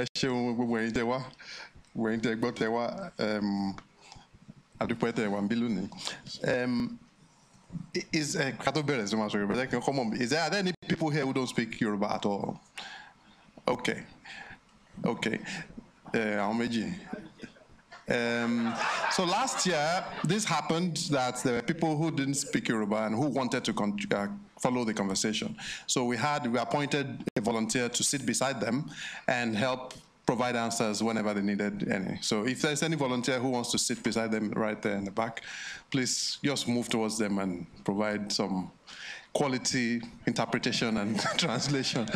Is I'm Is there, are there any people here who don't speak Yoruba at all? Okay, okay. Uh, Um, so last year, this happened that there were people who didn't speak Yoruba and who wanted to con- uh, follow the conversation. So we had, we appointed a volunteer to sit beside them and help provide answers whenever they needed any. So if there's any volunteer who wants to sit beside them right there in the back, please just move towards them and provide some quality interpretation and translation.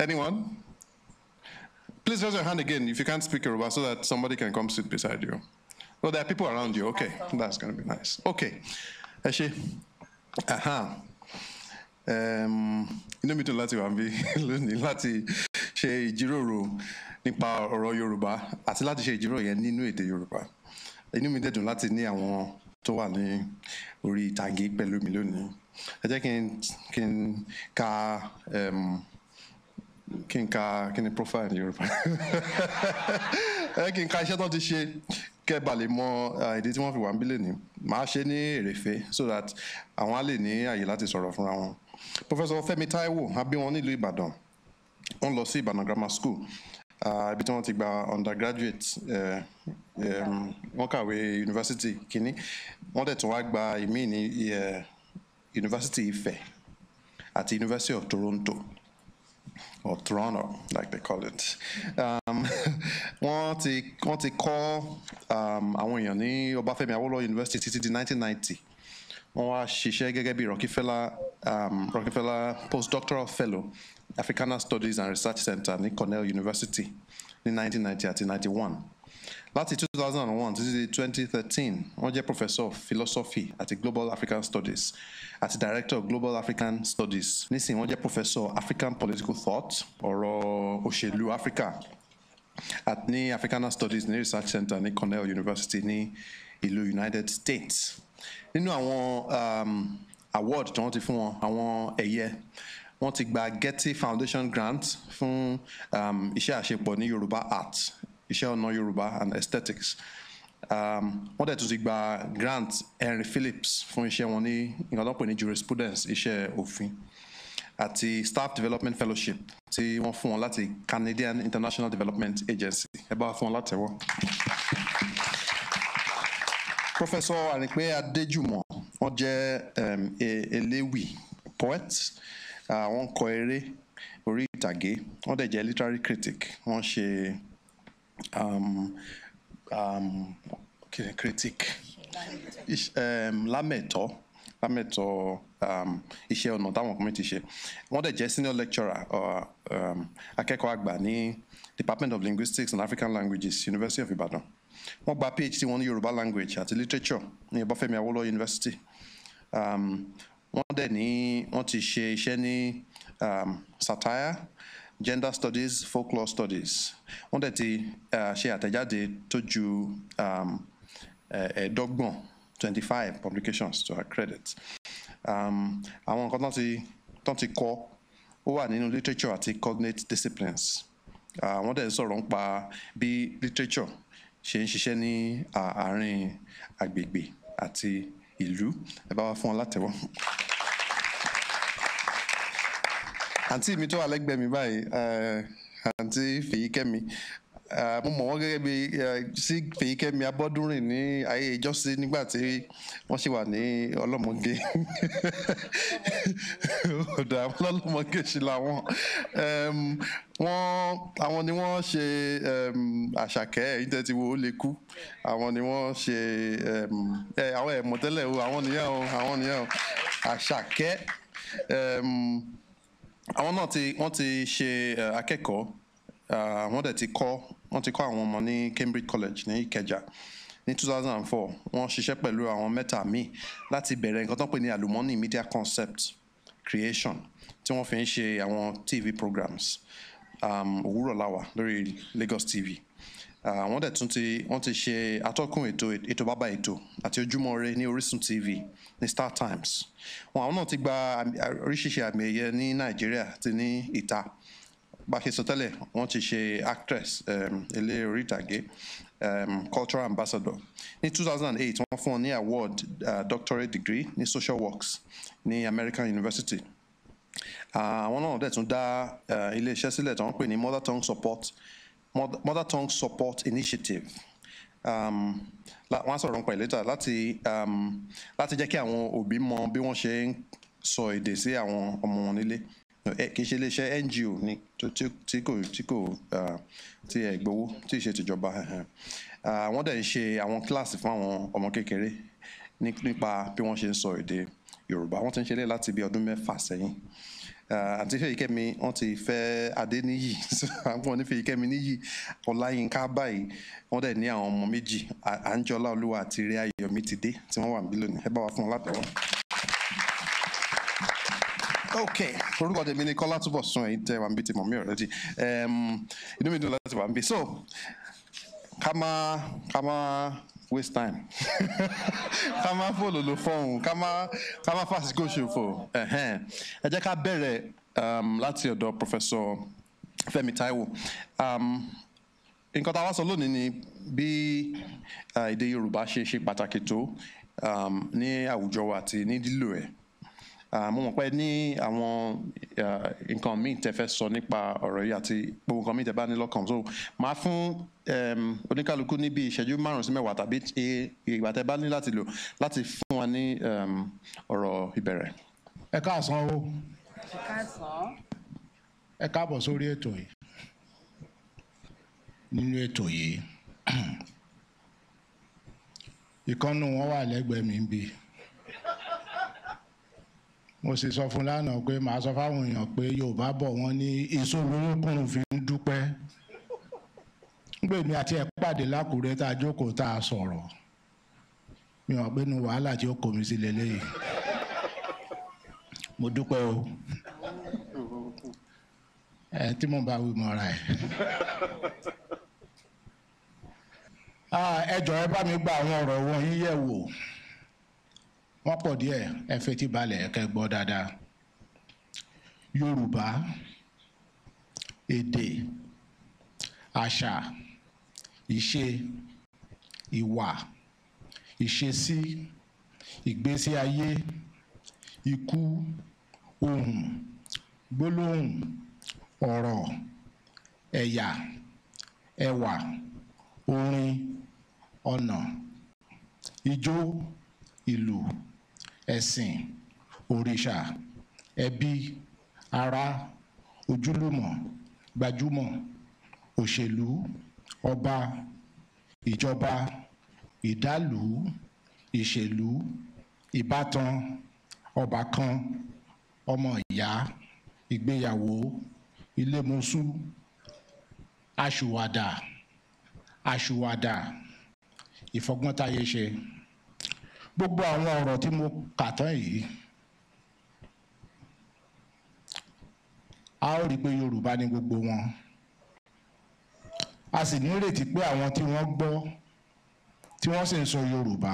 Anyone? Please raise your hand again if you can't speak Yoruba so that somebody can come sit beside you. Well, oh, there are people around you. Okay, that's going to be nice. Okay. Eshe. Uh-huh. inú mi dùn láti wà níbí lónìí láti ṣe ìjíròrò nípa ọ̀rọ̀ Yorùbá àti láti ṣe ìjíròrò yẹn nínú èdè Yorùbá inú mi dẹ̀dùn láti ní àwọn tó wà ní orí ìtàgé pẹ̀lú mi lónìí ẹ jẹ́ kí n ka kí n ka kí ni profile ní Yorùbá ẹ kí n ka iṣẹ́ tó ti ṣe kẹ́ bá lè mọ ìdí tí wọ́n fi wà ń bí lè ní màá ṣe ní èrèfé so that àwọn á lè ní àyè láti sọ̀rọ̀ fúnra wọn. Professor Fẹ́mi Táíwò abí wọn nílùú Ìbàdàn wọ́n lọ Ìbàdàn grammar school I tí wọ́n ti gba undergraduate eh, wọ́n university kínní wọ́n to work wá gba ìmí ní eh, University Ifẹ̀ the University of Toronto or Toronto like they call it I um, ti to call. I àwọn èèyàn ní Ọbáfẹ́mi University títí in 1990 wọ́n wá ṣiṣẹ́ gẹ́gẹ́ bí Rockefeller um, Rockefeller postdoctoral fellow Africana Studies and Research Center ní Cornell University ní 1990 àti 91 láti 2001 this is 2013 Oje professor of philosophy àti global african studies àti director of global african studies nísìnyí wọ́n professor professor african political thought ọ̀rọ̀ òṣèlú africa at ní africana studies ní research center ní cornell university ní ìlú united states nínú àwọn um, award tí wọ́n ti fún wọn àwọn ẹ̀yẹ wọ́n ti gba Getty Foundation grant fún um, iṣẹ́ àṣepọ̀ ní Yorùbá art iṣẹ́ ọnà Yorùbá and aesthetics um, wọ́n dẹ̀ tún ti gba grant Henry Phillips fún iṣẹ́ wọn ní nǹkan ní jurisprudence iṣẹ́ òfin àti staff development fellowship tí wọ́n fún wọn láti Canadian International Development Agency ẹ bá fún wọn látẹ̀wọ́. Professor Arinpe Adejumo, wọ́n jẹ́ um, eléwì poet, wọ́n kọ eré orí ìtàgé, wọ́n dẹ̀ jẹ́ literary critic, wọ́n ṣe critic um, lámẹ̀tọ́ lámẹ̀tọ́ um, iṣẹ́ ọ̀nà táwọn ọkùnrin ti ṣe. Wọ́n dẹ̀ jẹ́ senior lecturer uh, um, akẹ́kọ̀ọ́ àgbà ní Department of Linguistics and African Languages, University of Ibadan. wọ́n gba phd wọn ní yorùbá language àti literature ní ọbáfẹ́mi awólọ́wọ̀ university um, wọ́n dẹ̀ ní wọ́n ti ṣe iṣẹ́ ní um, satire gender studies folklore studies wọ́n dẹ̀ ti uh, ṣe àtẹ̀jáde tó ju um, ẹ̀ẹ́dọ́gbọ̀n twenty five publications to her credit àwọn nǹkan tán ti tán ti kọ ó wà nínú literature àti cognate disciplines uh, wọ́n dẹ̀ sọ̀rọ̀ ń pa bí literature ṣe ń ṣiṣẹ́ ní àárín agbègbè àti ìlú ẹ bá wa fún wọn látẹ́wọ́. àǹtí mi tó wà lẹ́gbẹ̀ẹ́ mi báyìí àǹtí Fèyíkẹ́mi Eh, mo mọ̀ wọ́n gẹ́gẹ́ bí eh, sí Fèyíkẹ́mi Abọ́dúnrìn ní ayé ìjọ́sí nígbà tí wọ́n ṣì wà ní ọlọ́mọge ọ̀dọ̀ àwọn ọlọ́mọge ṣì làwọn wọ́n àwọn ni wọ́n ṣe àṣàkẹ́ ẹ̀yìn tẹ́ ti wo ó lè kú àwọn ni wọ́n ṣe eh, àwọn ẹ̀mọ̀tẹ́lẹ̀ o àwọn nìyẹn o àwọn nìyẹn o àṣàkẹ́ àwọn náà ti wọ́n ti ṣe akẹ́kọ̀ọ́ àwọn ah, dẹ̀ ti kọ́ wọ́n ti kọ́ àwọn ọmọ ní Cambridge College ní Ìkẹjà ní two thousand and four wọ́n ṣiṣẹ́ pẹ̀lú àwọn mẹ́ta míì láti bẹ̀rẹ̀ nǹkan tó ń pè ní alumoni media concept creation tí wọ́n fi ń ṣe àwọn TV programs um, òwúrọ̀ láwà lórí Lagos TV àwọn ah, dẹ̀ tún ti wọ́n ti ṣe atọ́kùn ètò ètò bàbá ètò àti ojúmọ́re ní Orísun TV ní Star Times wọn àwọn náà ti gba oríṣiríṣi àmì ẹ̀yẹ ní Nàìjíríà àti ní ìta bá ṣe sọ ti ṣe actress eléré um, orí ìtàgé um, cultural ambassador ni 2008 wọ́n fún ọ award uh, doctorate degree ni social works ni American University àwọn náà dẹ̀ tún dá uh, iléeṣẹ́ sílẹ̀ tó ń pè ní mother tongue support mother tongue support initiative um, wọ́n á sọ̀rọ̀ nípa ìlétà láti um, láti jẹ́ kí àwọn òbí mọ bí wọ́n ṣe ń sọ èdè sí àwọn ọmọ wọn nílé kì í ṣe NGO ni tí kò tí kò tí ẹ gbowó tí ì ṣe tìjọba wọ́n dẹ̀ ń ṣe àwọn kíláàsì fún àwọn ọmọ kékeré nípa bí wọ́n ṣe ń sọ èdè Yorùbá wọ́n ti ń ṣe lé láti bí ọdún mẹ́fà sẹ́yìn àti Fẹ́yìkẹ́mi wọ́n ti fẹ́ Adéníyì àwọn ní Fẹ́yìkẹ́mi níyì Ọláyínká báyìí wọ́n dẹ̀ ní àwọn ọmọ méjì Àńjọlá Olúwa àti Rẹ̀ Ayọ̀mítidé tí wọ́n wà níbí lónìí ẹ bá wa fún wọn látọwọ́ okay orúkọ tèmi ni kọ́lá túbọ̀ sun ẹ̀yin tẹ́ wà ń bí ti mọ̀ mí ọ̀rẹ́dì inú mi dùn láti wà ń bí so ká má ká má waste time ká má fóònù ló fọ́hùn ká má ká má fàsìkò ṣòfò ẹ jẹ́ ká bẹ̀rẹ̀ láti ọ̀dọ̀ Professor Fẹ́mi Taiwo. nǹkan tá a wá sọ lónìí ni bí èdè Yorùbá ṣe ṣe pàtàkì tó ní àwùjọ wa àti ní lílò ẹ̀ mo mọ̀ pé ní àwọn nǹkan míì tẹ́ fẹ́ sọ nípa ọ̀rọ̀ yìí àti gbogbo nǹkan míì tẹ́ bá ní lọ́kàn so máa fún oníkálukú níbi ìṣẹ́jú márùn-ún sí mẹ́wàá tàbí ìgbà tẹ́ bá ní láti lò láti fún wa ní ọ̀rọ̀ ìbẹ̀rẹ̀. ẹ káàsán o ẹ káàbọ̀ sórí ètò yìí nínú ètò yìí ìkànnù wọn wà lẹ́gbẹ̀ẹ́ mi bíi mo sì sọ fún lánàá pé màá sọ fáwọn èèyàn pé yorùbá bọ̀ wọ́n ní èso lórúkún fi ń dúpẹ́ gbèmí àti ẹ̀ pàdé lákùrẹ́ tá a jókòó tá a sọ̀rọ̀ mi ò pé nu wàhálà tí ó kò mí sí mo dúpẹ́ o ẹ tí mo bá wí mọ́ra ẹ̀ ah, ẹ jọ̀ọ́ ẹ bá mi gba àwọn ọ̀rọ̀ wọ̀nyí yẹ̀ wò wọ́n pọ̀ díẹ̀ ẹ fetí balẹ̀ kẹ́ gbọ́ dáadáa yorùbá èdè àṣà ìṣe ìwà ìṣesí ìgbésí ayé ikú ohùn gbólóhùn ọ̀rọ̀ ẹ̀yà ẹwà orin ọ̀nà ijó ìlù ẹ̀sìn òrìṣà ẹbí Ara ojúlùmọ̀ gbajúmọ̀ òṣèlú ọba ìjọba ìdálùú ìṣèlú ìbátan ọbàkan ọmọ ìyá ìgbéyàwó ilémosú aṣùwàdà aṣùwàdà ìfọgbọ́ntayéṣe gbogbo àwọn ọ̀rọ̀ tí mo kà tán yìí a ó rí i pé Yorùbá ni gbogbo wọn a sì nírètí pé àwọn tí wọ́n gbọ́ tí wọ́n sì ń sọ Yorùbá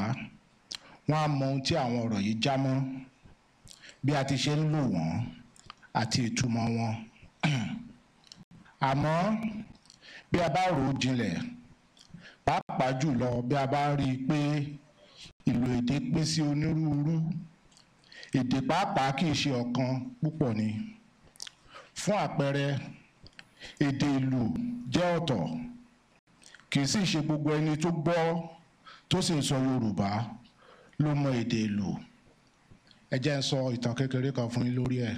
wọ́n á mọ ohun tí àwọn ọ̀rọ̀ yìí já mọ́ bí a ti ṣe ń lò wọ́n àti ìtumọ̀ wọn àmọ́ bí a bá rò ó jinlẹ̀ pàápàá jùlọ bí a bá rí i pé ìlò èdè pín sí onírúurú èdè pàápàá kì í ṣe ọ̀kan púpọ̀ ni fún àpẹẹrẹ èdè ìlù jẹ́ ọ̀tọ̀ kì í sì ṣe gbogbo ẹni tó gbọ́ tó sì ń sọ Yorùbá ló mọ èdè ìlù ẹ jẹ́ ń sọ ìtàn kékeré kan fún yín lórí ẹ̀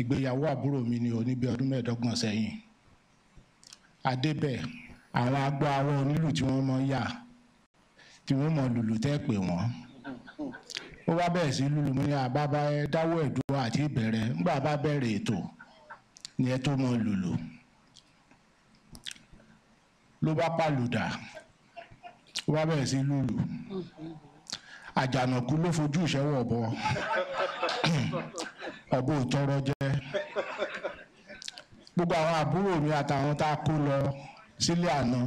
ìgbéyàwó àbúrò mi ni òní bí ọdún mẹ́ẹ̀ẹ́dọ́gbọ̀n sẹ́yìn adébẹ̀ àwọn agbó àwọn onílù tí wọ́n mọ̀ ń yà tí wọ́n mọ̀ lùlù tẹ́ pè wọ́n ó wá bẹ̀rẹ̀ sí lùlù mo àbábá ẹ dáwọ́ ẹ̀dúrà àti ìbẹ̀rẹ̀ ibere bá bẹ̀rẹ̀ ètò ni ẹ tó mọ lulu, ló bá pàlùdà ó wá bẹ̀rẹ̀ sí lùlù àjànàkú ló fojú ìṣẹ́wọ̀ ọ̀bọ ọ̀bọ ò jẹ gbogbo àwọn àbúrò mi àtàwọn tá a kó lọ sílé àná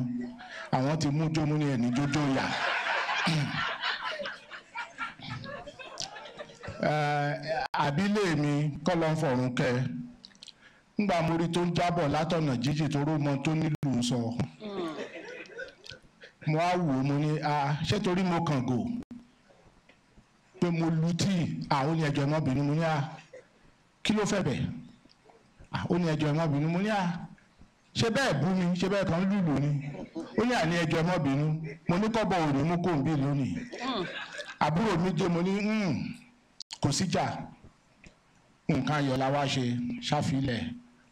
àwọn ti mú jómú ẹni jójó àbílẹ̀ mi kọ́lọ́n fọ̀run kẹ́ ńgbà mórí tó ń jábọ̀ látọ̀nà jíjì tó rọ́ mọ tó nílùú sọ mo á wò ó mo ní a ṣé torí mo kàn gò pé mo lu tíì ó ní ẹjọ́ ẹ̀ mọ́ bínú mo ní a kí ló fẹ́ bẹ̀ ó ní ẹjọ́ ẹ̀ mọ́ bínú mo ní a. ṣe bẹ́ẹ̀ bú mi ṣe bẹ́ẹ̀ kan lùlù ni ó ní n'i ẹjọ́ ọmọbìnrin mo ní kọ́bọ̀ òní mú kó ń bí lónìí àbúrò mi mo ní hmm, kò síjà nǹkan ayọ̀ la wá ṣe ṣàfilẹ̀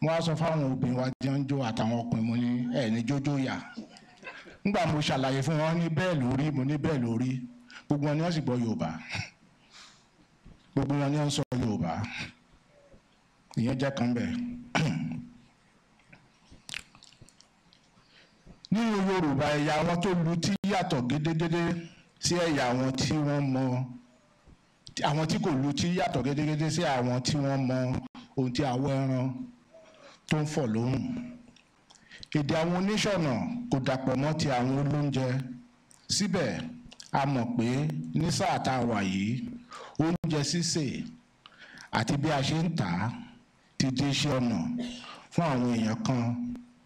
mo wá sọ fáwọn obìnrin wa jẹun jó àtàwọn ọkùnrin mo ní ẹ̀ ní mo ṣàlàyé fún wọn ní bẹ́ẹ̀ lórí mo ní bẹ́ẹ̀ gbogbo wọn ni wọ́n sì gbogbo wọn ni sọ Yorùbá ìyẹn jẹ́ nínú yorùbá ẹ̀yà àwọn tó lutí yàtọ̀ gédégédé sí ẹ̀yà àwọn tí wọ́n mọ àwọn tí kò lutí yàtọ̀ gédégédé sí àwọn tí wọ́n mọ ohun tí àwọ̀ ẹran tó ń fọ̀ lóhùn èdè àwọn oníṣọ̀nà kò dàpọ̀ mọ́ ti àwọn olóúnjẹ síbẹ̀ a mọ̀ pé ní sáà tá a wà yìí oúnjẹ sísè àti bí a ṣe ń tà á ti di iṣẹ́ ọnà fún àwọn èèyàn kan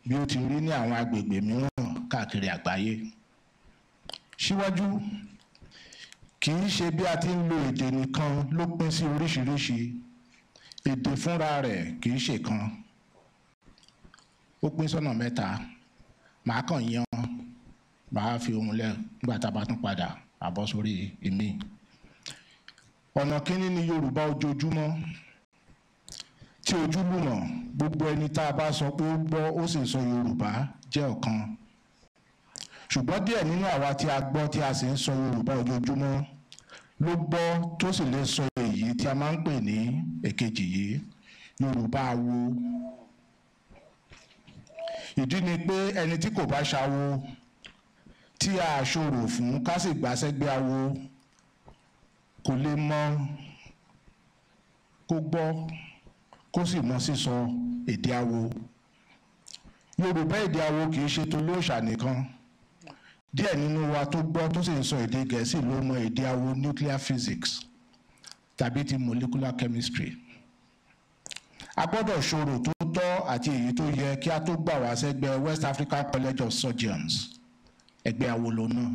bí ó ti rí ní àwọn agbègbè mìíràn káàkiri àgbáyé. síwájú kì í ṣe bí a ti ń lo èdè nìkan ló pín sí oríṣiríṣi èdè fúnra rẹ̀ kì í ṣe kan ó pín sọ́nà mẹ́ta màá kàn yan màá fi ohun lẹ̀ nígbà tá a bá tún padà àbọ̀ sórí èmi ọ̀nà kínní ni Yorùbá ojoojúmọ́ tí ojúlùmọ̀ gbogbo ẹni tá a bá sọ pé ó gbọ́ ó sì sọ yorùbá jẹ́ ọ̀kan ṣùgbọ́n díẹ̀ nínú àwa tí a gbọ́ tí a sì ń sọ yorùbá ojoojúmọ́ ló gbọ́ tó sì lè sọ èyí tí a máa ń pè ní èkejì yìí yorùbá awo ìdí ni pé ẹni tí kò bá ṣawo tí a ṣòro fún ká sì gbà sẹ́gbẹ́ awo kò lè mọ kó gbọ́ kó sì mọ sísọ èdè awo yorùbá èdè awo kì í ṣe tolóòṣà nìkan díẹ̀ nínú wa tó gbọ́ tó sì ń sọ èdè gẹ̀ẹ́sì ló mọ èdè awo nuclear physics tàbí ti molecular chemistry a gbọ́dọ̀ ṣòro tó tọ́ àti èyí tó yẹ kí a tó gbà wá sẹ́gbẹ́ West African College of Surgeons ẹgbẹ́ awolo náà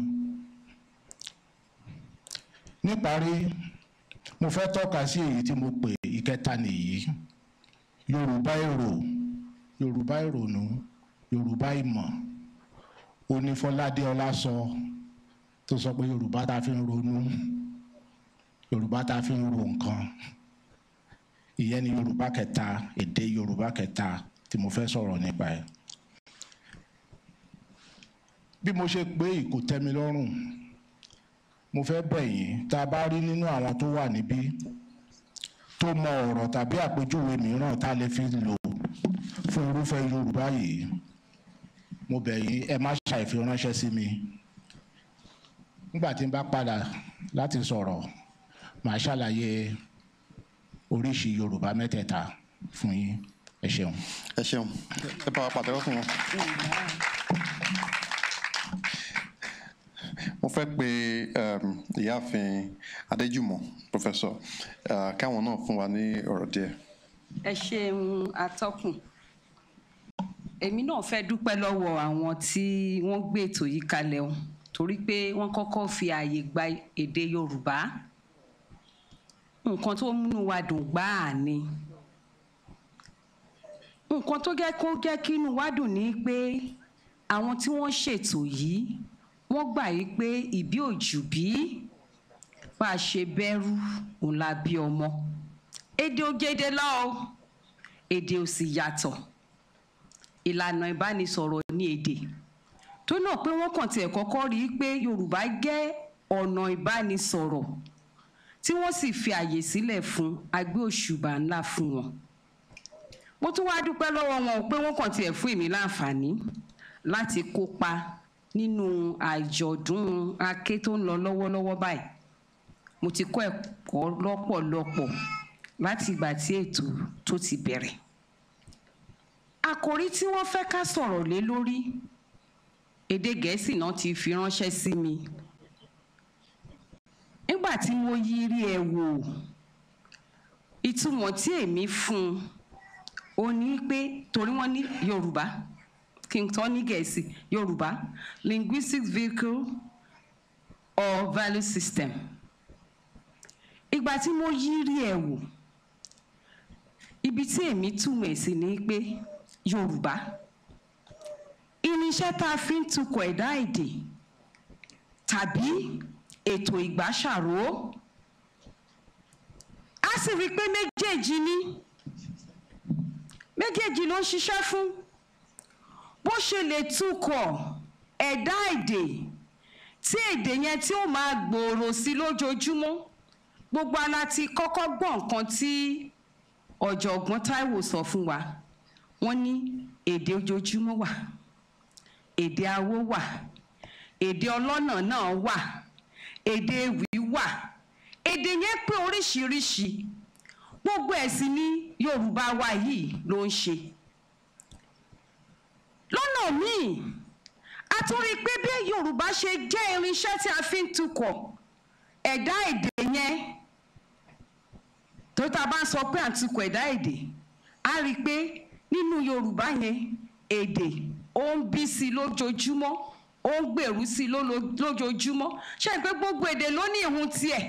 níparí mo fẹ́ tọ́ka sí èyí tí mo pè ìkẹta nìyí yorùbá èrò yorùbá ìrònú yorùbá ìmọ̀ onífọládé ọlá sọ tó sọ pé yorùbá tá a fi ń ronú yorùbá tá a fi ń ro nǹkan ìyẹn ni yorùbá kẹta èdè yorùbá kẹta tí mo fẹ́ sọ̀rọ̀ nípa ẹ̀ bí mo ṣe pé ìkò mo fẹ́ bẹ̀ tá a bá rí nínú àwọn tó wà níbí tó mọ ọ̀rọ̀ tàbí àpèjúwe mìíràn tá a lè fi lò fún irúfẹ́ Yorùbá yìí mo bẹ̀ yín ẹ má ṣàìfiránṣẹ́ sí mi nígbà tí n bá padà láti sọ̀rọ̀ màá ṣàlàyé oríṣi Yorùbá mẹ́tẹ̀ẹ̀ta fún yín ẹ ṣeun. ẹ ṣeun ẹ bá wa pàtẹ́wọ́ fún wọn mo fẹ́ pe ehm, ìyáàfin adéjùmọ̀ professor káwọn náà fún wa ní ọ̀rọ̀ díẹ̀. ẹ ṣeun atọ́kùn èmi náà fẹ́ dúpẹ́ lọ́wọ́ àwọn tí wọ́n gbé ètò yìí kalẹ̀ o torí pé wọ́n kọ́kọ́ fi ààyè gba èdè yorùbá nǹkan tó múnú wa dùn gbáà ni nǹkan tó jẹ́ kó jẹ́ kínú wa dùn ni pé àwọn tí wọ́n ṣètò yìí wọ́n gbà yí pé ìbí òjù bí bá a ṣe bẹ́rù òun la bí ọmọ èdè ògèdè lọ o èdè ò sì yàtọ̀ ìlànà ìbánisọ̀rọ̀ ní èdè tó náà pé wọ́n kàn tiẹ̀ kọ́kọ́ rí i pé Yorùbá jẹ́ ọ̀nà ìbánisọ̀rọ̀ tí wọ́n sì fi àyè sílẹ̀ fún agbé òṣùbà ńlá fún wọn mo tún wá dúpẹ́ lọ́wọ́ wọn pé wọ́n kàn tiẹ̀ fún èmi láǹfààní láti kópa nínú àjọ̀dún aké tó ń lọ lọ́wọ́lọ́wọ́ báyìí mo ti kọ́ ẹ̀kọ́ lọ́pọ̀lọpọ̀ láti ìgbà tí ètò tó ti bẹ̀rẹ̀ àkòrí tí wọ́n fẹ́ ká sọ̀rọ̀ lé lórí èdè gẹ̀ẹ́sì náà ti fi ránṣẹ́ sí mi nígbà tí mo yiri ẹ̀ wò ìtumọ̀ tí èmi fún un ó ní pé torí wọ́n ní yorùbá kí n tọ́ ní gẹ̀ẹ́sì yorùbá linguistic vehicle or value system ìgbà tí mo yí rí ẹ̀ wò ibi tí èmi túmọ̀ sí ni pé yorùbá irinṣẹ́ tá a fi ń tukọ̀ ẹ̀dá èdè tàbí ètò ìgbàṣàró a sì rí i pé méjèèjì ni méjèèjì ló ń ṣiṣẹ́ fún bó ṣe lè tukọ̀ ẹ̀dá èdè tí èdè yẹn tí ó máa gbòòrò sí lójoojúmọ́ gbogbo ara ti kọ́kọ́ gbọ́ nǹkan tí ọ̀jọ̀gbọ́n Táíwò sọ fún wa wọ́n ní èdè ojoojúmọ́ wà èdè awó wà èdè ọlọ́nà náà wà èdè ewì wà èdè yẹn pé oríṣiríṣi gbogbo ẹ̀ sì Yorùbá wa yìí ló ń ṣe lọ́nà míì a tún rí i pé bí Yorùbá ṣe jẹ́ irinṣẹ́ tí a fi ń tukọ̀ ẹ̀dá èdè yẹn tó tá a bá sọ pé à ẹ̀dá èdè a rí i pé nínú Yorùbá yẹn èdè ó ń bí sí i lójoojúmọ́ ó ń gbèrú sí i lójoojúmọ́ ṣé pé gbogbo èdè ló ní ìhun tiẹ̀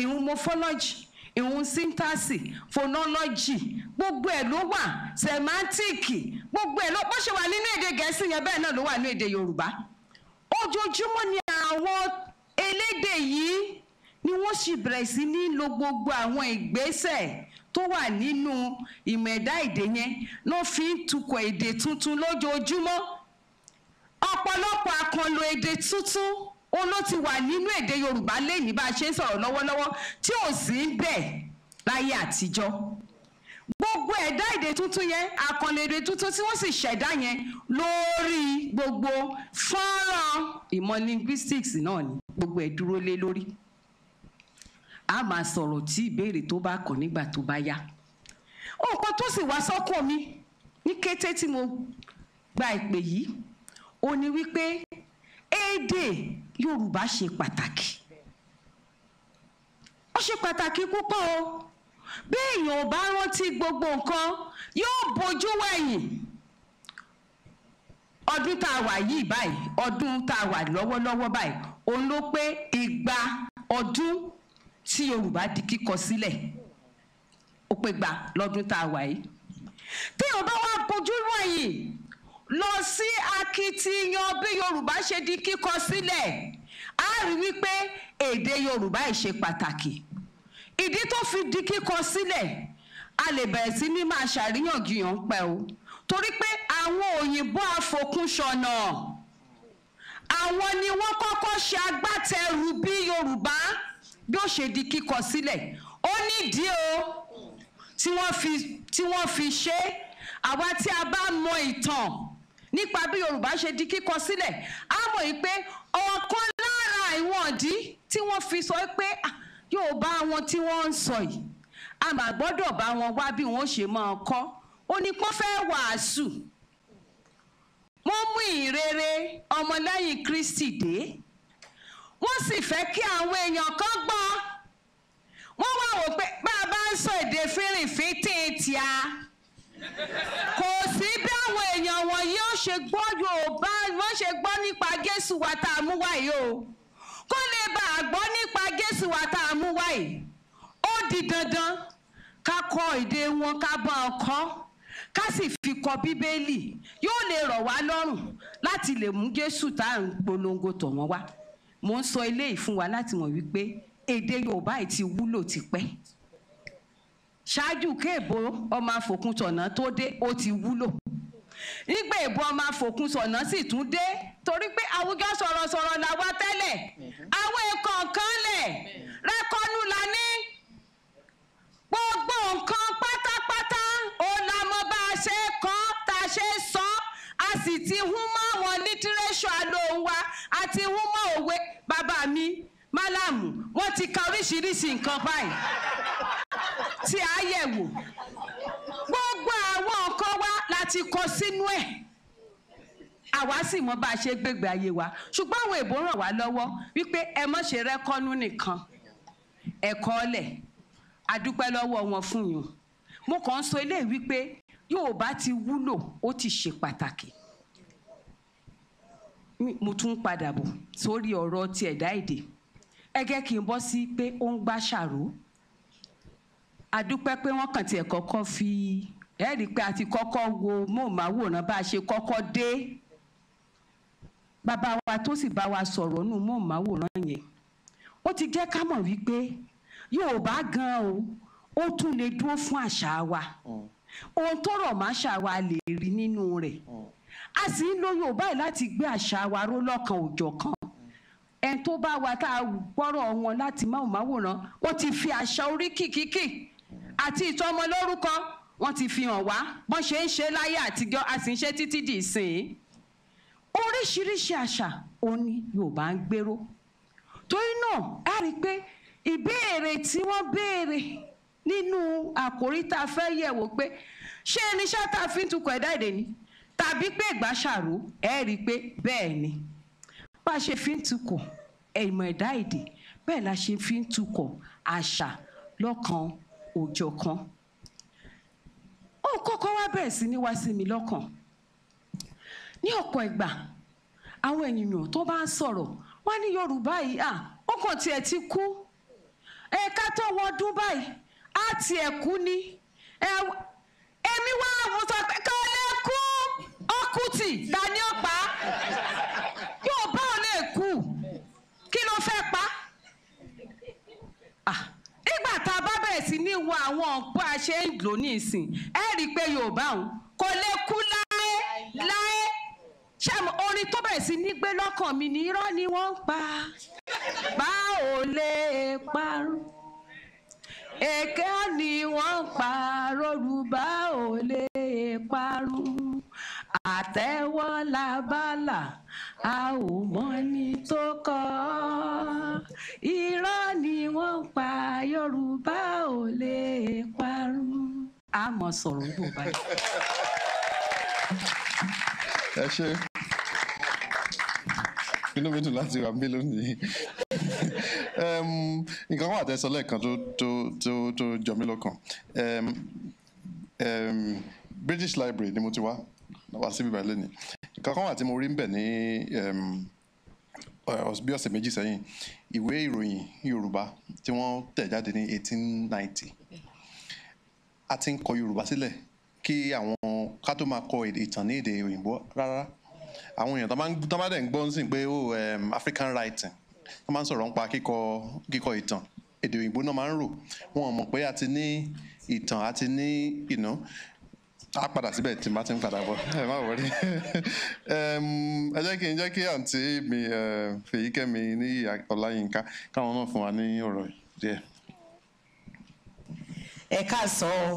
ìhun morphology ìhun síntásì fonọ́lọ́jì gbogbo ẹ̀ ló wà sẹ̀mántìkì gbogbo ẹ̀ ló bó ṣe wà nínú èdè gẹ̀ẹ́sì yẹn bẹ́ẹ̀ náà ló wà nínú èdè yorùbá ojoojúmọ́ ni àwọn elédè yìí ni wọ́n sì bẹ̀rẹ̀ sí ní lo gbogbo àwọn ìgbésẹ̀ tó wà nínú ìmọ̀ ẹ̀dá èdè yẹn ló fi ń tukọ̀ èdè tuntun lójoojúmọ́ ọ̀pọ̀lọpọ̀ àkànlò èdè tuntun ó ló ti wà nínú èdè yorùbá lẹ́yìn bá a ṣe ń sọ̀rọ̀ lọ́wọ́lọ́wọ́ tí ò sí bẹ́ẹ̀ láyé àtijọ́ gbogbo ẹ̀dá èdè tuntun yẹn àkànlò tuntun tí wọ́n sì ṣẹ̀dá yẹn lórí gbogbo fọ́nrán ìmọ̀ linguistics náà ni gbogbo ẹ̀ dúró lé lórí a máa sọ̀rọ̀ tí ìbéèrè tó bá kàn nígbà tó bá yá nǹkan tó sì wá sọ́kàn mi ní kété tí mo gba ìpè yìí ó ní wípé èdè yorùbá ṣe pàtàkì ó ṣe pàtàkì púpọ̀ o bí èèyàn ò bá rántí gbogbo nǹkan yóò bójú wẹ̀yìn ọdún tá a wà yìí báyìí ọdún tá a wà lọ́wọ́lọ́wọ́ báyìí òun ló pé igba ọdún tí yorùbá di kíkọ sílẹ̀ ó pé gba lọ́dún tá a wà yìí téèyàn bá wá bójú wẹ̀yìn lọ sí akitiyan bí yorùbá ṣe di kíkọ sílẹ̀ a rí wípé èdè yorùbá yìí ṣe pàtàkì ìdí tó fi di kíkọ sílẹ̀ a lè bẹ̀rẹ̀ sí ní máa ṣàríyànjiyàn pẹ́ o torí pé àwọn òyìnbó afokúnṣọ̀nà àwọn ni wọ́n kọ́kọ́ ṣe agbátẹrù bí yorùbá bí ó ṣe di kíkọ sílẹ̀ ó nídìí o tí wọ́n fi ṣe àwa tí a bá mọ ìtàn nípa bí yorùbá ṣe di kíkọ sílẹ̀ á mọ̀ yìí pé ọ̀kan lára ìwọ̀ndí tí wọ́n fi sọ pé ah, yorùbá wọn tí wọ́n ń sọ yìí a mà gbọ́dọ̀ bá wọn wá bí wọ́n ṣe máa kọ́ ó ní kó fẹ́ wàásù wọ́n mú ìrere ọmọlẹ́yìn kristi dé wọ́n sì fẹ́ kí àwọn èèyàn kan gbọ́ wọ́n wá wò pé bá a bá ń sọ èdè fínrìnfín tí ì tì á kò sí bí àwọn èèyàn wọ̀nyí ó ṣe gbọ́ Yorùbá wọ́n ṣe gbọ́ nípa Jésù wa tá a mú wá yìí o kó lè bá a gbọ́ nípa Jésù wa tá a mú wá yìí ó di dandan ká kọ èdè wọn ká bá ọ kọ́ ká sì fi kọ Bíbélì yóò lè rọ̀ wá lọ́rùn láti lè mú Jésù tá à ń polongo tọ̀ wọ́n wá mo ń sọ eléyìí fún wa láti mọ̀ wípé èdè Yorùbá yìí ti wúlò tipẹ́ ṣáájú kéèbó ọmọ àfòkùntọ̀nà tó dé ó ti wúlò nígbà èbó ọmọ àfòkùntọ̀nà sì tún dé torí pé àwùjọ sọ̀rọ̀sọ̀rọ̀ làwa tẹ́lẹ̀ àwọn èèkàn kan lẹ̀ rẹ́kọ́nú la ní gbogbo nǹkan pátápátá ó la mọ bá a ṣe kọ́ tá a ṣe sọ a sì ti hún mọ́ àwọn lítírẹ́ṣọ̀ alóhùn wa a ti hún mọ́ òwe bàbá mi málàmù wọ́n ti ka oríṣiríṣi nǹkan báyìí tí a yẹ̀ wò gbogbo àwọn ọkọ wa la ti kọ sínú ẹ̀ àwa sì mọ bá a ṣe gbégbé ayé wa ṣùgbọ́n àwọn èbó ràn wá lọ́wọ́ wípé ẹ mọ̀ ṣe rẹ́kọ́nú nìkan ẹ̀kọ́ ọlẹ̀ adúpẹ́ lọ́wọ́ wọn fún yín mo kàn ń sọ eléyìí wípé Yorùbá ti wúlò ó ti ṣe pàtàkì mo tún padà bọ̀ sórí ọ̀rọ̀ ti ẹ̀dá èdè ẹ jẹ́ kí bọ́ sí pé ó ń gbá ṣàrò a dúpẹ́ pé wọ́n kàn tiẹ̀ kọ́kọ́ fi ẹ rí i pé a ti kọ́kọ́ wo móhùnmáwòrán bá a ṣe kọ́kọ́ dé bàbá wa tó sì bá wa sọ̀rọ̀ nù móhùnmáwòrán yẹn ó ti jẹ́ ká mọ̀ wípé Yorùbá gan o ó tún lè dúró fún àṣà wa hmm. ohun tó rọ̀ mọ́ àṣà wa lè rí nínú rẹ̀ hmm. a sì ń lo Yorùbá yìí láti gbé àṣà wa ró lọ́kan òjọ̀kan ẹni tó bá wa tá a gbọ́rọ̀ wọn láti máwòmáwòrán ó ti fi àṣà orí kìkìkì àti ìtọ́mọlórúkọ wọ́n ti fi hàn wá bọ́n ṣe ń ṣe láyé àtijọ́ a sì ń ṣe títí di ìsìn oríṣiríṣi àṣà òun ni Yorùbá ń gbèrò torí náà a rí i pé ìbéèrè tí wọ́n béèrè nínú àkòrí tá a fẹ́ yẹ̀wò pé ṣé irinṣẹ́ tá a fi ń tukọ̀ ẹ̀dá èdè ni tàbí pé ìgbà ṣàrò ẹ rí i pé bẹ́ẹ̀ ni bá a ṣe fi ń tukọ̀ ìmọ̀ ẹ̀dá èdè bẹ́ẹ̀ la ṣe fi ń tukọ̀ àṣà lọ́kàn òòjọ́ kan ó kọ́kọ́ wá bẹ̀rẹ̀ sí ní wá sí mi lọ́kàn ní ọ̀pọ̀ ìgbà àwọn ènìyàn tó bá ń sọ̀rọ̀ wá ní yorùbá yìí à ó kàn tiẹ̀ ti kú ẹ̀ka tó wọdún báyìí á tiẹ̀ kú ni èmi wá mo sọ pé kọ́lé kú ọkùtì dání ọ̀pá nígbà tá a bá bẹ̀rẹ̀ sí ní wo àwọn bá a ṣe ń lò ní ìsìn ẹ rí i pé yorùbá òun kò lè kú láé láé ṣàmù orin tó bẹ̀rẹ̀ sí ní gbé lọ́kàn mi ní irọ́ ni wọ́n ń pa bá lè parun èké ni wọ́n ń pa rórùbá ò lè parun àtẹ́wọ́ labálà a ò mọ́ni tó kọ́ irọ́ ni wọ́n ń pa yorùbá ò lè parun a mọ̀ sọ̀rọ̀ bó báyìí. ẹ ṣe inú mi dùn láti wà mí lónìí nǹkan wà tẹ́sán lẹ́ẹ̀kan tó jọ mí lọ́kàn British Library ni mo ti wá wá síbi báyìí lónìí nǹkan kan wà tí mo rí ń bẹ̀ ní bí ọ̀sẹ̀ méjì sẹ́yìn ìwé ìròyìn Yorùbá tí wọ́n tẹ̀ jáde ní 1890 a ti ń kọ Yorùbá sílẹ̀ kí àwọn ká tó máa kọ ìtàn ní èdè òyìnbó rárá àwọn èèyàn tó máa ń gbọ́ ń sìn pé oh, African writing wọ́n máa ń sọ̀rọ̀ nípa kíkọ kíkọ ìtàn èdè òyìnbó náà máa ń rò wọn ò mọ̀ pé a ti ní ìtàn a ti ní ìná a padà síbẹ̀ tí n bá ti ń padà bọ̀ ẹ má wọlé ẹ jẹ́ kí n jẹ́ kí àǹtí mi Fèyíkẹ́mi ní Ọláyínká káwọn náà fún wa ní ọ̀rọ̀ díẹ̀. ẹ káàsán o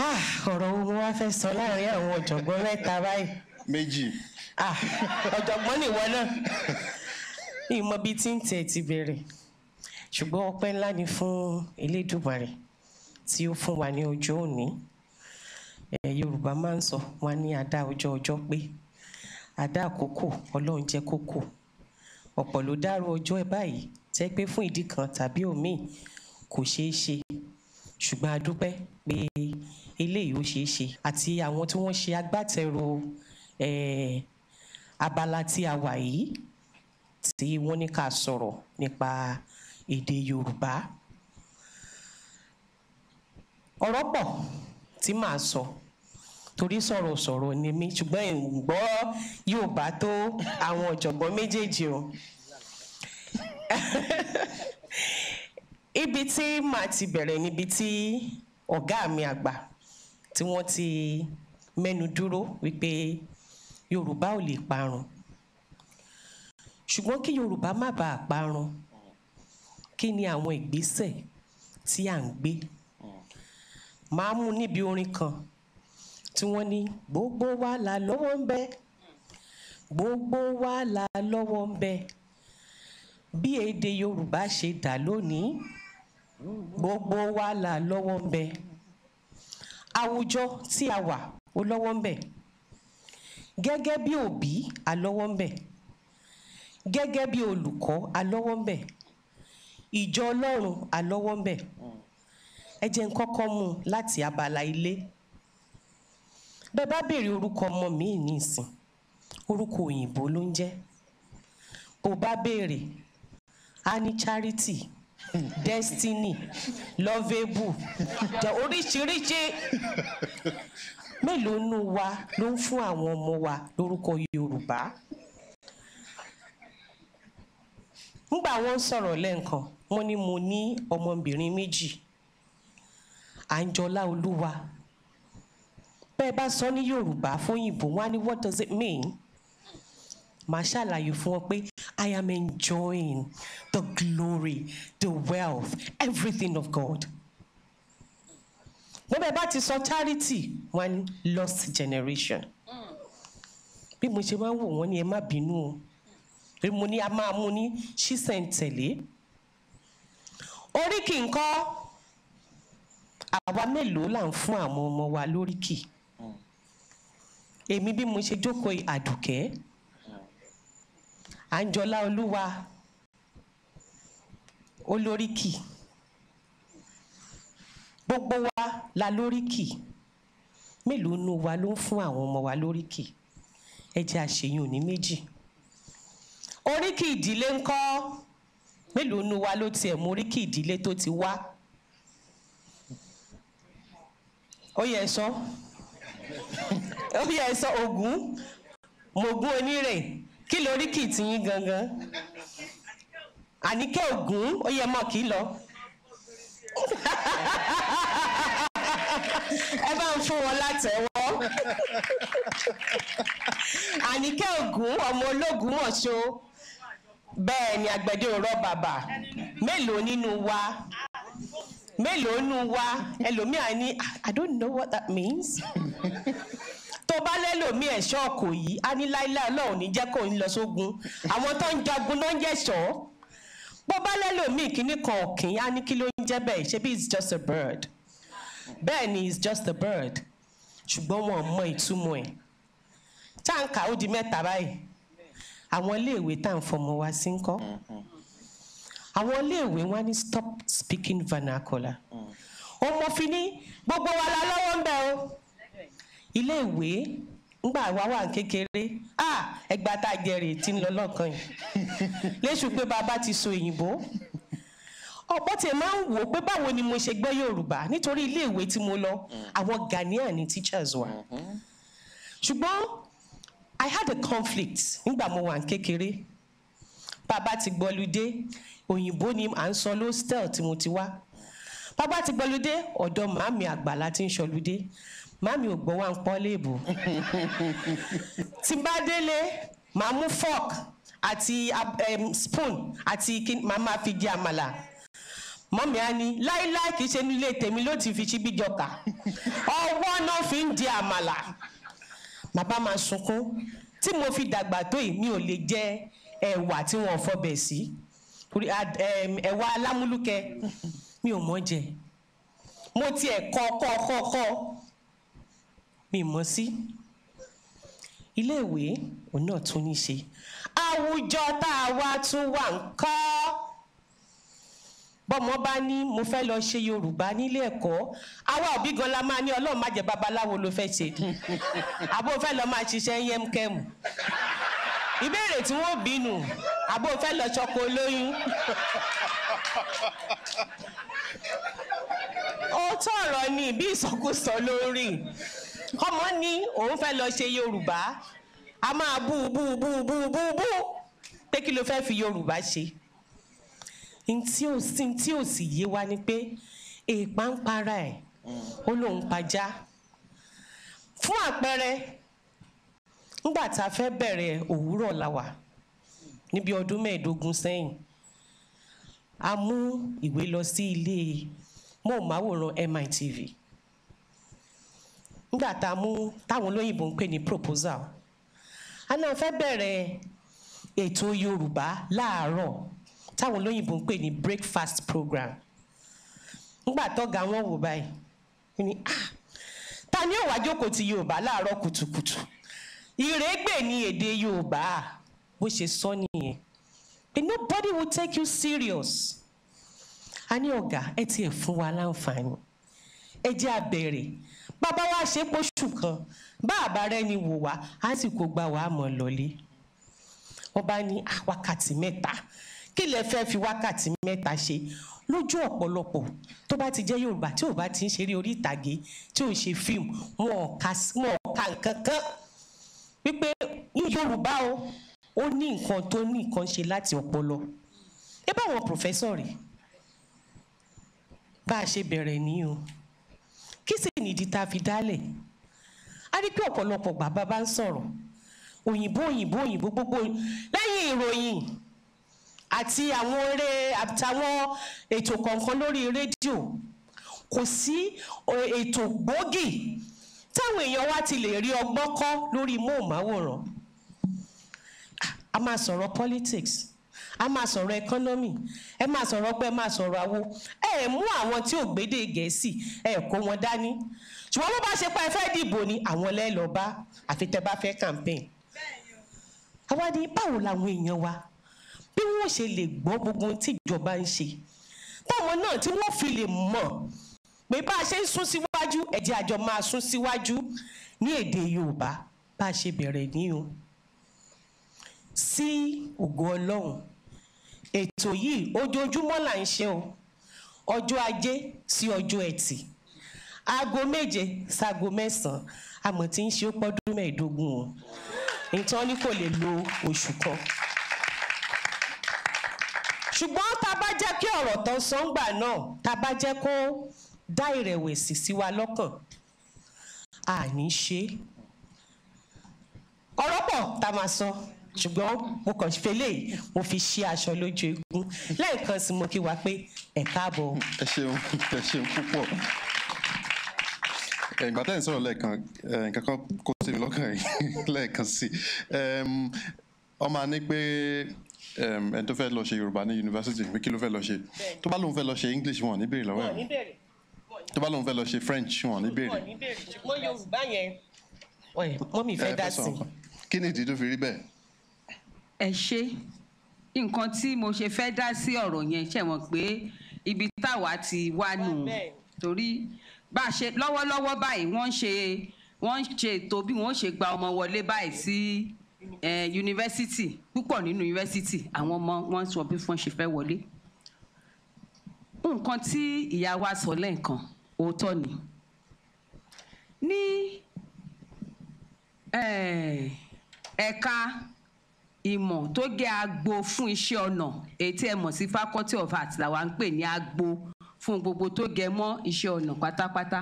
ah, ọ̀rọ̀ wo mo wá fẹ́ sọ láàrin àwọn ọ̀jọ̀gbọ́n mẹ́ta báyìí. méjì Ah, ọ̀jọ̀gbọ́n nìwọ náà ìmọ̀ bíi tí ń tẹ̀ ti bẹ̀rẹ̀ ṣùgbọ́n ọpẹ́ ńlá ni fún Elédùmarè tí ó fún wa ní ọjọ́ òní Yorùbá máa ń sọ wọn ní adá ọjọ́ ọjọ́ pé adá àkókò Ọlọ́run jẹ́ kókò ọ̀pọ̀ ló dárò ọjọ́ ẹ báyìí tẹ́ pé fún ìdí kan tàbí òmíì kò ṣeé ṣe ṣùgbọ́n a dúpẹ́ pé eléyìí ó ṣeé ṣe àti àwọn tí wọ́n ṣe agbátẹrù abala tí a wà yìí tí wọ́n ní ká sọ̀rọ̀ nípa èdè Yorùbá ọ̀rọ̀ pọ̀ tí màá sọ torí sọ̀rọ̀sọ̀rọ̀ ni mí ṣùgbọ́n ìgbọ́ Yorùbá tó àwọn ọ̀jọ̀gbọ́n méjèèjì o ibi tí màá ti bẹ̀rẹ̀ níbi tí ọ̀gá mi àgbà tí wọ́n ti mẹ́nu dúró wípé yorùbá ò lè parun ṣùgbọ́n kí yorùbá má bàa parun kí ni àwọn ìgbésẹ̀ tí à ń gbé máa mú níbi orin kan tí wọ́n ní gbogbo wa la lọ́wọ́ ń bẹ gbogbo wa la lọ́wọ́ ń bẹ bí èdè yorùbá ṣe dà lónìí gbogbo wa la lọ́wọ́ ń bẹ àwùjọ tí a wà ó lọ́wọ́ ń bẹ gẹ́gẹ́ bí òbí alọ́wọ́ ń bẹ̀ gẹ́gẹ́ bí olùkọ́ alọ́wọ́ ń bẹ̀ ìjọ ọlọ́run alọ́wọ́ ń bẹ̀ ẹ jẹ́ n kọ́kọ́ mú un láti abala ilé bẹ́ẹ̀ bá béèrè orúkọ ọmọ mi ní orúkọ òyìnbó ló ń jẹ́ bó bá béèrè a charity destiny lovable oríṣiríṣi mélòó nù wa ló ń fún àwọn ọmọ wa lórúkọ Yorùbá nígbà wọn ń sọ̀rọ̀ lẹ́ǹkan wọ́n ní mo ní ọmọbìnrin méjì Àǹjọlá Olúwa bẹ́ẹ̀ bá sọ ní Yorùbá fóyìnbó wọn á ní what does it mean? màá ṣàlàyé fún ọ pé I am enjoying the glory, the wealth, everything of God wọ́n bẹ̀ bá ti sọ charity wọ́n ní lost generation bí mo ṣe máa ń wò wọ́n ní ẹ má bínú o pé mo ní a máa mú ní ṣísẹ̀ntẹ̀lé oríkì ńkọ́ àwa mélòó là ń fún àwọn ọmọ wa lóríkì èmi bí mo ṣe jókòó àdùkẹ́ àǹjọlá olúwa olóríkì gbogbo wa la lóríkì mélòó nu wa ló ń fún àwọn ọmọ wa lóríkì ẹ jẹ́ àṣeyàn òní méjì oríkì ìdílé ńkọ́ mélòó nu wa ló tiẹ̀ mú oríkì ìdílé tó ti wá ó yẹ sọ ó yẹ sọ ògún mògún onírè kí lóríkì tiyín gangan àníkẹ́ ògún ó yẹ kí lọ ẹ bá ń fún wọn látẹ̀wọ́ àníkẹ́ ògún ọmọ ológun ọ̀ṣọ́ bẹ́ẹ̀ ni àgbẹ̀dẹ òrọ̀ bàbà mélòó nínú wa mélòó nínú wa ẹlòmíà ní I don't know what that means tó bá lẹ́lòmí ẹ̀ṣọ́ yìí á ní láíláí ọlọ́run ní jẹ́ kó ń lọ sógun àwọn tó ń jagun ló ń yẹ̀ṣọ́ bó bá lẹ́lòmíì kíní kan ọ̀kìn á ní kí ló ń jẹ́ bẹ́ẹ̀ ṣebí it's just a bird bẹ́ẹ̀ ni it's just a bird ṣùgbọ́n wọn mọ ìtumọ̀ ẹ̀ táǹkà ó di mẹ́ta báyìí àwọn iléèwé tá à ń fọmọ wa sí ń kọ́ àwọn iléèwé wọn ní stop speaking vernacular ọmọ fi ní gbogbo wa la lọ́wọ́ ń bẹ̀ o iléèwé ngbà wá wà kékeré ah ẹgbà tá a jẹrè tí ń lọ lọ́kàn yìí léṣù pé bàbá ti so òyìnbó ọ̀pọ̀ tẹ̀ máa ń wò pé báwo ni mo ṣe gbọ́ Yorùbá nítorí iléèwé tí mo lọ mm-hmm. àwọn Ghanaian ni teachers wa mm-hmm. ṣùgbọ́n I had a conflict nígbà mo wà kékeré bàbá ti gbọ́ludé òyìnbó ni à ń sọ lóstẹ̀l tí mo ti wá bàbá ti gbọ́ludé ọ̀dọ̀ màámi àgbà láti ń ṣọludé màmí ò gbọ́ wá ń pọ́ léèbù tí bá délé màá mú fork àti um, spoon àti màá máa fi jẹ àmàlà mọ́mí á ní láíláí kì í ṣe nílé tèmi ló ti fi ṣíbí jọkà ọwọ́ náà fi ń di àmàlà bàbá máa sunkún tí mo fi dàgbà tó yìí mi ò lè jẹ ẹ̀wà tí wọ́n fọbẹ̀ sí ẹ̀wà alámúlùkẹ́ mi ò mọ̀ jẹ mo tiẹ̀ kọ́ kọ́ kọ́ kọ́ mi mọ̀ sí iléèwé òun náà tún ní ṣe àwùjọ tá a wá tún wà ń kọ́ bọ́mọ bá ní mo fẹ́ lọ ṣe yorùbá nílé ẹ̀kọ́ àwa òbí gan la máa ní ọlọ́run má jẹ́ babaláwo ló fẹ́ ṣe àbó fẹ́ lọ máa ṣiṣẹ́ yẹ́mkẹ́m ìbéèrè tí wọ́n bínú àbó fẹ́ lọ ṣọkọ olóyún òótọ́ ọ̀rọ̀ ni bí ìsọkúsọ ló rìn ọmọ ní òun fẹ́ lọ ṣe yorùbá a máa bú bú bú bú bú bú pé kí ló fẹ́ fi yorùbá ṣe ntí ò sí ntí ò sì yé wa ni pé èèpà ń para ẹ̀ ó lóun pajá fún àpẹẹrẹ nígbà tá a fẹ́ bẹ̀rẹ̀ òwúrọ̀ la níbi ọdún mẹ́ẹ̀ẹ́dógún sẹ́yìn a mú ìwé lọ sí ilé móhùnmáwòrán MITV nígbà tá a mú táwọn olóyìnbó ń pè ní proposal a náà fẹ́ bẹ̀rẹ̀ ètò Yorùbá láàárọ̀ táwọn olóyìnbó ń pè ní breakfast program nígbà tọ́ga wọn wò báyìí ó ah ta ni ó wá jókòó ti Yorùbá láàárọ̀ kùtùkùtù ìrẹ́gbẹ́ ni èdè Yorùbá bó ṣe sọ nìyẹn pé nobody will take you serious a ní ọ̀gá ẹ tiẹ̀ fún wa láǹfààní ẹ jẹ́ a bàbá wa ṣe poṣù kan bàbá rẹ ni wò wá á sì kó gba wàá mọ̀ lọ́lé ọba ní ah, wákàtí mẹ́ta kí lẹ fẹ́ fi wákàtí mẹ́ta ṣe lójú ọ̀pọ̀lọpọ̀ tó bá ti jẹ́ yorùbá tí ò bá ti ń ṣeré orí ìtàgé tí ò ń ṣe fíìmù wọn ò ka nǹkan kan wípé yorùbá o ó ní nǹkan tó ní nǹkan ṣe láti ọpọlọ ẹ bá wọn pòfẹ́sọ̀ rè bá a ṣe bẹ̀rẹ̀ nìyí kí sì nìdí tá a fi dálẹ̀ a rí pé ọ̀pọ̀lọpọ̀ bàbá bá ń sọ̀rọ̀ òyìnbó òyìnbó òyìnbó gbogbo lẹ́yìn ìròyìn àti àwọn eré àtàwọn ètò kọ̀ọ̀kan lórí rédíò kò sí ètò gbòógì táwọn èèyàn wa ti lè rí ọgbọ́n kọ́ lórí móhùnmáwòrán a máa sọ̀rọ̀ politics a máa sọ̀rọ̀ ẹkọ́nọ́mì ẹ máa sọ̀rọ̀ ọgbẹ́ ẹ máa sọ̀rọ̀ awo ẹ mú àwọn tí ò gbédè gẹ̀ẹ́sì ẹ kó wọn dání ṣùgbọ́n bó bá ṣe pa ẹ fẹ́ ni àwọn lẹ́lọ́ọ́ àfi tẹ́ bá fẹ́ campaign. àwa ni báwo làwọn èèyàn wa bí wọ́n ṣe lè gbọ́ gbogbo tí ìjọba ń ṣe táwọn náà tí wọ́n fi lè mọ̀ pé bá a ṣe ń sún síwájú ẹ jẹ́ àjọ máa sún síwájú ní èdè Yorùbá bá a ṣe bẹ̀rẹ̀ níyùn sí ògo Ọlọ́run ètò yìí ojoojúmọ́ là ń ṣe o ọjọ́ ajé sí ọjọ́ ẹtì aago méje sago mẹ́sàn-án àmọ́ tí ń ṣe ó pọ́dún mẹ́ẹ̀ẹ́dógún o nǹkan ni kò lè lo oṣù kan ṣùgbọ́n tá bá jẹ́ kí ọ̀rọ̀ tán sọ́ngbà náà tá bá jẹ́ kó dá ìrẹ̀wẹ̀sì sí wa lọ́kàn àní ṣe ọ̀rọ̀ pọ̀ tá máa sọ. So ṣùgbọ́n mo kàn fẹ́ lè mo fi ṣí aṣọ lójú egun lẹ́ẹ̀kan sí mo kí wa pé ẹ káàbọ̀. ẹ ṣeun ẹ ṣeun púpọ̀ ìgbà tẹ́yìn sọ̀rọ̀ lẹ́ẹ̀kan nǹkan kan kó sí mi lọ́kàn lẹ́ẹ̀kan sí ọmọ ní pé ẹni tó fẹ́ lọ ṣe Yorùbá ní yunifásitì pé kí ló fẹ́ lọ ṣe tó bá lóun fẹ́ lọ ṣe English wọn ní béèrè lọ́wọ́ ẹ̀ tó bá lóun fẹ́ lọ ṣe French wọn ní béèrè. Yorùbá yẹn mọ́mì fẹ́ dá sí. kí ni ìdí tó fi rí bẹ́ẹ̀ ẹ ṣe nǹkan tí mo ṣe fẹ́ dá sí ọ̀rọ̀ yẹn ṣe mọ̀ pé ibi táwa ti wá nù torí bá a ṣe lọ́wọ́lọ́wọ́ báyìí wọ́n ń ṣe wọ́n ń ṣe ètò bí wọ́n ṣe gba ọmọ wọlé báyìí sí yunifásitì púpọ̀ nínú yunifásitì àwọn ọmọ wọn sọ bí wọ́n ṣe fẹ́ wọlé. nǹkan tí ìyá wa sọ lẹ́ẹ̀kan òótọ́ ni ní ẹ̀ka. Eh, ìmọ̀ tó jẹ́ agbo fún iṣẹ́ ọnà èyí tí ẹ mọ̀ sí faculty of arts làwa ń pè ní agbo fún gbogbo tó jẹ mọ́ iṣẹ́ ọnà pátápátá.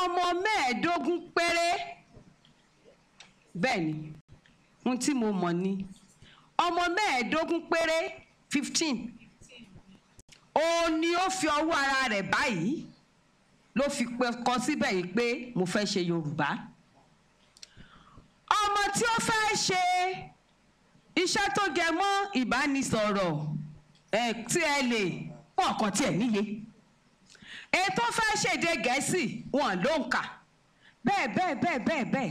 ọmọ mẹ́ẹ̀ẹ́dógún péré bẹ́ẹ̀ ni ohun tí mo mọ̀ ni ọmọ mẹ́ẹ̀ẹ́dógún péré fifteen O ni ó fi ọwọ́ ara rẹ̀ báyìí ló fi kọ síbẹ̀ yìí pé mo fẹ́ ṣe Yorùbá ọmọ tí ó fẹ́ ṣe iṣẹ́ tó jẹ mọ́ ìbánisọ̀rọ̀ tí ẹ lè wọn kàn tiẹ̀ níye èyí tó fẹ́ ṣèdè gẹ̀ẹ́sì wọn ló ń kà bẹ́ẹ̀ bẹ́ẹ̀ bẹ́ẹ̀ bẹ́ẹ̀ bẹ́ẹ̀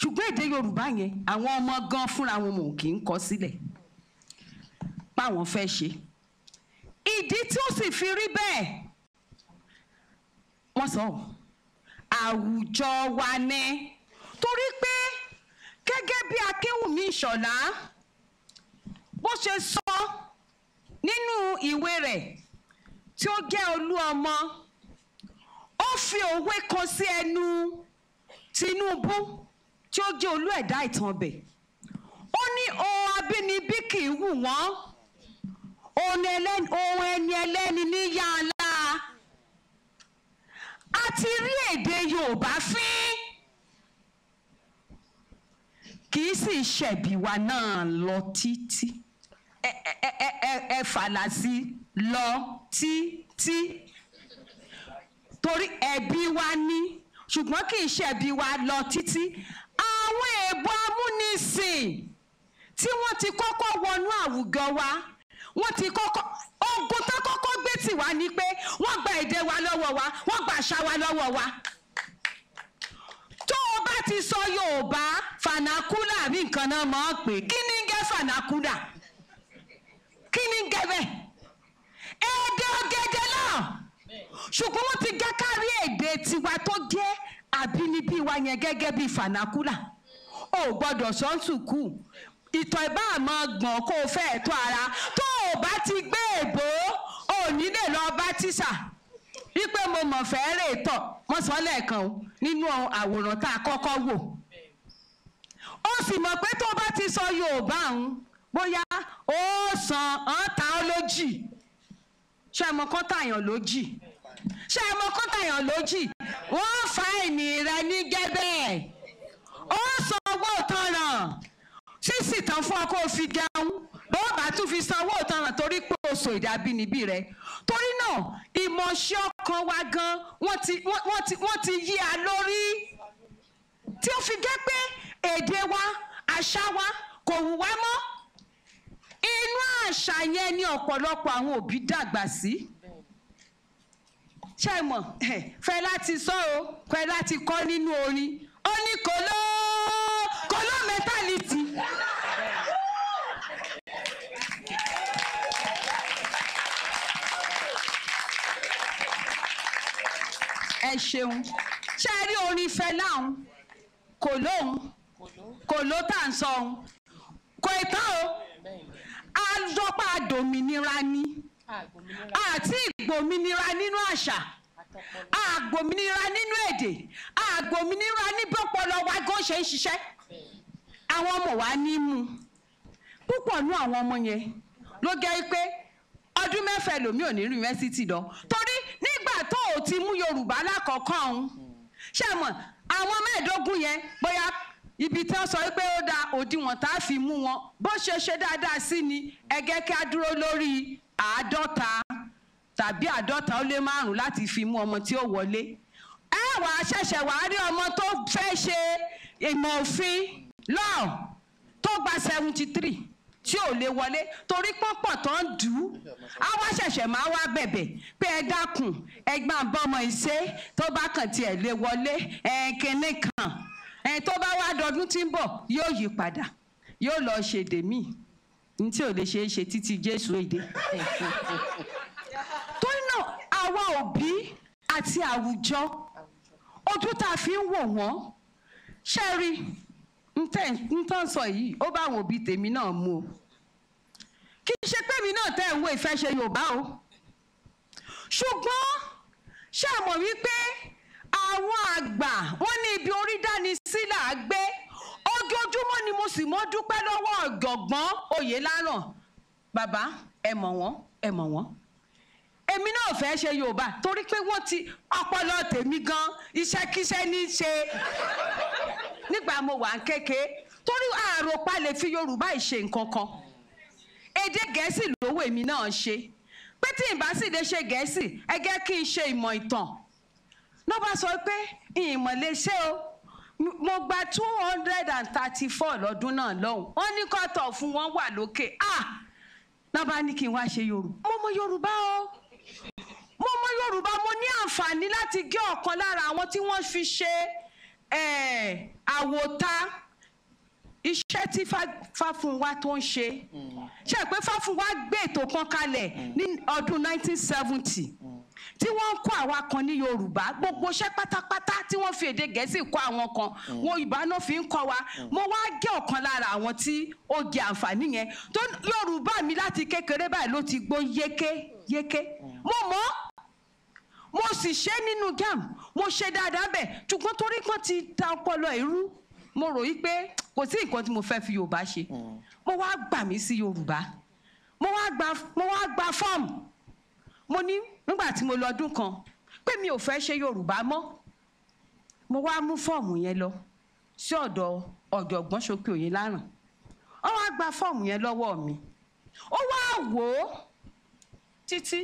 ṣùgbọ́n èdè yorùbá yẹn àwọn ọmọ gan fúnra wọn ò kì í kọ sílẹ̀ páwọn fẹ́ ṣe ìdí tí ó sì fi rí bẹ́ẹ̀ wọ́n sọ àwùjọ wa ni torí pé gẹ́gẹ́ bí akínwùmí ìṣọ̀lá bó ṣe sọ nínú ìwé rẹ̀ tí ó jẹ́ olú ọmọ ó fi òwe kan sí ẹnu Tinubu tí ó jẹ́ olú ẹ̀dá ìtàn bẹ̀ ó ní ohun abínibí kì í wù wọ́n ohun ẹni ẹlẹ́ni ní yàrá a ti rí èdè Yorùbá fín kì í sì ṣẹ̀bi wa náà lọ títí ẹ ẹ ẹ ẹ fàlà sí lọ títí torí ẹ̀bi wa ní ṣùgbọ́n kì í ṣẹ̀bi wa lọ títí àwọn èèbọ amúnisìn tí wọ́n ti kọ́kọ́ wọnú àwùjọ wa wọ́n ti kọ́kọ́ ogun tó kọ́kọ́ gbé tì wá ni pé wọ́n gba èdè wa lọ́wọ́ wa wọ́n gba àṣà wa lọ́wọ́ wa tó o bá ti sọ Yorùbá fanakula àbí nǹkan náà mọ̀ ọ́ pé kí ni ń fanakula kí ni ń gẹ́ bẹ́ẹ̀ èdè ọ̀gẹ̀dẹ̀ náà ṣùgbọ́n wọ́n ti gẹ́ kárí èdè tiwa tó jẹ́ àbínibí wa yẹn gẹ́gẹ́ bí fanakula o gbọ́dọ̀ sọ́ńtùkù ìtọ̀ ìbá àmọ́ gbọ̀n kó o fẹ́ẹ̀ tó ara tó o bá ti gbé èbó ò ní lè lọ bá tíṣà wípé mo mọ̀ fẹ́ẹ́rẹ́ tọ̀ wọ́n sọ lẹ́ẹ̀kan o nínú àwòrán tá a kọ́kọ́ wò ó sì mọ̀ pé tó bá ti sọ Yorùbá òun bóyá ó san ọ̀ǹta ó lójì ṣé ẹ mọ kán tàyàn lójì ṣé ẹ mọ kán tàyàn lójì wọ́n fa ẹ̀mí rẹ ní gẹ́bẹ́ ó san owó tán sísì tán fún ọ kó o fi jẹun bọ́ọ̀bà tún fi sanwó ìtanràn torí pé o sọ èdè abínibí rẹ torí náà ìmọ̀ọ́ṣẹ́ ọkàn wa gan wọ́n ti wọ́n ti wọ́n ti yí a lórí tí ó fi gẹ́ pé èdè wa àṣà wa kò wù wá mọ́ inú àṣà yẹn ni ọ̀pọ̀lọpọ̀ àwọn òbí dàgbà sí ṣe mọ̀ fẹ́ láti sọ o fẹ́ láti kọ́ nínú orin ó ní kòló kòló mẹ́tàlítì. ẹ ṣeun ṣé ẹ rí orin Fẹlá òun kò lóhun kò ló tà ń sọ òun kò tán o àjọpọ̀ àdòmìnira ni àti ìgbòmìnira nínú àṣà àgbòmìnira nínú èdè àgbòmìnira ní bọ́pọ̀lọ wa gan ṣe ń ṣiṣẹ́ àwọn ọmọ wa ní mú púpọ̀ nú àwọn ọmọ yẹn ló jẹ́ pé ọdún mẹ́fẹ̀ẹ́ lòmí ò ní yunifásitì lọ torí ò ti mú yorùbá lákọ̀ọ́kọ́ ọ̀hún ṣé mọ̀ àwọn mẹ́ẹ̀ẹ́dógún yẹn bóyá ibi tí wọ́n sọ pé ó da òdiwọ̀n tá a fi mú wọn bó ṣe ṣe dáadáa sí ni ẹgẹ́ kí a dúró lórí àádọ́ta tàbí àádọ́ta ó lé márùn-ún láti fi mú ọmọ tí ó wọlé ẹ wà á ṣẹ̀ṣẹ̀ wà á rí ọmọ tó fẹ́ ṣe ìmọ̀ òfin law tó gba seventy three tí ò lè wọlé torí pọ́npọ̀n tó ń dù ú á wá ṣẹ̀ṣẹ̀ máa wá bẹ̀bẹ̀ pé ẹ dákun ẹgbà ń bọ́mọ ìṣe tó bá kàn tiẹ̀ lè wọlé ẹ̀ẹ́kẹ́ni kan ẹ̀ tó bá wá dọdún tí ń bọ̀ yóò yí padà yóò lọ ṣe dèmí ní tí ò lè ṣeé ṣe títí Jésù èdè torí náà àwa òbí àti àwùjọ ojú tá a fi ń wò wọ́n ṣẹ́rí n tán sọ yìí ó bá àwọn òbí tèmi náà mu o kì í ṣe pé mi náà tẹ́ ẹ̀ ń wo ìfẹ́ ṣe Yorùbá o ṣùgbọ́n ṣé ẹ mọ̀ wípé àwọn àgbà wọ́n ní ibi orí dání sí là á gbé ojoojúmọ́ ni mo sì mọ́ dúpẹ́ lọ́wọ́ ọ̀jọ̀gbọ́n Oyèláràn bàbá ẹ mọ̀ wọ́n ẹ mọ̀ wọ́n èmi náà fẹ́ ṣe Yorùbá torí pé wọ́n ti ọpọlọ tèmi gan iṣẹ́kíṣẹ́ ní í ṣe nígbà mo wà ń kéke torí àròpá lè fi Yorùbá ìṣe nǹkan kan èdè Gẹ̀ẹ́sì lówó èmi náà ṣe pé tí n bá sì lè ṣe Gẹ̀ẹ́sì ẹ jẹ́ kí n ṣe ìmọ̀ ìtàn ló bá sọ pé ìmọ̀ lè ṣe o mo gba two hundred and thirty four lọ́dún náà lọ́hùn wọ́n ní kọ́tọ̀ fún wọn wà lókè ah náà bá ní kí n wá ṣe Yorùbá mo mọ Yorùbá o mo mọ Yorùbá mo ní àǹfààní láti gé ọ̀kan lára àwọn tí wọ́n fi ṣe é Eh, àwòta iṣẹ́ tí Fáfúnwá tó ń ṣe ṣe pé Fáfúnwá gbé ètò kan kalẹ̀ ní ọdún 1970 tí wọ́n ń kó àwa kan ní Yorùbá gbogbo iṣẹ́ pátápátá tí wọ́n fi èdè Gẹ̀ẹ́sì kó àwọn kan wọn Yorùbá náà fi ń kọ́ wa mo wá gé ọ̀kan lára àwọn tí ó jẹ àǹfààní yẹn tó Yorùbá mi láti kékeré báyìí ló ti gbó yékéyéké mo mọ̀ mo sì ṣe nínú gam mo ṣe dáadáa bẹ̀ ṣùgbọ́n torí kan ti ta ọpọlọ ìrú mo rò yí pé kò sí nǹkan tí mo fẹ́ fi yorùbá ṣe hmm. mo wá gbà mí sí yorùbá mo wá gba mo wá gba fọ́ọ̀mù mo ní nígbà tí mo lọ ọdún kan pé mi ò fẹ́ ṣe yorùbá mọ́ mo wá mú fọ́ọ̀mù yẹn lọ sí ọ̀dọ̀ ọ̀jọ̀gbọ́n Ṣókí Òyìnláràn ó wá gba fọ́ọ̀mù yẹn lọ́wọ́ mi ó wá wò ó títí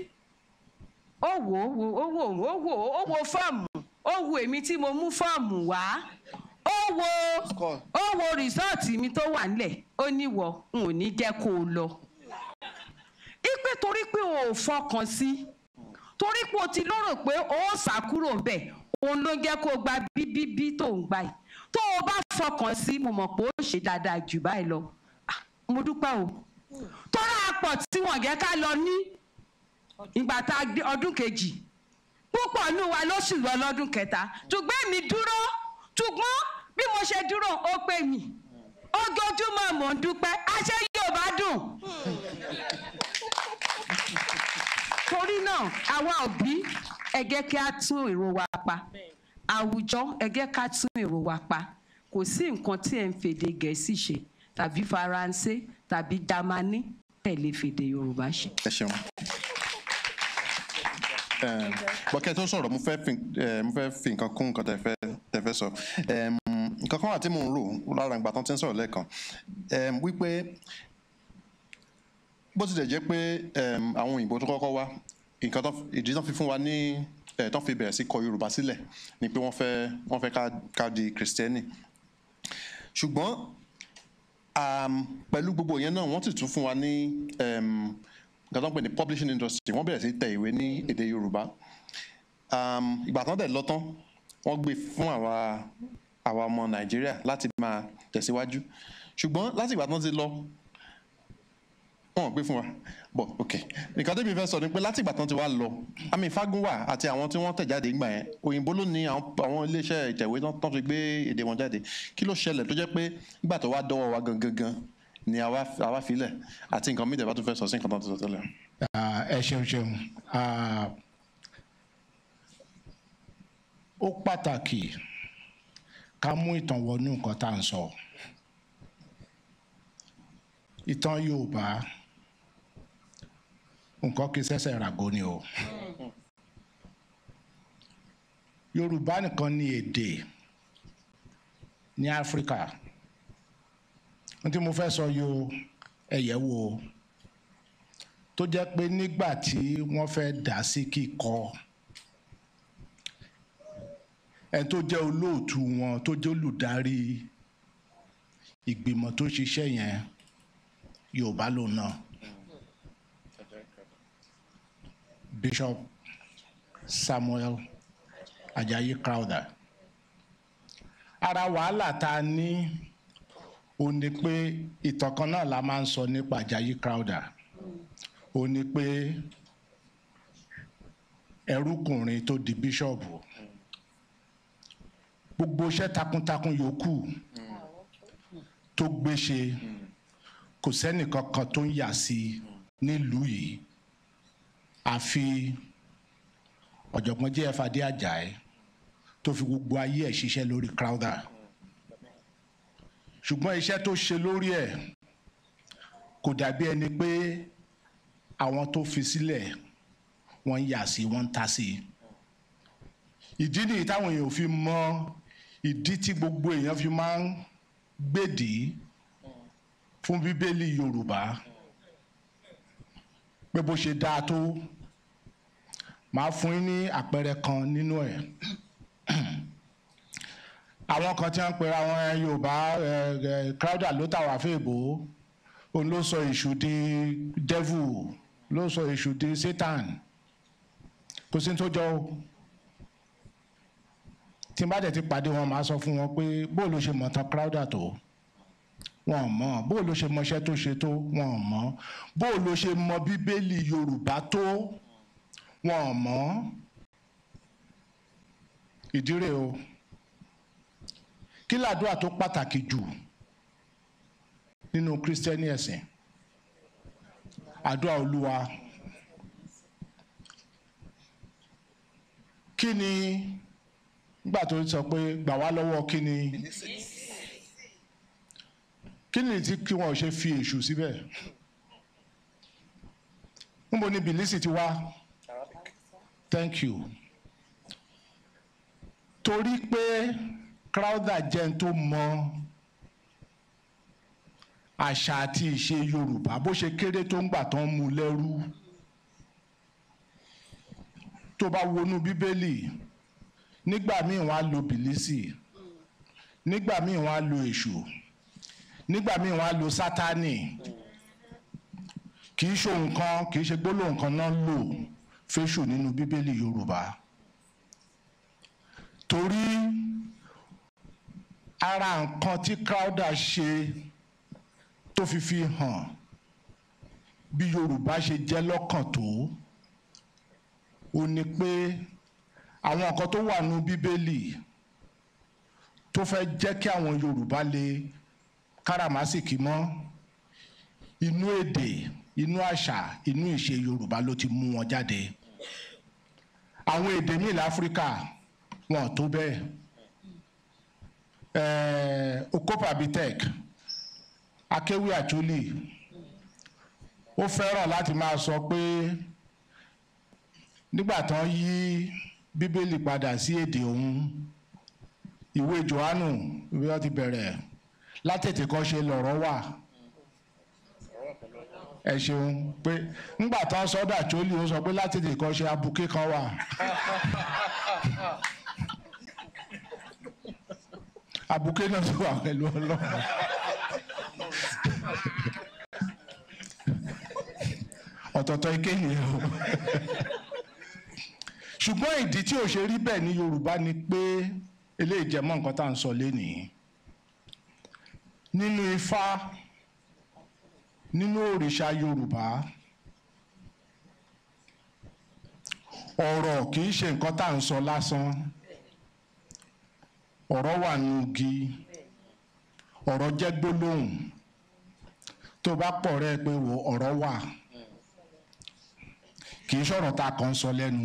ó wò ó wò ó wò ó wò fọ́ọ̀mù ó wò èmi tí mo mú fọ́ọ̀mù wá ó wò ó wò rìsọ́ọ̀tì mi tó wà nílẹ̀ ó ní wọ n ò ní jẹ́ kó o lọ. ipe torí pé o ò fọkàn sí torí pé o ti lérò pé o ó ṣàkúrò bẹ́ẹ̀ òun ló jẹ́ kó o gba bíbíbí tó ń gbà yìí tó o bá fọkàn sí mo mọ̀ pé ó ṣe dáadáa jù báyìí lọ ah, mo dúpẹ́ o tọ́ra àpọ̀ tí wọ́n jẹ́ ká lọ ní ìgbà tá a gbé ọdún kejì púpọ̀ nù wa ló sì lọ lọ́dún kẹta tùgbẹ́ mi dúró tùgbọ́n bí mo ṣe dúró ó pè mí ojoojúmọ́ mò ń dúpẹ́ àṣẹ yóò bá dùn torí náà àwa òbí ẹ jẹ́ kí a tún èrò wa pa àwùjọ ẹ jẹ́ ká tún èrò wa pa kò sí nǹkan tí ẹ ń fèdè gẹ̀ẹ́sì ṣe tàbí faransé tàbí jamani tẹ̀lé fèdè yorùbá ṣe. ẹ ṣeun bọ́kẹ́ tó sọ̀rọ̀ eh, mo fẹ́ fi nǹkan kún nǹkan tẹ́ fẹ́ sọ nǹkan kan wà tí mò ń rò lára ìgbà tán ti ń sọ̀rọ̀ lẹ́ẹ̀kan wípé bó tilẹ̀ jẹ́ pé àwọn òyìnbó tó kọ́kọ́ wá nǹkan ìdí tán fi fún wa ní eh, tán fi bẹ̀rẹ̀ sí kọ Yorùbá sílẹ̀ ni pé wọ́n fẹ́ wọ́n fẹ́ ká di Kristẹni ṣùgbọ́n pẹ̀lú gbogbo yẹn náà wọ́n sì tún fún wa ní nǹkan tó ń pè ní publishing industry wọ́n bẹ̀rẹ̀ sí tẹ ìwé ní èdè Yorùbá um, ìgbà tán dẹ̀ lọ́tán wọ́n gbé fún àwa àwa ọmọ Nàìjíríà láti máa tẹ̀síwájú ṣùgbọ́n láti ìgbà tán ti lọ wọn gbé fún wa bọ ok nǹkan tẹ́bi fẹ́ sọ ni pé láti ìgbà tán ti wá lọ àmì Fagunwa àti àwọn tí wọ́n tẹ̀ jáde ńgbà yẹn òyìnbó ló ní àwọn iléeṣẹ́ ìtẹ̀wé tán fi gbé èdè wọn jáde kí ló ṣẹlẹ̀ tó jẹ́ pé nígbà tó wá dọ́wọ́ wa gangan ni àwa filẹ̀ àti nǹkan mídìí bá tún fẹ́ sọ sí nǹkan tó ń sọ tẹ́lẹ̀. ẹ ṣeun ṣeun ó pàtàkì ká mú ìtàn wọnú nǹkan tá à ń sọ ìtàn Yorùbá nǹkan kì í ṣẹ̀ṣẹ̀ ràgó ni o Yorùbá nìkan ni èdè ní Áfíríkà n tí mo fẹ́ sọ yo ẹ̀yẹ̀ wo tó jẹ́ pé nígbà tí wọ́n fẹ́ dá sí kíkọ ẹ̀ tó jẹ́ olóòtú wọn tó jẹ́ olùdarí ìgbìmọ̀ tó ṣiṣẹ́ yẹn Yorùbá ló náà Bishop Samuel Ajayi Crowder ara wàhálà tá a ní ó ní pé ìtàn kan la máa ń sọ nípa Àjàyí Crowther ó ní pé ẹrúkùnrin tó di bíṣọ̀bù gbogbo iṣẹ́ takuntakun yòókù tó gbé ṣe kò sẹ́nìkan kan tó ń yà sí nílùú yìí àfi ọ̀jọ̀gbọ́n J.F. Adé Àjàyí tó fi gbogbo ayé ẹ̀ ṣiṣẹ́ lórí Crowther. Mm ṣùgbọ́n iṣẹ́ tó ṣe lórí ẹ̀ kò dàbí ẹni pé àwọn tó fi sílẹ̀ wọ́n ń yà sí wọ́n ń ta sí i ìdí nìyí táwọn èèyàn fi mọ ìdí tí gbogbo èèyàn fi máa ń gbèdì fún bíbélì Yorùbá pé bó ṣe dáa tó màá fún yín ní àpẹẹrẹ kan nínú ẹ̀. E àwọn kan tí wọ́n ń pera àwọn Yorùbá Crowther ló tà wá fún èbó òun ló sọ èṣù di devil ló sọ èṣù di Satan kò sí ní tó jọ o tí n bá dẹ̀ ti pàdé wọn màá sọ fún wọn pé bóòlù ṣe mọ̀ tán Crowther tó wọn mọ̀ bóòlù ṣe mọṣẹ́ tó ṣe tó wọn mọ̀ bóòlù ṣe mọ Bíbélì Yorùbá tó wọn mọ̀ ìdí o kí làdúrà tó pàtàkì jù nínú kírísítẹ́nì ẹ̀sìn àdúrà olúwa kí ni nígbà tó sọ pé gbà wá lọ́wọ́ kí ni kí ni tí kí wọn ò ṣe fi èṣù síbẹ̀ níbo ni bìlísì ti wá thank you torí pé crowther jẹ́ ń tó mọ àṣà àti ìṣe yorùbá bó ṣe kéré tó ń gbà tó ń mú lẹ́rú tó bá wọnú bíbélì nígbà míì wọ́n á lo bìlísì nígbà míì wọ́n á lo èṣù nígbà míì wọ́n á lo sátánì kì í ṣe nǹkan kì í ṣe gbólóhùn kan náà lò fẹ́ṣù nínú bíbélì yorùbá torí ara nǹkan tí Crowther ṣe tó fi fi hàn bí Yorùbá ṣe jẹ́ lọ́kàn tó ó ní pé àwọn nǹkan tó wà nínú Bíbélì tó fẹ́ jẹ́ kí àwọn Yorùbá lè káràmásìkí mọ́ inú èdè inú àṣà inú ìṣe Yorùbá ló ti mú wọn jáde àwọn èdè míì láfíríkà wọn ò tó bẹ́ẹ̀ Eh, okopabitec akéwì àtúlì ó fẹ́ràn láti máa sọ pé nígbà tán yí bíbélì padà sí èdè òun ìwé johannu bí wọ́n ti bẹ̀rẹ̀ látètè kọ́ ṣe lọ̀rọ̀ wà ẹ ṣeun pé nígbà tán sọ́dọ̀ àtúlì ó sọ pé látètè kọ́ ṣe abuké kan wà. àbùké náà tó wà pẹ̀lú ọlọ́run. ọ̀tọ̀ọ̀tọ̀ ike nìyẹn o ṣùgbọ́n ìdí tí ò ṣe rí bẹ́ẹ̀ ní Yorùbá ni pé eléyìí jẹ mọ́ nǹkan tá à ń sọ lénìí nínú Ifá nínú òrìṣà Yorùbá ọ̀rọ̀ kì í ṣe nǹkan tá à ń sọ lásán ọ̀rọ̀ wà nù igi ọ̀rọ̀ jẹ́ gbólóhùn tó bá pọ̀ rẹ pé wo ọ̀rọ̀ wà kì í sọ̀rọ̀ tá a kàn sọ lẹ́nu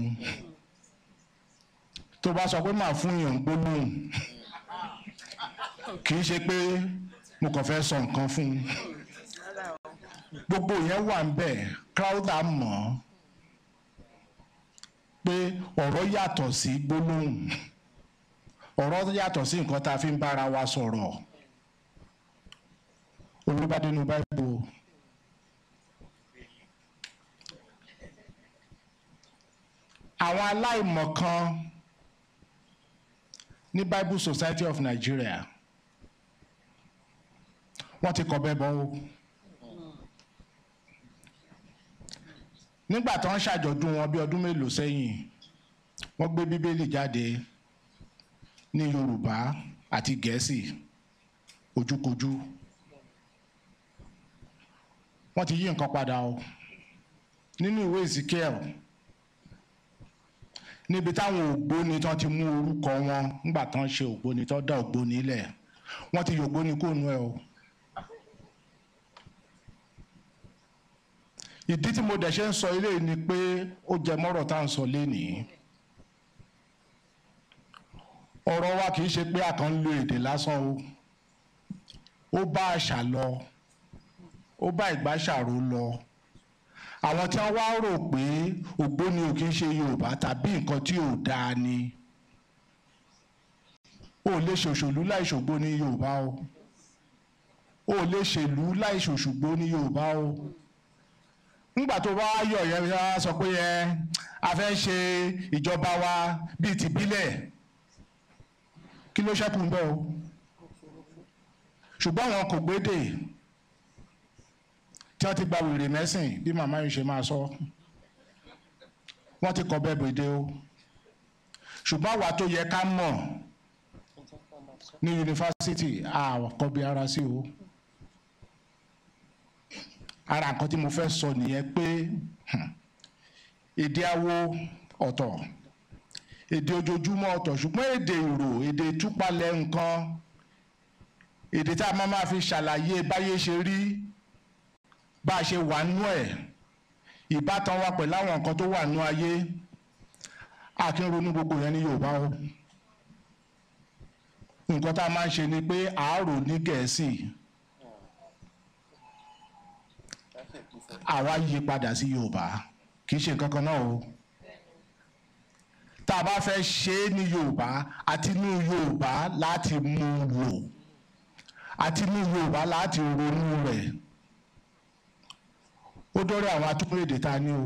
tó bá sọ pé màá fún yàn gbólóhùn kì í ṣe pé mo kàn fẹ́ sọ nǹkan fún un gbogbo yẹn wà ń bẹ̀ crowder pé ọ̀rọ̀ yàtọ̀ sí gbólóhùn. Si ọ̀rọ̀ yàtọ̀ sí nǹkan tá a fi ń bára wa sọ̀rọ̀ olùbádínú báìbò àwọn aláìmọ̀kan ní Bible Society of Nigeria wọ́n ti kọ̀bẹ́ bọ́ o nígbà tó ń ṣàjọ̀dún wọn bí ọdún mélòó sẹ́yìn wọ́n gbé bíbélì jáde ní Yorùbá àti Gẹ̀ẹ́sì ojúkojú wọ́n ti yí nǹkan padà o nínú ìwé Ezekiel níbi táwọn ògbóni tán ti mú orúkọ wọn nígbà tán ṣe ògbóni tán dá ògbóni lẹ̀ wọ́n ti yògbóni kóònù ẹ̀ o. ìdí tí mo dẹ̀ ṣe ń sọ ilé ni pé ó jẹ mọ́rọ̀ tá à ń sọ lénìí ọ̀rọ̀ wa kì í ṣe pé a kàn lo èdè lásán o ó bá àṣà lọ ó bá ìgbàṣàrò lọ àwọn tí wọ́n wá rò pé ògbóni ò kì í ṣe Yorùbá tàbí nǹkan tí ò dáa ni ó lè ṣòṣòlú láì ṣògbó ní Yorùbá o ó lè ṣèlú láì ṣòṣùgbó ní Yorùbá o nígbà tó bá yọ̀ yẹn sọ pé ẹ a fẹ́ ṣe ìjọba wa bíi tìbílẹ̀ kí ló ṣẹ́kù ń bẹ́ o ṣùgbọ́n àwọn kò gbédè tí wọ́n ti gba wèrè mẹ́sìn bí màmá yìí ṣe máa sọ wọ́n ti kọ́ bẹ́ẹ̀ gbèdé o ṣùgbọ́n àwa tó yẹ ká mọ̀ ní yunifásitì àkọ́ bí ara sí o ara nǹkan tí mo fẹ́ sọ nìyẹn pé hmm, èdè awo ọ̀tọ̀ èdè ojoojúmọ́ ọ̀tọ̀ ṣùgbọ́n èdè ìrò èdè ìtúpalẹ̀ nǹkan èdè tá a máa máa fi ṣàlàyé báyé ṣe rí bá a ṣe wà nú ẹ̀ ìbátan wa pẹ̀lú àwọn nǹkan tó wà nú ayé a kì í ronú gbogbo yẹn ní Yorùbá o nǹkan tá a máa ń ṣe ni pé àárò ní Gẹ̀ẹ́sì àwa yí padà sí Yorùbá kì í ṣe nǹkan kan náà o tá a bá fẹ́ ṣe é ní yorùbá àti inú yorùbá láti mú un wò àti inú yorùbá láti ronú rẹ̀ ó dọ́rẹ́ àwọn atúmọ̀èdè ta ni o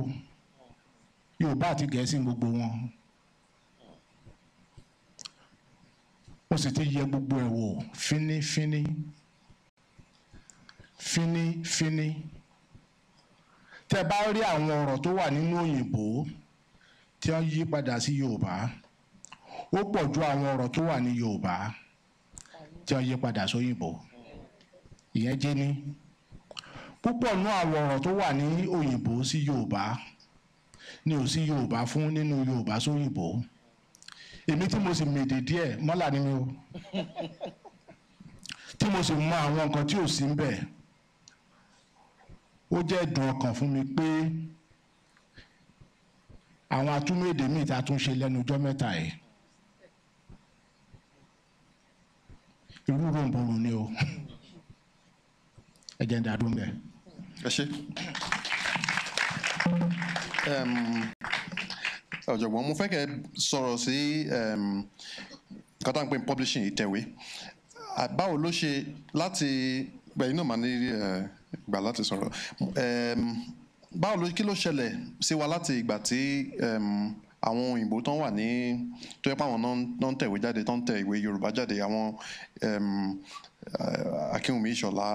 yorùbá àti gẹ̀ẹ́sì gbogbo wọn mo sì ti yẹ gbogbo ẹ̀ wò fínífíní fínífíní tẹ́ bá rí àwọn ọ̀rọ̀ tó wà nínú òyìnbó tí wọ́n yí padà sí yorùbá ó pọ̀ ju àwọn ọ̀rọ̀ tó wà ní yorùbá tí wọ́n yí padà sóyìnbó ìyẹn jẹ́ ní púpọ̀ nú àwọn ọ̀rọ̀ tó wà ní òyìnbó sí yorùbá ni ò sí yorùbá fún nínú yorùbá sóyìnbó èmi tí mo sì mèdè díẹ̀ mọ́là ni mi o tí mo sì mọ àwọn nǹkan tí ò sí ń bẹ̀ ó jẹ́ ìdùn ọkàn fún mi pé àwọn atúmọ̀èdè míì tá a tún ṣe lẹ́nu ọjọ́ mẹ́ta yìí irú ròǹbòrò ni o ẹ jẹ́ ń dàdún bẹ́ẹ̀. ẹ ṣe ọ̀jọ̀gbọ́n mo fẹ́ kẹ́ sọ̀rọ̀ sí nǹkan ń pè ní publishing ìtẹ̀wé báwo ló ṣe láti gbẹ̀yìn náà mà ní ìgbà láti sọ̀rọ̀ báwo ló kí ló ṣẹlẹ̀ sí wa láti ìgbà tí àwọn òyìnbó tán wà ní tó yẹ pé àwọn náà ń tẹ̀wé jáde tán ń tẹ ìwé Yorùbá jáde àwọn eh, Akínwùmí Ìṣọ̀lá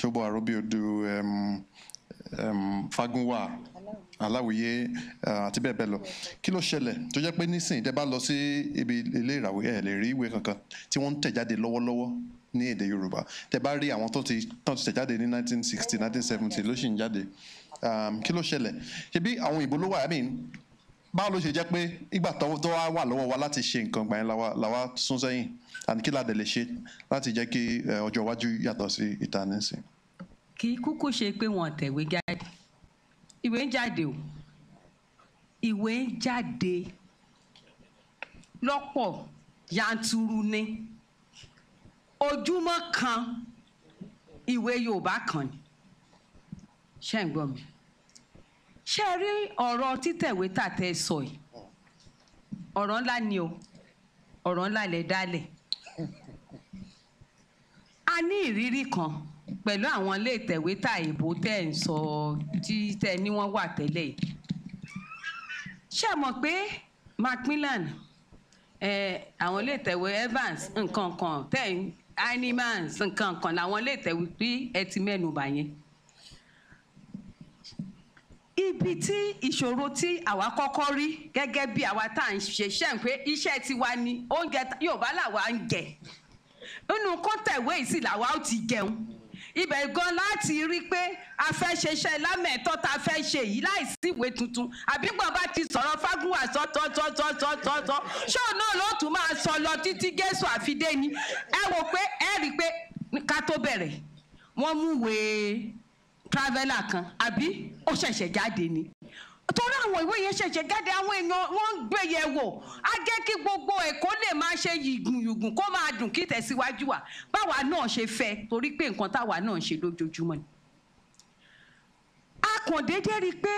Ṣóbó Àròbíodù Fágúnwà Aláwìyé eh, àti bẹ́ẹ̀ bẹ́ẹ̀ lọ kí ló ṣẹlẹ̀ tó jẹ́ pé nísìnyí tẹ́ bá lọ sí ibi ilé ìràwé ẹ̀ lè rí ìwé kankan tí wọ́n ń tẹ̀ jáde lọ́wọ́lọ́wọ́ ní èdè Yorùbá tẹ́ bá rí àwọn tó ti tẹ̀ jáde ní 1960 1970 ló sì ń jáde. Um, kí ló ṣẹlẹ̀ ṣebí àwọn òyìnbó ló wà i báwo ló ṣe jẹ́ pé ìgbà tó wà lọ́wọ́ wa láti ṣe nǹkan gbà yẹn làwa sún sẹ́yìn àní kí la dẹ̀ lè ṣe láti jẹ́ kí ọjọ́ iwájú yàtọ̀ sí ìta nísìn. kì í kúkú ṣe pé wọn tẹ̀wé jáde ìwé ń jáde o ìwé ń jáde lọ́pọ̀ yanturu ni ojúmọ́ kan ìwé Yorùbá kan ni ṣé ń gbọ́ mi ṣe rí ọ̀rọ̀ títẹ̀wé tàtẹ́ sọ yìí ọ̀rọ̀ ńlá ni o ọ̀rọ̀ ńlá lẹ̀ dálẹ̀ a ní ìrírí kan pẹ̀lú àwọn ilé ìtẹ̀wé tà èbó tẹ̀ ń sọ tí tẹ̀ ní wọ́n wà tẹ́lẹ̀ ṣe mọ̀ pé Macmillan àwọn ilé ìtẹ̀wé Evans nǹkan kan tẹ̀ Heinemans nǹkan kan làwọn ilé ìtẹ̀wé bí ẹ ti mẹ́nu bà ibi tí ìṣòro tí àwa kọ́kọ́ rí gẹ́gẹ́ bí àwa tá à ń ṣe ṣẹ́ ń pé iṣẹ́ tiwa ni oúnjẹ Yorùbá làwa ń jẹ nínú kọ́ńtà ìwé yìí sì làwa ó ti jẹun ibẹ̀ gan láti rí pé a fẹ́ ṣe iṣẹ́ lámẹ̀tọ́ tá a fẹ́ ṣe yìí láìsí ìwé tuntun àbígbà bá ti sọ̀rọ̀ fágùnwà sọ́tọ́tọ́tọ́tọ́tọ́ ṣó náà ló tún máa sọ lọ títí gẹ̀ẹ́sù àfidé ni ẹ wò pé ẹ rí i pé ká tó bẹ̀rẹ̀ wọ́n mú wèé Travela kan àbí ó ṣẹ̀ṣẹ̀ jáde ni torí àwọn ìwé yẹn ṣẹ̀ṣẹ̀ jáde àwọn èèyàn wọ́n ń gbé yẹ̀ wò á jẹ́ kí gbogbo ẹ̀kọ́ lè máa ṣe yìgùnyìgùn kó máa dùn kí tẹ̀síwájú wa báwa náà ṣe fẹ́ torí pé nǹkan táwa náà ń ṣe lójoojúmọ́ ni. a kàn déédéé rí i pé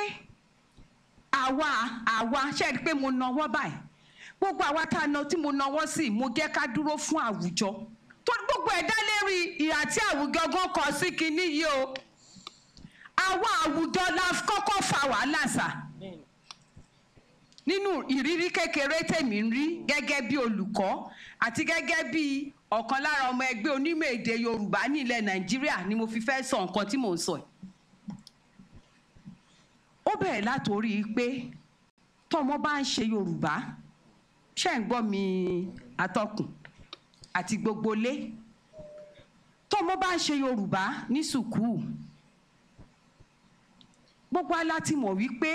àwa àwa ṣe rí i pé mo nawọ́ báyìí gbogbo àwa tá a na tí mo nawọ́ sí mo jẹ́ ká dúró fún àwùjọ gbogbo ẹ̀dá lérí ìhà tí àwùjọ gan kọ sí kinní yìí o àwa àwùjọ la kọ́kọ́ fa wàhálà sà nínú ìrírí kékeré tèmi ń rí gẹ́gẹ́ bí olùkọ́ àti gẹ́gẹ́ bí ọ̀kan lára ọmọ ẹgbẹ́ onímọ̀ èdè Yorùbá ní Nàìjíríà ni mo fi fẹ́ sọ nǹkan tí mò ń sọ yìí ó bẹ̀rẹ̀ látòrí pé tọmọ bá ń ṣe Yorùbá ṣe ń gbọ́ mi atọ́kùn àti gbogbo lé tọmọ bá ń ṣe Yorùbá ní sùkúù gbogbo ala láti mọ̀ wípé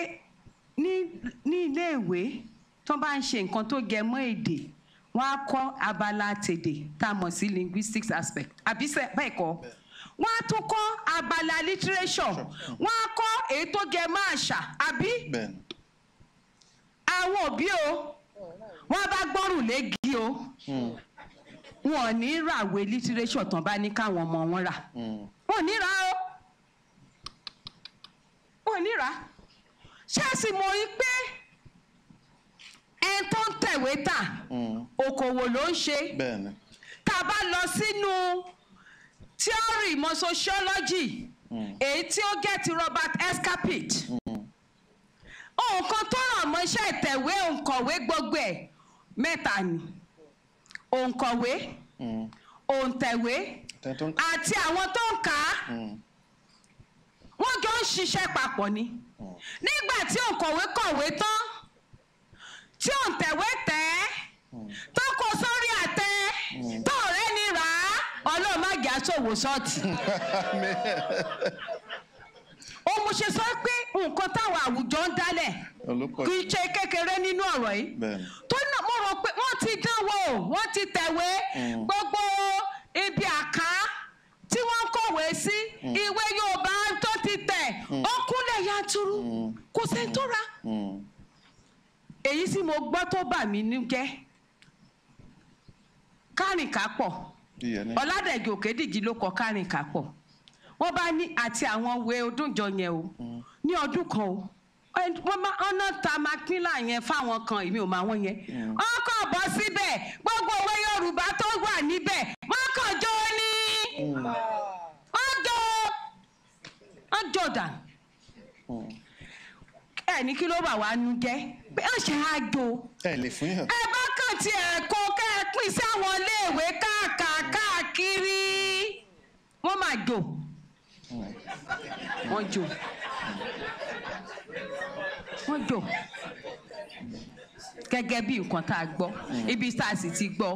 ní ní iléèwé tó bá ń ṣe nǹkan tó gẹ mọ́ èdè wọ́n á kọ́ abala tèdè tá a mọ̀ sí linguistics aspect àbí bẹ́ẹ̀ kọ́ wọ́n á tún kọ́ abala literature wọ́n á kọ́ èyí tó gẹ mọ́ àṣà àbí àwọn òbí o wọ́n bá gbọ́rùn léegi o hmm. wọn ní ràwé literature tán bá ní káwọn ọmọ wọn rà hmm. wọn ní rà o ò níra ṣé ẹ sì mọ̀ yín pé ẹ tó ń tẹ̀wé tà mm. okòwò ló ń ṣe tá a bá lọ sínú tíọ́rì mọ́ sociology mm. èyí tí ó gẹ́ Robert Escapit mm. nǹkan tó ràn mọ́ iṣẹ́ ìtẹ̀wé òǹkọ̀wé gbogbo ẹ̀ mẹ́ta ni òǹkọ̀wé òǹtẹ̀wé àti àwọn tó ń kà á ṣiṣẹ́ papọ̀ ni hmm. nígbà tí òǹkọ̀wé kọ̀wé tán tí òǹtẹ̀wé tẹ̀ hmm. tó kó sórí àtẹ hmm. tó rẹ́ ni rà á ọlọ́run má jà sòwò sọ́ọ̀tì. òun ṣe sọ pé nǹkan táwọn àwùjọ ń dálẹ̀ kì í ṣe kékeré nínú ọ̀rọ̀ yìí tó náà mo rò pé wọ́n ti dánwò wọ́n ti tẹ̀wé gbogbo ibi àká tí wọ́n kọ̀wé sí ìwé Yorùbá tó ó mm. kúnlẹ̀ yanturu mm. Mm. kò sẹ́ni tó ra èyí tí mo gbọ́ tó bà mí nú jẹ́ kárìnkápọ̀ ọ̀làdẹ̀gẹ̀ òkèdìjì ló kọ kárìnkápọ̀ wọ́n bá ní àti àwọn òwe odúnjọ yẹn o ní ọdún kan o wọ́n máa ọ̀nà ta mákínlá yẹn fáwọn kan èmi ò máa wọ́n yẹn ọkọ̀ bọ́ síbẹ̀ gbogbo òwe Yorùbá tó wà níbẹ̀ wọ́n kàn jó ní ọ Jordan, ẹ ní kí ló bà wá nu jẹ́ pé ó ṣe àjò ẹ bá kàn tí ẹ kó kẹ́ ẹ pín sáwọn iléèwé káàkiri wọ́n máa jò wọ́n jò wọ́n jò gẹ́gẹ́ bí nǹkan tá a gbọ́ hmm. ibi tá a sì ti gbọ́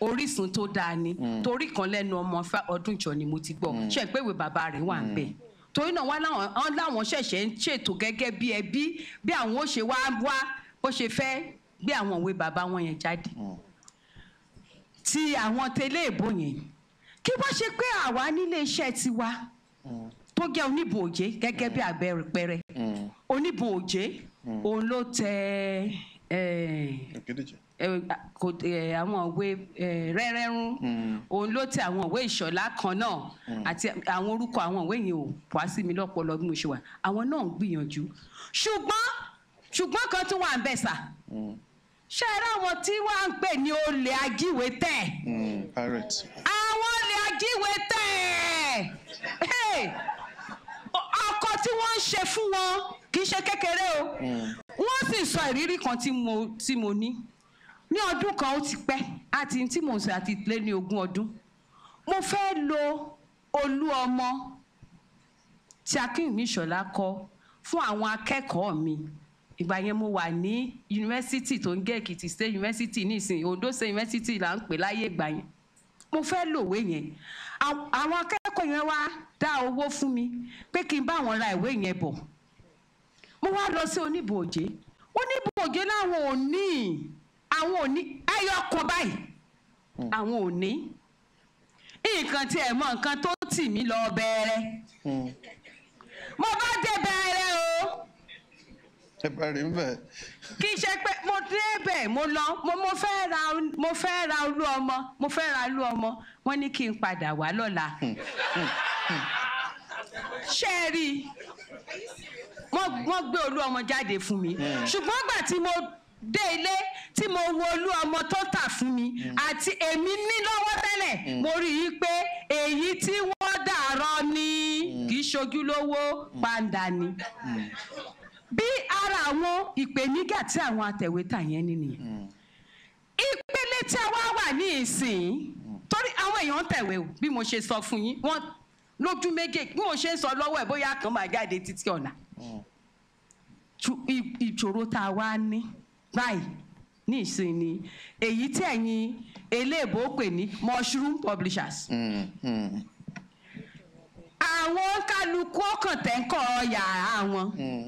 orísun tó dáa ni hmm. torí kan lẹ́nu ọmọ ọdún jọ ni mo ti gbọ́ hmm. ṣe pé ìwé bàbá rẹ̀ wà ń bẹ̀ torí náà wá láwọn láwọn ṣẹ̀ṣẹ̀ ń ṣètò gẹ́gẹ́ bí ẹbí bí àwọn ó ṣe wá wá bó ṣe fẹ́ gbé àwọn ìwé bàbá wọn yẹn jáde hmm. ti àwọn tẹlẹ ìbò yẹn kí wọ́n ṣe pé àwa nílé iṣẹ́ tiwa hmm. tó jẹ́ oníbò òjé gẹ́gẹ́ bí hmm. àpẹẹrẹ oníbò òjé òun ló tẹ ẹ̀ẹ́dẹ̀jẹ̀ Eh, eh, àwọn òwe eh, rẹ́rẹ́rún hmm. òun ló tẹ àwọn òwe ìṣọ̀lá kan náà hmm. àti àwọn orúkọ àwọn òwe yẹn ò wá sí mi lọ́pọlọ bí mo ṣe wà àwọn náà ń gbìyànjú ṣùgbọ́n ṣùgbọ́n kan tún wà ń bẹ̀ sà hmm. ṣe ara tí wọ́n ń pè ní olè ajíwèé tẹ̀ àwọn olè ajíwèé tẹ̀ ọkọ tí wọ́n ń ṣe fún wọn kì í ṣe kékeré o wọ́n sì sọ ìrírí kan tí mo ní ní ọdún kan ó ti pẹ́ àti tí mò ń sọ àti lé ní ogún ọdún mo fẹ́ lo olú ọmọ tí akínwùmí ìṣọ̀lá kọ fún àwọn akẹ́kọ̀ọ́ mi ìgbà yẹn mo wà ní yunifásitì tó ń gẹ́ èkìtì state yunifásitì nísìnyí ondo state yunifásitì là ń pè láyé ìgbà yẹn mo fẹ́ lòwe yẹn àwọn akẹ́kọ̀ọ́ yẹn wá dá owó fún mi pé kí n bá wọn ra ìwé yẹn bọ̀ mo wá lọ sí oníbòòjé oníbòòjé láwọn ò ní àwọn òní ẹyọ kan báyìí hmm. àwọn òní nǹkan tí ẹ mọ nǹkan tó tì mí lọ bẹ̀rẹ̀ hmm. mo bá dé bẹ̀rẹ̀ o. ẹ bá rí bẹ́ẹ̀. kì í ṣe pé mo dé bẹ́ẹ̀ mo lọ mo mo fẹ́ ra mo fẹ́ ra olú ọmọ mo fẹ́ ra olú ọmọ wọ́n ní kí n padà wá lọ́la. Hmm. ṣé ẹ rí i wọ́n gbé olú ọmọ jáde fún mi ṣùgbọ́n gbà tí mo dé ilé tí mo wo olú ọmọ tó tà fún mi hmm. àti èmi ní lọ́wọ́ tẹ́lẹ̀ hmm. mo rí i pé èyí tí wọ́n dàrọ ni hmm. kì í ṣojúlówó pàǹdà ni bí ara àwọn ìpèníjà tí àwọn atẹ̀wétà yẹn nìyẹn ìpele tí a wá wà ní ìsìn torí àwọn èèyàn ń tẹ̀wé o bí mo ṣe sọ fún yín wọ́n lójú méjèèjì bí mo ṣe ń sọ lọ́wọ́ ẹ̀ bóyá kan máa jáde títí ọ̀la ìṣòro tá a wá ní báyìí ní ìsìn ni èyí tí ẹ̀yin eléèbó pè ní mushroom publishers. Mm-hmm. àwọn kálukú ọkàn tẹ́ ń kọ̀ ọ́ yàrá wọn. Mm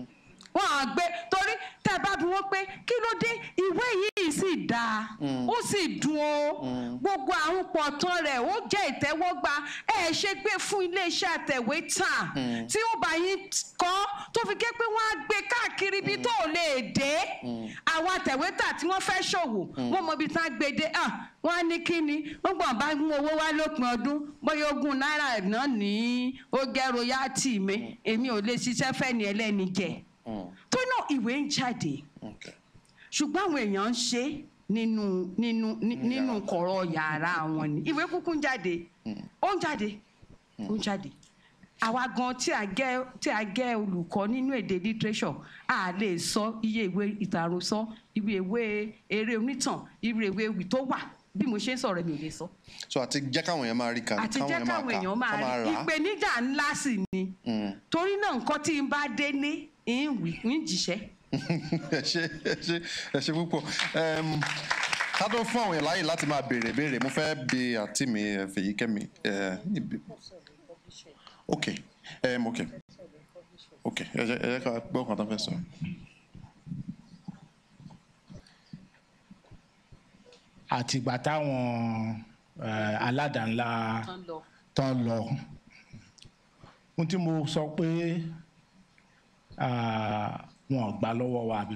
wọn à gbé torí tẹ bá bí wọn pé kí ló dé ìwé yìí sì dáa mm. ó sì dùn ó mm. gbogbo àwọn pọ̀tán rẹ̀ ó jẹ́ ìtẹ́wọ́gbà ẹ ṣe gbé fún iléeṣẹ́ àtẹ̀wé tà mm. tí ó bá yín kọ́ tó fi gé pé wọ́n á gbé káàkiri ibi tó lè dé àwọn àtẹ̀wé tà tí wọ́n fẹ́ ṣòwò wọ́n mọ ibi tá a gbé dé ah, wọ́n á ní kíni wọ́n gbọ́n bá mú owó wá lópin ọdún bóyá ogún náírà náà ní ó gẹ́ royalty mi èmi ò lè ṣiṣẹ́ fẹ́ ni ẹlẹ́ni jẹ tó mm. náà ìwé ń jáde ṣùgbọ́n àwọn èèyàn ń ṣe nínú nínú nínú kọ̀rọ̀ yàrá wọn ni ìwé kúkú ń jáde mm. ó ń jáde mm. ó ń jáde àwa gan tí a gẹ́ tí a gẹ́ olùkọ́ nínú èdè literature a lè sọ iye ìwé ìtàrọ̀sọ ìwé ìwé eré onítàn ìwé ìwé ewì tó wà bí mo ṣe ń sọ̀rọ̀ mi ò lè sọ. so àti jẹ́ káwọn èèyàn máa rí kan káwọn èèyàn máa kà ìpèníjà ńlá sì ni torí náà nǹkan tí n bá dé ní ń oui ń jíṣẹ́. ẹ ṣe ẹ ṣe ẹ ṣe púpọ̀ ká tó fún àwọn ìláyè láti máa béèrè béèrè mo fẹ́ bi àǹtí mi Fèyíkẹ́mi. ok ok ok ẹ jẹ́ ká gbọ́ nǹkan tó fẹ́ sọ. àtìgbà táwọn aládàá ńlá tán lọ ohun tí mo sọ pé. Ah, wọn gbà lọ́wọ́ wa àbí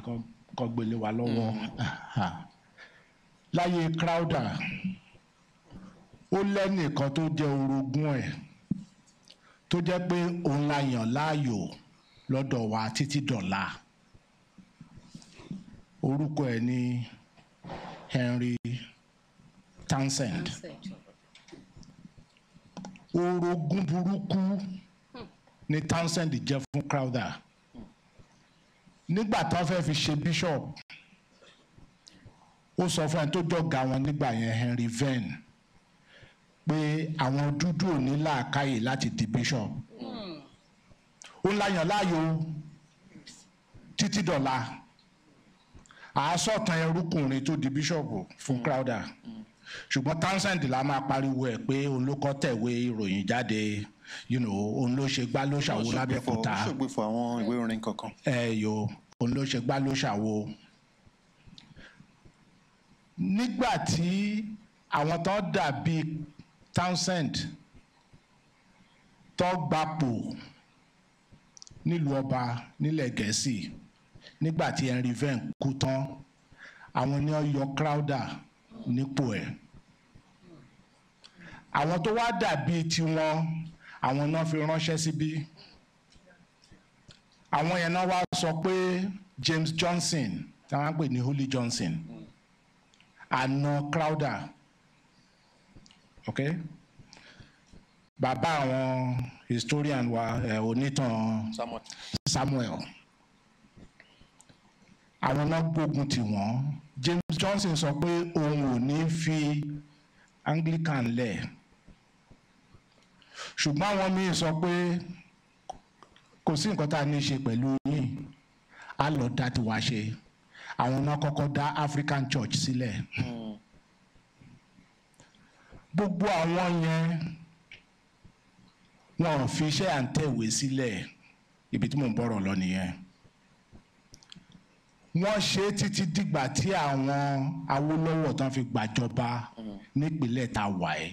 kọ́ gbélé wa lọ́wọ́ mm. láyé Crowther ó lẹ́nìkan tó jẹ́ orogún ẹ̀ tó jẹ́ pé òun la yàn láàyò lọ́dọ̀ wa títí dọ̀la orúkọ ẹ̀ ní Henry Townsend orogún burúkú ni Townsend jẹ́ fún Crowther nígbà tó fẹ́ fi ṣe bishop ó sọ fún ẹni tó jọ̀gá wọn nígbà yẹn Henry Venn pé àwọn dúdú ò ní làákàyè láti di bishop ó ń láyàn láàyò títí dọ̀la àásọ̀tàn ẹrúkùnrin tó di bishop fún crowder. ṣùgbọ́n Townsend la máa pariwo ẹ̀ pé òun ló kọ́ tẹ̀wé ìròyìn jáde you know òun ló ṣe gbá ló ṣàwo lábẹ́kúta. ó ṣògbè ẹ yo òun ló ṣe gbá ló ṣàwo nígbà tí àwọn tó dàbí Townsend tó gbapò nílùú ọba nílẹ̀ Gẹ̀ẹ́sì nígbà tí Henry Venn kú tán àwọn ni wọ́n yọ Crowther nípò ẹ̀ àwọn tó wá dàbí tiwọn àwọn náà fi ránṣẹ́ síbí. Si àwọn yẹn náà wá sọ pé James Johnson tí wọ́n á pè ní Holy Johnson àna Crowder ok bàbá àwọn historian wa ẹ eh, onítàn Samuel. Samuel àwọn náà gbógun tì wọ́n James Johnson sọ pé òun ò ní fi Anglican lẹ̀ ṣùgbọ́n àwọn míì sọ pé kò sí nǹkan tá a ní í ṣe pẹ̀lú yín a lọ dá tiwa ṣe àwọn náà kọ́kọ́ dá African Church sílẹ̀ gbogbo àwọn yẹn wọn ò fi iṣẹ́ à ń tẹ̀wé sílẹ̀ ibi tí mò ń bọ̀rọ̀ lọ nìyẹn wọ́n ṣe títí dìgbà tí àwọn Awólọ́wọ̀ tán fi gbàjọba mm. nípínlẹ̀ tá wà ẹ́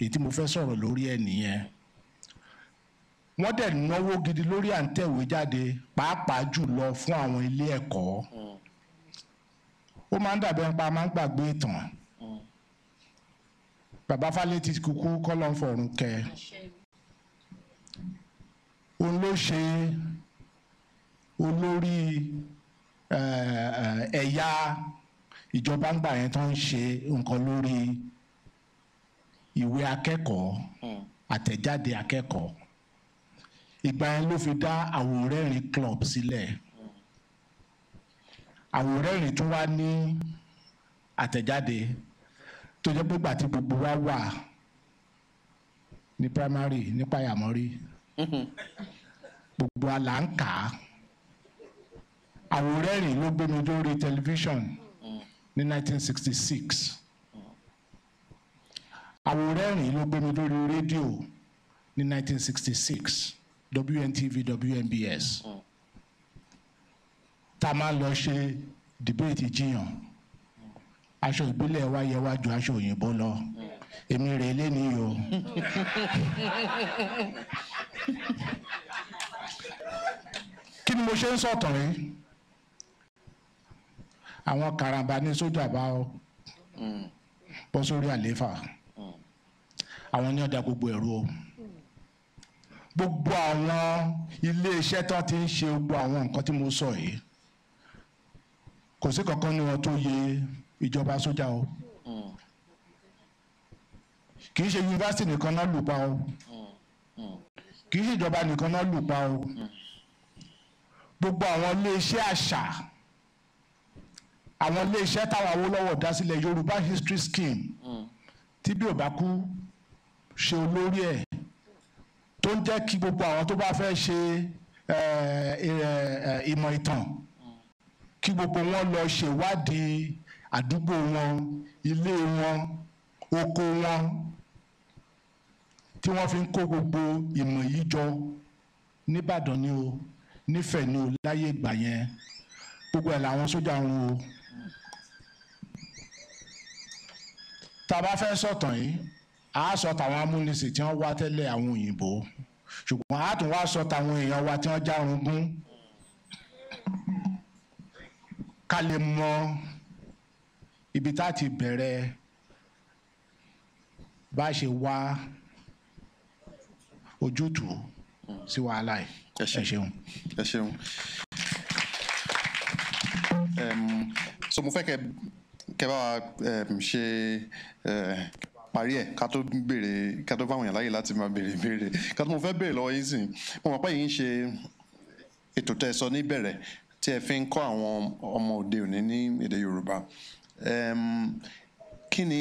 èyí tí mo fẹ́ sọ̀rọ̀ lórí ẹ̀ nìyẹn wọ́n dẹ̀ náwó gidi lórí à ń tẹ̀wé jáde pàápàá jùlọ fún àwọn ilé ẹ̀kọ́ ó máa ń dàbẹ̀ nípa máa ń gbàgbé ìtàn bàbá Fálétí kúkú kọ́lọ́n fọ̀run kẹ òun ló ṣe olórí eh, eh, ẹ̀yà ìjọba ń gbà yẹn tó ń ṣe nǹkan lórí ìwé akẹ́kọ̀ọ́ hmm. àtẹ̀jáde akẹ́kọ̀ọ́ ìgbà yẹn ló fi dá àwòrẹ́rìn club sílẹ̀ àwòrẹ́rìn tún wá ní àtẹ̀jáde tó jẹ́ pé gbà tí gbogbo wa wà ní primary ní payamori gbogbo wa là ń kà àwòrẹ́rìn ló gbé mi lórí tẹlifíṣàn ní 1966 àwòrẹ́rìn ló gbé mi lórí rédíò ní 1966. WNTV WNBS mm. tá a máa lọ ṣe debate jiyàn aṣọ ìbílẹ̀ wa yẹ wá ju aṣọ òyìnbó lọ mm. èmi rè é lénìí o. kí ni mo ṣe ń sọ̀tàn yìí àwọn karamba ní sójà bá ọ mm. bọ́ sórí àlééfà àwọn ní ọ̀dà gbogbo ẹ̀rú o gbogbo àwọn iléeṣẹ́ tó ti ń ṣe gbogbo àwọn nǹkan tí mo sọ yìí kò sí kankan ní wọn tó yẹ ìjọba sójà o kì í ṣe yunifásitì nìkan náà lù pa o kì í ṣe ìjọba nìkan náà lù pa o gbogbo àwọn iléeṣẹ́ àṣà àwọn iléeṣẹ́ táwọn Awólọ́wọ̀ dá sílẹ̀ Yorùbá History Scheme tí bí ò bá kú ṣe olórí ẹ̀ tó ń jẹ́ kí gbogbo àwọn tó bá fẹ́ ṣe ìmọ̀ ìtàn kí gbogbo wọn lọ ṣèwádìí àdúgbò wọn ilé wọn oko wọn tí wọ́n fi ń kó gbogbo ìmọ̀ yìí jọ nìbàdàn ni o nífẹ̀ẹ́ ni o láyé ìgbà yẹn gbogbo ẹ̀ làwọn sójà ń wo tá a bá fẹ́ sọ̀tàn yìí a sọ tàwọn amúnisìn tí wọ́n wá tẹ́lẹ̀ àwọn òyìnbó ṣùgbọ́n a tún wá sọ tàwọn èèyàn wa tí wọ́n járun gún ká lè mọ ibi tá a ti bẹ̀rẹ̀ bá a ṣe wá ojútùú sí wàhálà yìí ẹ ṣeun. ẹ ṣeun. so mo fẹ́ kẹ́ kẹ́ bá wa ṣe. Eh, parí ẹ̀ ká tó béèrè ká tó fáwọn èèyàn láyè láti máa béèrè béèrè ká tó mo fẹ́ béèrè lọ́wọ́ yín sìn mo mọ̀ pé yìí ń ṣe ètò tẹ́ sọ níbẹ̀rẹ̀ tí ẹ fi ń kọ́ àwọn ọmọ òde òní ní èdè Yorùbá kí ni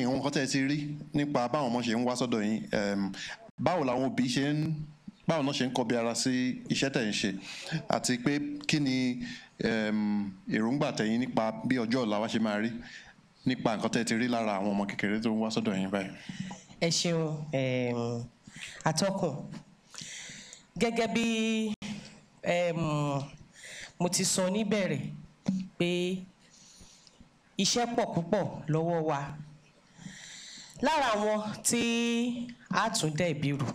ìhun kan tẹ́ ti rí nípa báwọn ọmọ ṣe ń wá sọ́dọ̀ yín báwo làwọn òbí ṣe ń báwo náà ṣe ń kọbi ara sí iṣẹ́ tẹ̀ ń ṣe àti pé kí ni èròǹgbà tẹ̀yìn nípa bí ọjọ́ ọ̀la wa ṣe máa rí nípa nǹkan tẹ́ ti rí lára àwọn ọmọ kékeré tó ń wá sọ́dọ̀ yín báyìí. ẹ ṣeun atọ́kùn gẹ́gẹ́ bí mo ti sọ níbẹ̀rẹ̀ pé iṣẹ́ pọ̀ púpọ̀ lọ́wọ́ wa lára àwọn tí a tún dẹ̀ ìbírù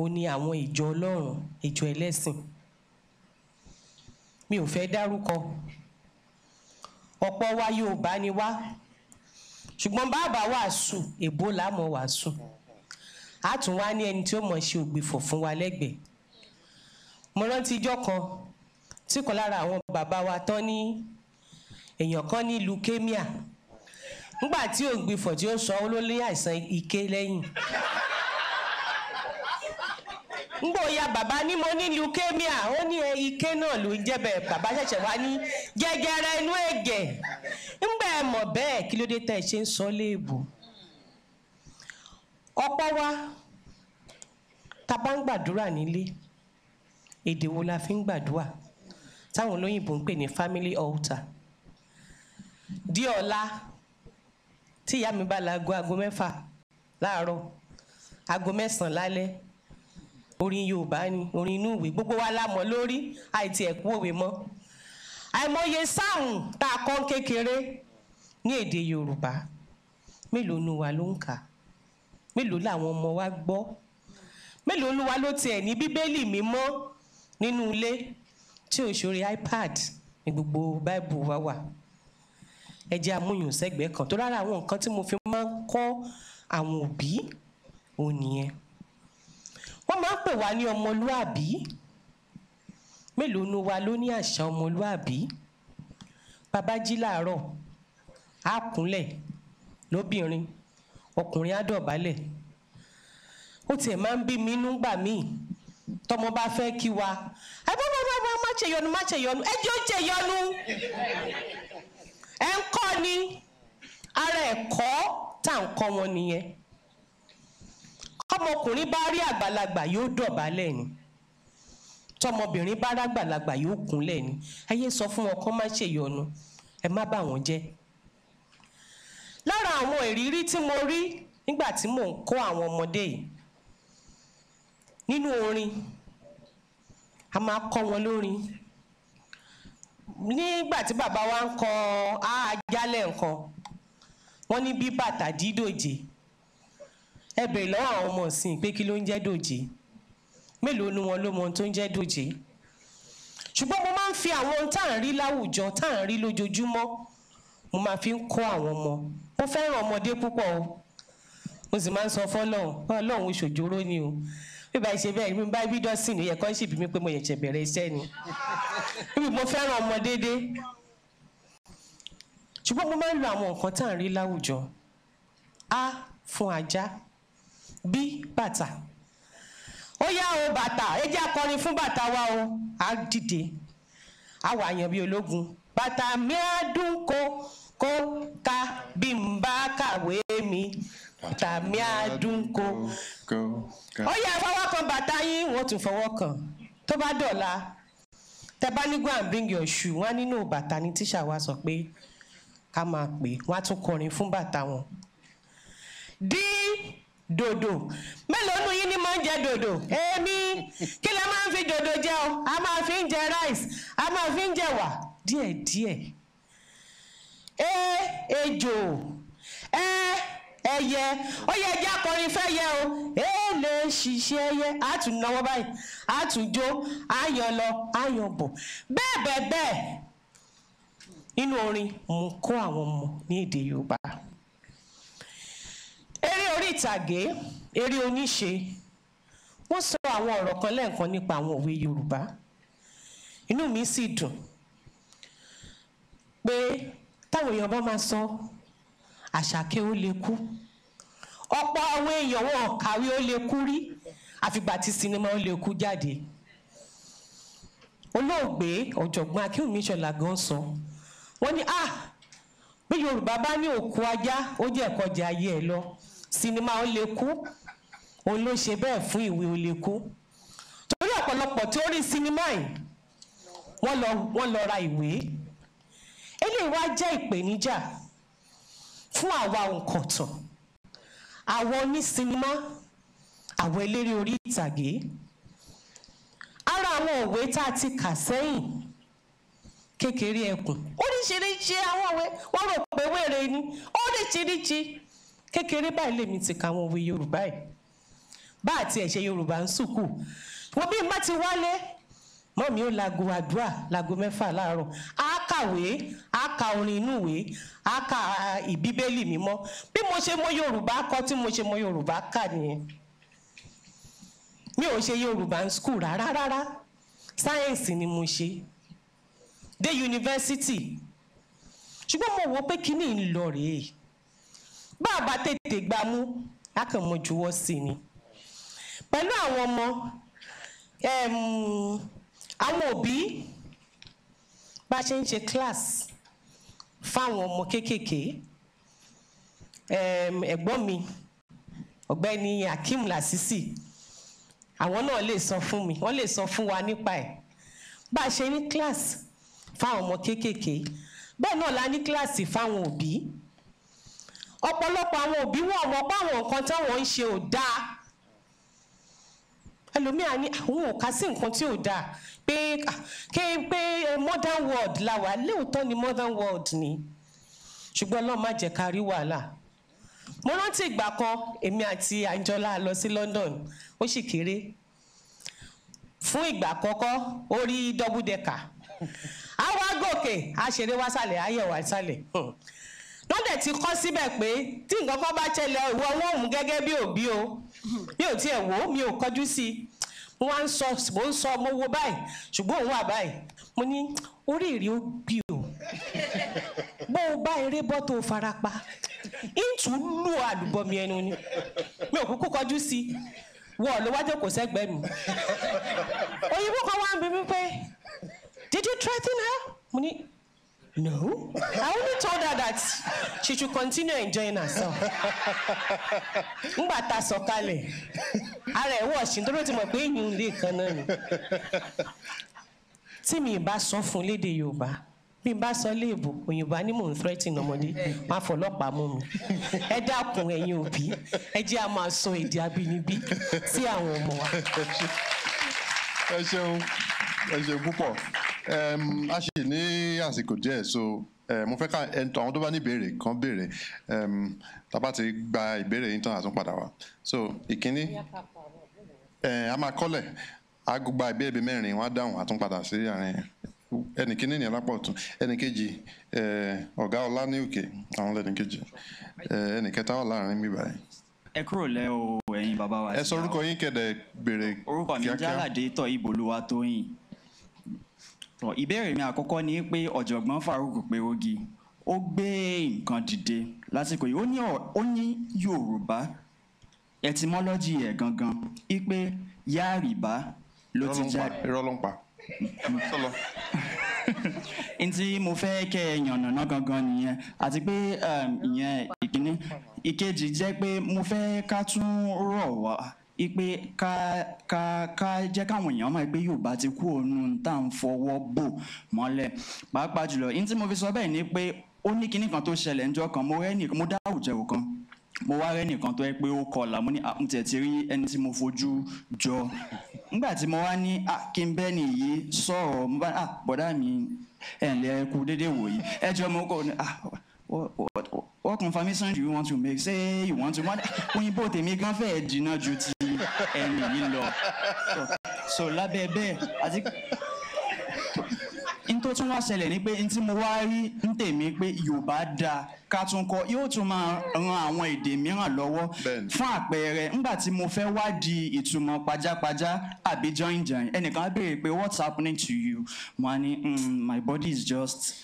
ó ní àwọn ìjọ Ọlọ́run ìjọ ẹlẹ́sìn mi ò fẹ́ dárúkọ ọ̀pọ̀ wa Yorùbá ni wá ṣùgbọ́n bàbá wàásù èbó làmọ̀ wàásù a tún wá ní ẹni tí ó mọ̀ ṣe ògbìfọ̀ fún wa lẹ́gbẹ̀ẹ́ mo rántí ijọ́ kan tí kan lára àwọn bàbá wa tán ní èèyàn kan ní leukemia nígbà tí ògbìfọ̀ tí ó sọ ó ló lé àìsàn ike lẹ́yìn ngbò ya bàbá ní mo ní leukemia ó ní ike náà ló ń jẹ́ bẹ́ẹ̀ bàbá ṣẹ̀ṣẹ̀ wá ní jẹjẹrẹ inú ẹ̀gẹ̀ ńgbà ẹ̀ bẹ́ẹ̀ kí ló dé tẹ̀ ṣe ń sọ léèbù ta bá ń gbàdúrà nílé èdè fi ń gbàdúrà táwọn olóyìnbó ń pè ní family altar di ọ̀la tí ìyá mi la go aago mẹ́fà láàárọ̀ aago mẹ́sàn orin yorùbá ni orin inú ìwé gbogbo wa la mọ̀ lórí àìtí ẹ̀kú òwe mọ́ àìmọye sáhùn tá a kọ́ kékeré ní èdè yorùbá mélòó nu wa ló ń kà mélòó làwọn ọmọ wa gbọ́ mélòó nu wa ló tiẹ̀ ní bíbélì mímọ́ nínú ilé tí ò ipad ní gbogbo báìbù wa wà ẹ jẹ́ amúyùnsẹ́gbẹ̀ẹ́ kan tó rárá àwọn nǹkan tí mo fi máa ń kọ́ àwọn òbí òun nìyẹn wọ́n máa ń pè wá ní ọmọlúàbí mélòó nu wa ló ní àṣà ọmọlúàbí bàbá jí làárọ̀ á kúnlẹ̀ lóbìnrin ọkùnrin á dọ̀bálẹ̀ ó tiẹ̀ máa ń bí mi inú gbà míì tọmọ bá fẹ́ kí wa ẹ bá bá bá má ṣe má ṣe ẹ jẹ́ ó ṣe ẹ ń kọ́ ni ara ẹ̀kọ́ tá à ń kọ́ wọn nìyẹn tọmọkùnrin bá rí àgbàlagbà yóò dọ̀bálẹ̀ ni tọmọbìnrin bá rágbàlagbà yóò kúnlẹ̀ ni ayé sọ fún wọn kó má ṣèyọnu ẹ má bà wọ́n jẹ́ lára àwọn ìrírí tí mo rí nígbà tí mò ń kọ́ àwọn ọmọdé yìí nínú orin a máa kọ́ wọn lórin nígbà tí bàbá wa ń kọ àájálẹ̀ nǹkan wọ́n ní bí bàtà dídòjé ẹ bèrè lọ́wọ́ àwọn ọmọ ọ̀sìn pé kí ló ń jẹ́ dòjé mélòó nu wọn ló mọ ohun tó ń jẹ́ dòjé ṣùgbọ́n mo máa ń fi àwọn ohun tá à ń rí láwùjọ tá à ń rí lójoojúmọ́ mo máa fi ń kọ́ àwọn ọmọ mo fẹ́ràn ọmọdé púpọ̀ o mo sì máa ń sọ fọ́lọ́hún ọlọ́hún oṣòjóró ni o bí ba ṣe bẹ́ẹ̀ bí báyìí bídọ́sìn ni ẹ̀kọ́ sì bí mi pé mo yẹ̀ṣẹ̀ bẹ̀rẹ̀ iṣẹ́ ni níbi mo fẹ́ràn ọmọdé dé ṣùgbọ́n mo máa ń lo àwọn nǹkan tá à ń rí láwùjọ a fún ajá b bàtà ó yá o bàtà ẹ jẹ́ akọrin fún bàtà wa o á dìde á wà yàn bí ológun bàtà mi á dún kó kó ká bí n bá kàwé mi bàtà mi á dún kó ó yá fọwọ́ kan bàtà yín wọ́n tún fọwọ́ kan tó bá dọ̀la tẹ bá ní go and bring your shoe wọn nínú bàtà ni tíṣà wa sọ pé ká máa pè wọn á tún kọrin fún bàtà wọn. d dodo melo nu yin ni ma je dodo emi kila le ma fi dodo je o a ma fi je rice a ma fi je wa die die e ejo e eye o ye je akorin fe ye o e le sise ye a tun nawo bayi a tun lo a bo be be be inu orin mo ko awon mo ni ede yoruba eré orí ìtàgé eré oníṣe wọ́n sọ àwọn ọ̀rọ̀ kan lẹ́ẹ̀kan nípa àwọn òwe Yorùbá inú mi sì dùn pé táwọn èèyàn bá máa sọ àṣàkẹ́ ó lè kú ọ̀pọ̀ àwọn èèyàn wọn kàwé ó lè kú rí àfìgbà tí sinimá ó lè kú jáde olóògbé ọ̀jọ̀gbọ́n Akínwùmí Ṣọlá gan sọ wọ́n ní ah bí Yorùbá bá ní òkú ajá ó jẹ́ ẹ̀kọ́ jẹ ayé ẹ lọ sinimá ó lè kú òun ló ṣe bẹ́ẹ̀ fún ìwé ó lè kú torí ọ̀pọ̀lọpọ̀ tí ó rí sinimá yìí wọ́n lọ wọ́n lọ ra ìwé eléyìí wá jẹ́ ìpèníjà fún àwa òǹkọ̀tàn àwọn onísinimá àwọn eléré orí ìtàgé ara àwọn òwe tá a ti kà sẹ́yìn kékeré ẹkùn oríṣiríṣi àwọn òwe wọ́n rò pé wèrè ni oríṣiríṣi kékeré báyìí lèmi ti ka àwọn òwe yorùbá yìí bá àti ẹ̀ṣẹ̀ yorùbá ń sùkù wọ́n bí n bá ti wálé mọ́ mi ó lago àdúrà lago mẹ́fà láàárọ̀ á kàwé á ka orin inú ìwé á ka ìbíbélì mímọ́ bí mo ṣe mọ̀ yorùbá kọ tí mo ṣe mọ̀ yorùbá kà nìyẹn mi ò ṣe yorùbá ń sùkù rárá rárá sáyẹ̀nsì ni mo ṣe dé yunifásitì ṣùgbọ́n mo wò pé kíní ń lọ rèé bá a bá tètè gbámú a kàn mọ juwọ́ sí ni pẹ̀lú àwọn ọmọ àwọn òbí bá a ṣe ń ṣe class fáwọn ọmọ kéékèèké ẹ̀gbọ́n mi ọ̀gbẹ́ni Akeem Lasisi àwọn náà lè sọ fún mi wọ́n lè sọ fún wa nípa ẹ̀ bá a ṣe ní class fáwọn ọmọ kéékèèké bẹ́ẹ̀ náà la ní kíláàsì fáwọn òbí ọ̀pọ̀lọpọ̀ àwọn òbí wọn mọ̀ pé àwọn nǹkan táwọn ń ṣe ò dáa ẹlòmíà ní àwọn ò ká sí nǹkan tí ò dáa pé ah, ké pé eh, modern world la wà lóòótọ́ ni modern world ni ṣùgbọ́n ọlọ́run má jẹ́ ká rí wàhálà mo rántí ìgbà kan èmi àti Àǹjọlá lọ sí London ó sì kéré fún ìgbà àkọ́kọ́ ó rí double decker a wá gòkè a ṣeré wá sàlẹ̀ a yẹ̀ wá sàlẹ̀ wọ́n dẹ̀ ti kọ́ síbẹ̀ pé tí nǹkan kan bá ṣẹlẹ̀ ìwọ owó òun gẹ́gẹ́ bí òbí o mi ò tiẹ̀ wò ó mi ò kọjú sí i mo wá ń sọ mo ń sọ mo wo báyìí ṣùgbọ́n òun wà báyìí mo ní orí ìrí ó bí o bó o bá eré bọ́ tó o fara pa ìtù lù àlùbọ̀mí ẹnu ni mi ò kúkú kọjú sí i wọ́ọ̀ ló wájú kò sẹ́gbẹ́ mi òyìnbó kan wá ń bi mí pé did you threaten her? mo ní No. I only told her that she should continue enjoying herself. Ngbà ta sọ̀kalẹ̀, ara ẹ̀ wọ̀ ṣì ń dúró ti mọ̀ pé ìyún ilé kan náà ni. Tí mi bá sọ fún léde Yorùbá, bí n bá sọ léèbò, òyìnbá ni mò ń threatening ọmọdé, máa fọlọ́pàá mú mi. Ẹ dákun ẹ̀yin òbí, ẹ jẹ́ a máa sọ èdè abínibí sí àwọn ọmọ wa. Ẹ ṣeun, ẹ ṣeun púpọ̀ a sì ní àsìkò díẹ̀ so eh, mo fẹ́ ká àwọn tó bá ní ìbéèrè kan béèrè tá bá ti gba ìbéèrè yín tán àtúnpadà wa so ìkíní eh, a máa kọ́lẹ̀ a gba ìbéèrè mẹ́rin wọn á dáhùn àtúnpadà sí àárín ẹnì kíní ní alápọ̀tún ẹnì kejì eh, ọ̀gá ọlá ní òkè àwọn ẹnì kejì ẹnì kẹta wà láàrin mi báyìí. ẹ kúrò lẹ́ o ẹ̀yin bàbá wa. ẹ sọ orúkọ yín kẹdẹ béèrè kíákíá. orúkọ mi jálàdé tọ ìbòlúwa tóyìn ìbéèrè mi àkọ́kọ́ ni pé ọ̀jọ̀gbọ́n Farouk Perogi ó gbé nǹkan dìde lásìkò yìí ó ní Yorùbá etymology ẹ̀ gangan ipe yáàrìbá ló ti jáde. irọ́ sọlọ. n tí mo fẹ́ kẹ́ ẹ yànnàná gangan nìyẹn àti pé ìyẹn ìkíní ìkejì jẹ́ pé mo fẹ́ ká tún rọ̀ wá ipe ká ká ká jẹ́ káwọn èèyàn mọ̀ pé Yorùbá ti kú òun tá à ń fọwọ́ bò mọ́lẹ̀ pàápàá jùlọ ní tí mo fi sọ bẹ́ẹ̀ ni pé ó ní kinní kan tó ṣẹlẹ̀ níjọ́ kan mo rẹ́ nìkan mo dá àwùjẹ̀wò kan mo wá rẹ́ nìkan tó yẹ pé ó kọlà mo ní àmútẹ̀ ti rí ẹni tí mo fojú jọ nígbà tí mo wá ní kí n bẹ́ẹ̀ nìyí sọ̀rọ̀ mo bá bọ̀dá mi ẹ̀ ǹlẹ́ ẹ kú déédéé wòyí ẹ jọ mo kọ́ ọ what, what, confirmation do you want to make? Say you want to money. òyìnbó tèmi gan fẹ́ jìnnà ju ti ẹni yìí lọ. So lábẹ́ bẹ́ẹ̀ àti n tó tún wá ṣẹlẹ̀ ni pé n tí mo wá rí ń tèmi pé Yorùbá dáa ká tún kọ yóò tún máa ran àwọn èdè mìíràn lọ́wọ́ fún àpẹẹrẹ nígbà tí mo fẹ́ wádìí ìtumọ̀ pajápajá àbí join join ẹnìkan á béèrè pé what's happening to you? Mo á ní hmm, my body is just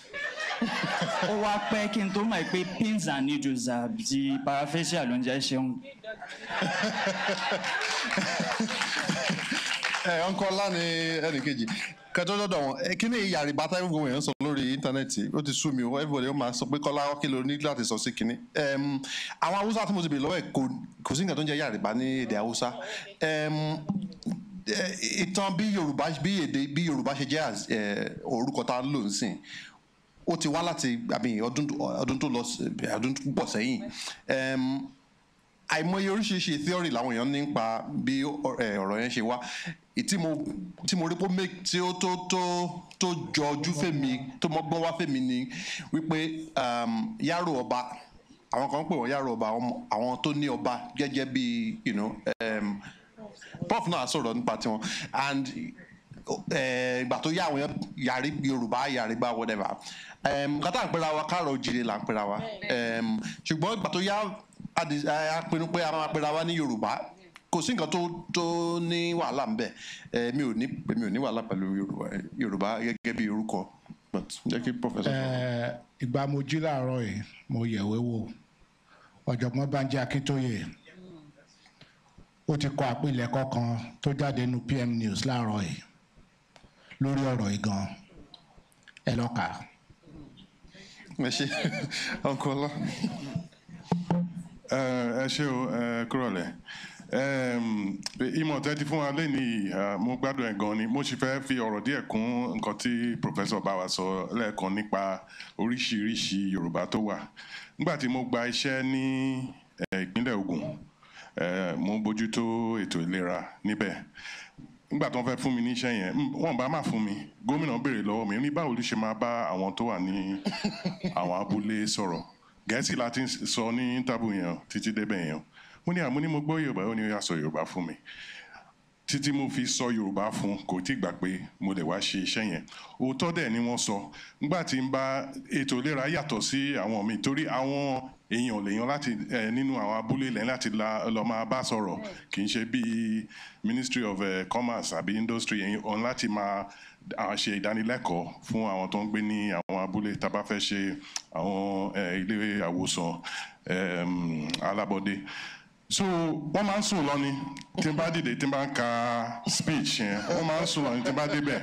ó wá pẹ́ kí n tó mọ̀ pé pins and needles àbí paraphasia ló ń jẹ́ ṣeun. ẹ ọkọ ọlá ni ẹnì kejì kẹjọ dọdọ wọn kí ni ìyàrí bàtà ìwé èèyàn sọ lórí íńtánẹ́ẹ̀tì ó ti sú mi o everybody ó máa sọ pé kọ́lá kí ló ní láti sọ sí kínní àwọn haúsá tí mo ti bèrè lọ́wọ́ ẹ̀ kò sí nǹkan tó ń jẹ́ yàrìbá ní èdè haúsá ìtàn bí yorùbá bí yorùbá ṣe jẹ́ orúkọ tá a lò ń sìn ó ti wá láti àbí ọdún tó lọ ọdún tó pọ̀ sẹ́yìn àìmọye oríṣiríṣi theory làwọn èèyàn ní nípa bí ọ̀rọ̀ yẹn ṣe wá tí mo tí mo rí pé make tí ó tó tó tó jọ ojú fèmí tó mọ́gbọ́n wá fèmí ni wípé yàrá ọba àwọn kan pè wọ́n yàrá ọba àwọn tó ní ọba gẹ́gẹ́ bí you know um, prof náà sọ̀rọ̀ nípa tiwọn and ìgbà tó yá àwọn yàrá yorùbá yàrá gba whatever nǹkan tá à ń pera wa káàrọ̀ òjìrè là ń pera wa ṣùgbọ́n ìgbà tó yá a pinnu pé a máa pera wa ní yorùbá kò sí nǹkan tó tó ní wàhálà ń bẹ mi ò ní mi ò ní wàhálà pẹ̀lú yorùbá gẹ́gẹ́ bí orúkọ but jẹ́ kí professor. ìgbà mo jí láàárọ̀ yìí mo yẹ̀wé wò ọ̀jọ̀gbọ́n Bánjí Akíntóyè ó ti kọ àpilẹ̀kọ kan tó jáde nínú PM News láàárọ̀ yìí lórí ọ̀rọ̀ yìí gan-an ẹ lọ́ka. Merci. Encore eh, ẹ ṣé o ẹ kúrọ̀lẹ́ ìmọ̀ tẹ́ ti fún wa lẹ́nìí mo gbádùn ẹ̀ gan ni mo sì fẹ́ fi ọ̀rọ̀ díẹ̀ kún nǹkan tí professor bá wa sọ lẹ́ẹ̀kan nípa oríṣiríṣi Yorùbá tó wà nígbà tí mo gba iṣẹ́ ní ìpínlẹ̀ Ògùn mo bójútó ètò ìlera níbẹ̀ nígbà tó ń fẹ́ fún mi ní iṣẹ́ yẹn wọ́n bá má fún mi gómìnà béèrè lọ́wọ́ mi ní báwo ló ṣe máa bá àwọn tó wà ní àwọn abúlé sọ̀rọ̀ gẹ̀ẹ́sì láti sọ ní tábù yẹn títí débẹ̀ yẹn mo ní àmúni mo gbọ́ yorùbá ó ní ó yà sọ yorùbá fún mi títí mo fi sọ yorùbá fún kò tí gbà pé mo lè wá ṣe iṣẹ́ yẹn òótọ́ dẹ̀ ni wọ́n sọ nígbà tí n bá ètò ìlera yàtọ̀ sí àwọn mi torí àwọn èèyàn lèèyàn láti ẹ eh, nínú àwọn abúlé ilẹ̀ láti lọ máa bá sọ̀rọ̀ kì í ṣe bíi ministry of eh, commerce àbí industry èèyàn ọ̀n láti máa ṣe ìdánilẹ́kọ̀ọ́ fún àwọn tó ń gbé ní àwọn abúlé tá a bá fẹ́ ṣe àwọn eh, ilé àwòsàn ehm, alábọ́dé so wọ́n máa ń sùn lọ ni tí n bá dìde tí n bá ń ka speech yẹn wọ́n máa ń sùn lọ ni tí n bá débẹ̀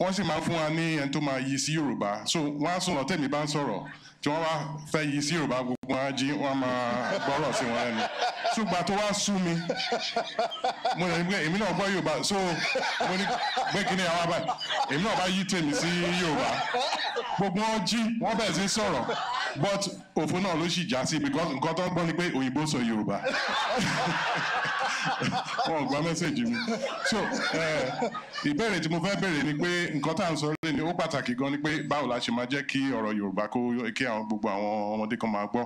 wọ́n sì máa fún wa ní ẹni tó máa yí sí yorùbá so wọ́n á sọ̀rọ̀ tẹ̀mí bá ń sọ̀rọ̀ tí wọ́n wá fẹ́ yí sí yorùbá gbogbo wọn á jí wọ́n á máa gbọ́rọ̀ sí wọn lẹ́nu ṣùgbọ́n tó wá sú mi mo lè gbé èmi náà gbọ́ yorùbá so mo ní gbé kíní àwọn abáyé èmi náà bá yí tèmi sí yorùbá gbogbo wọn jí wọ́n bẹ̀rẹ̀ sí sọ̀rọ̀ but òfin náà ló sì já sí because nǹkan tó ń gbọ́ ni pé òyìnbó sọ yorùbá. wọn gba mẹ́sẹ̀gì mi so ìbéèrè tí mo fẹ́ béèrè ni pé nǹkan tá à ń sọ lé ní ó pàtàkì gan ni pé báwo la ṣe máa jẹ́ kí ọ̀rọ̀ Yorùbá kó kí àwọn gbogbo àwọn ọmọdé kan máa gbọ́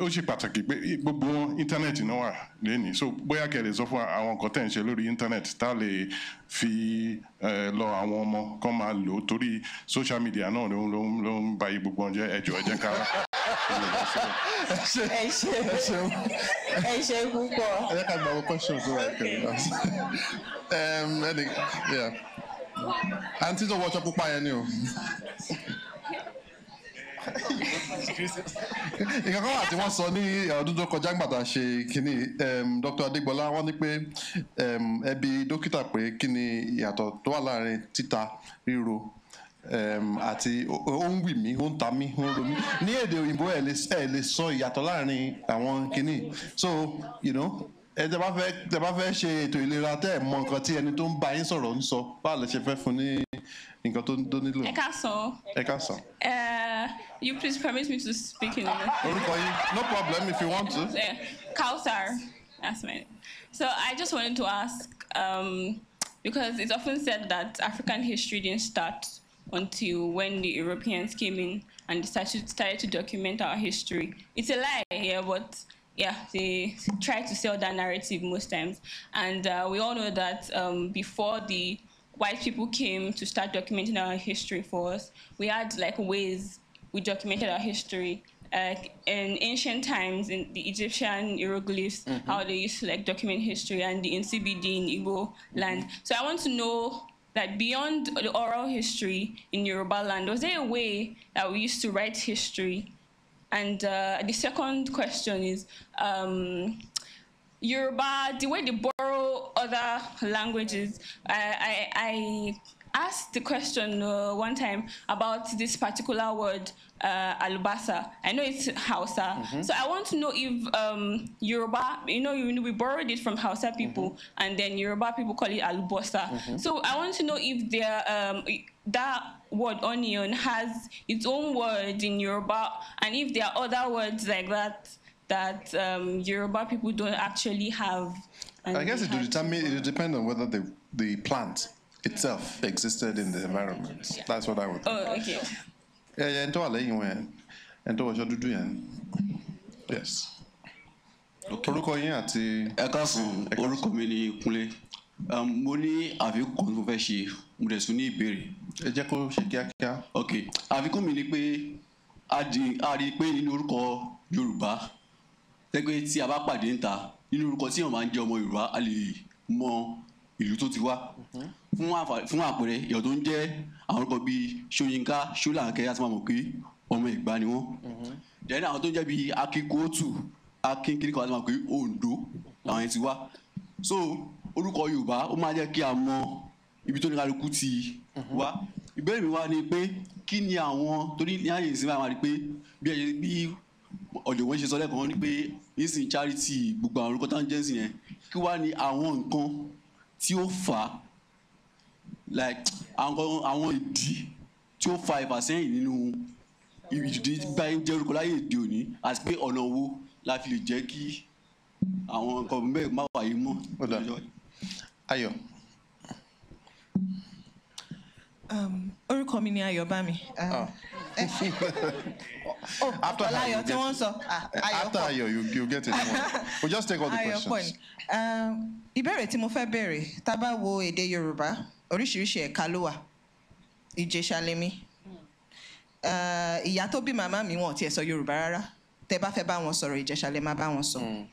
ó ṣe pàtàkì pé gbogbo íńtánẹ́ẹ̀tì náà wà lẹ́nìí so bóyá kẹ́ lè sọ fún àwọn nǹkan tẹ̀ ń ṣe lórí íńtánẹ́ẹ̀tì tá a lè fi lọ àwọn ọmọ kán máa lò ó torí social media náà ló ń ló ń ba iye gbogbo ọjọ́ ẹjọ́ ẹ jẹ́ ká ẹ ṣe ẹ ṣe púpọ̀. ẹ jẹ́ ká gba àwọn questions tó wà kẹ́lẹ́ ẹ̀ẹ́dẹ̀gbẹ́ àǹtí tó wọṣọ pupa yẹn ni o nǹkan kan wà tí wọ́n sọ ní ọdún tó kọjá gbàtà ṣe kínní dr adégbọlá wọ́n ní pé ẹbí dókítà pé kí ìyàtọ̀ tó wà láàrin títa ríro àti ó wì mí ó ń mí ó ń ní èdè òyìnbó ẹ̀ lè sọ ìyàtọ̀ láàrin àwọn kínní so you know ẹ tẹ bá fẹ́ ṣe ètò ìlera tẹ ẹ mọ nǹkan tí ẹni tó ń bá yín sọ̀rọ̀ ń sọ báà lè ṣe fẹ́ fún ní enquanto Danilo... É Carson. É Uh, you please permit me to speak in English. No problem if you want to. Yeah. Kausar asked me. So I just wanted to ask, um, because it's often said that African history didn't start until when the Europeans came in and started, started to document our history. It's a lie yeah, but yeah, they try to sell that narrative most times. And uh, we all know that um, before the white people came to start documenting our history for us, we had like ways we documented our history. Like in ancient times, in the Egyptian hieroglyphs, mm -hmm. how they used to like document history, and the NCBD in Igbo mm-hmm. land. So I want to know that beyond the oral history in Yoruba land, was there a way that we used to write history? And uh, the second question is, um, Yoruba, the way they borrow other languages, I, I, I asked the question uh, one time about this particular word, uh, alubasa. I know it's Hausa. Mm -hmm. So I want to know if um, Yoruba, you know, we borrowed it from Hausa people, mm -hmm. and then Yoruba people call it alubasa. Mm -hmm. So I want to know if there, um, that word onion has its own word in Yoruba, and if there are other words like that that um, Yoruba people don't actually have. I guess it would determine. It depend on whether the the plant itself existed in the environment. Yeah. That's what I would. Oh, think. Oh, okay. Yeah, yeah. Into Alain, into Oshodudu, yes. orúkọ yín Okay. Okay. Okay. Okay. Okay. Okay. kúnlé um, mo ní àfikún kan tó fẹ́ ṣe mo dẹ̀ tún ní ìbéèrè. ẹ jẹ́ kó ṣe kíákíá. ok àfikún mi ni pé a rí i pé nínú orúkọ yorùbá tẹ́gbẹ́ tí a bá pàdé ń ta nínú orúkọ tí èèyàn máa ń jẹ́ ọmọ Yorùbá a lè mọ ìlú tó ti wá fún àpẹẹrẹ èèyàn tó ń jẹ́ àwọn orúkọ bíi Ṣóyínká Ṣólànkẹ́ àti mamọ̀ pé ọmọ Ẹ̀gbá ni wọ́n dẹ́n àwọn tó ń jẹ́ bíi Akínkóòtù Akínkíríkọ̀ àti mamọ̀ pé Oǹdó làwọn yẹn ti wá so orúkọ Yorùbá ó máa jẹ́ kí a mọ ibi tó ní kálukú ti wá ìbéèrè mi wá ni pé kí ni àwọn torí ní àyè ìsinmi àwọn àti pé bí ọ̀jọ̀gbọ́n ṣe sọ lẹ́kọ̀ọ́ ni pé nísìn charity gbogbo àwọn orúkọ tangency yẹn kí wàá ní àwọn nǹkan tí ó fà á like àwọn ìdí tí ó fa ìfàsẹ́yìn nínú ìdí báyìí jẹ́ orúkọ láyé èdè òní àti pé ọ̀nà wo la fi lè jẹ́ kí àwọn nǹkan bẹ́ẹ̀ má wáyé mọ́. Ayọ̀ Um, orúkọ mi ni ayọ̀bámi ah. oh, ọ̀pọ̀láyọ̀ tí wọ́n sọ ah, eh, ayọ̀ pọ̀ after ayọ̀ you, you get it we just take all the ayọ̀ questions. Um, ìbéèrè tí mo fẹ́ béèrè tá wo èdè yorùbá oríṣiríṣi ẹ̀ka ló wà ìjẹ̀ṣà lèmi uh, ìyá tó bí màmá mi wọn ò tiẹ̀ sọ yorùbá rárá tẹ bá fẹ́ bá wọn sọ̀rọ̀ ìjẹ̀ṣà bá wọn sọ. Hmm.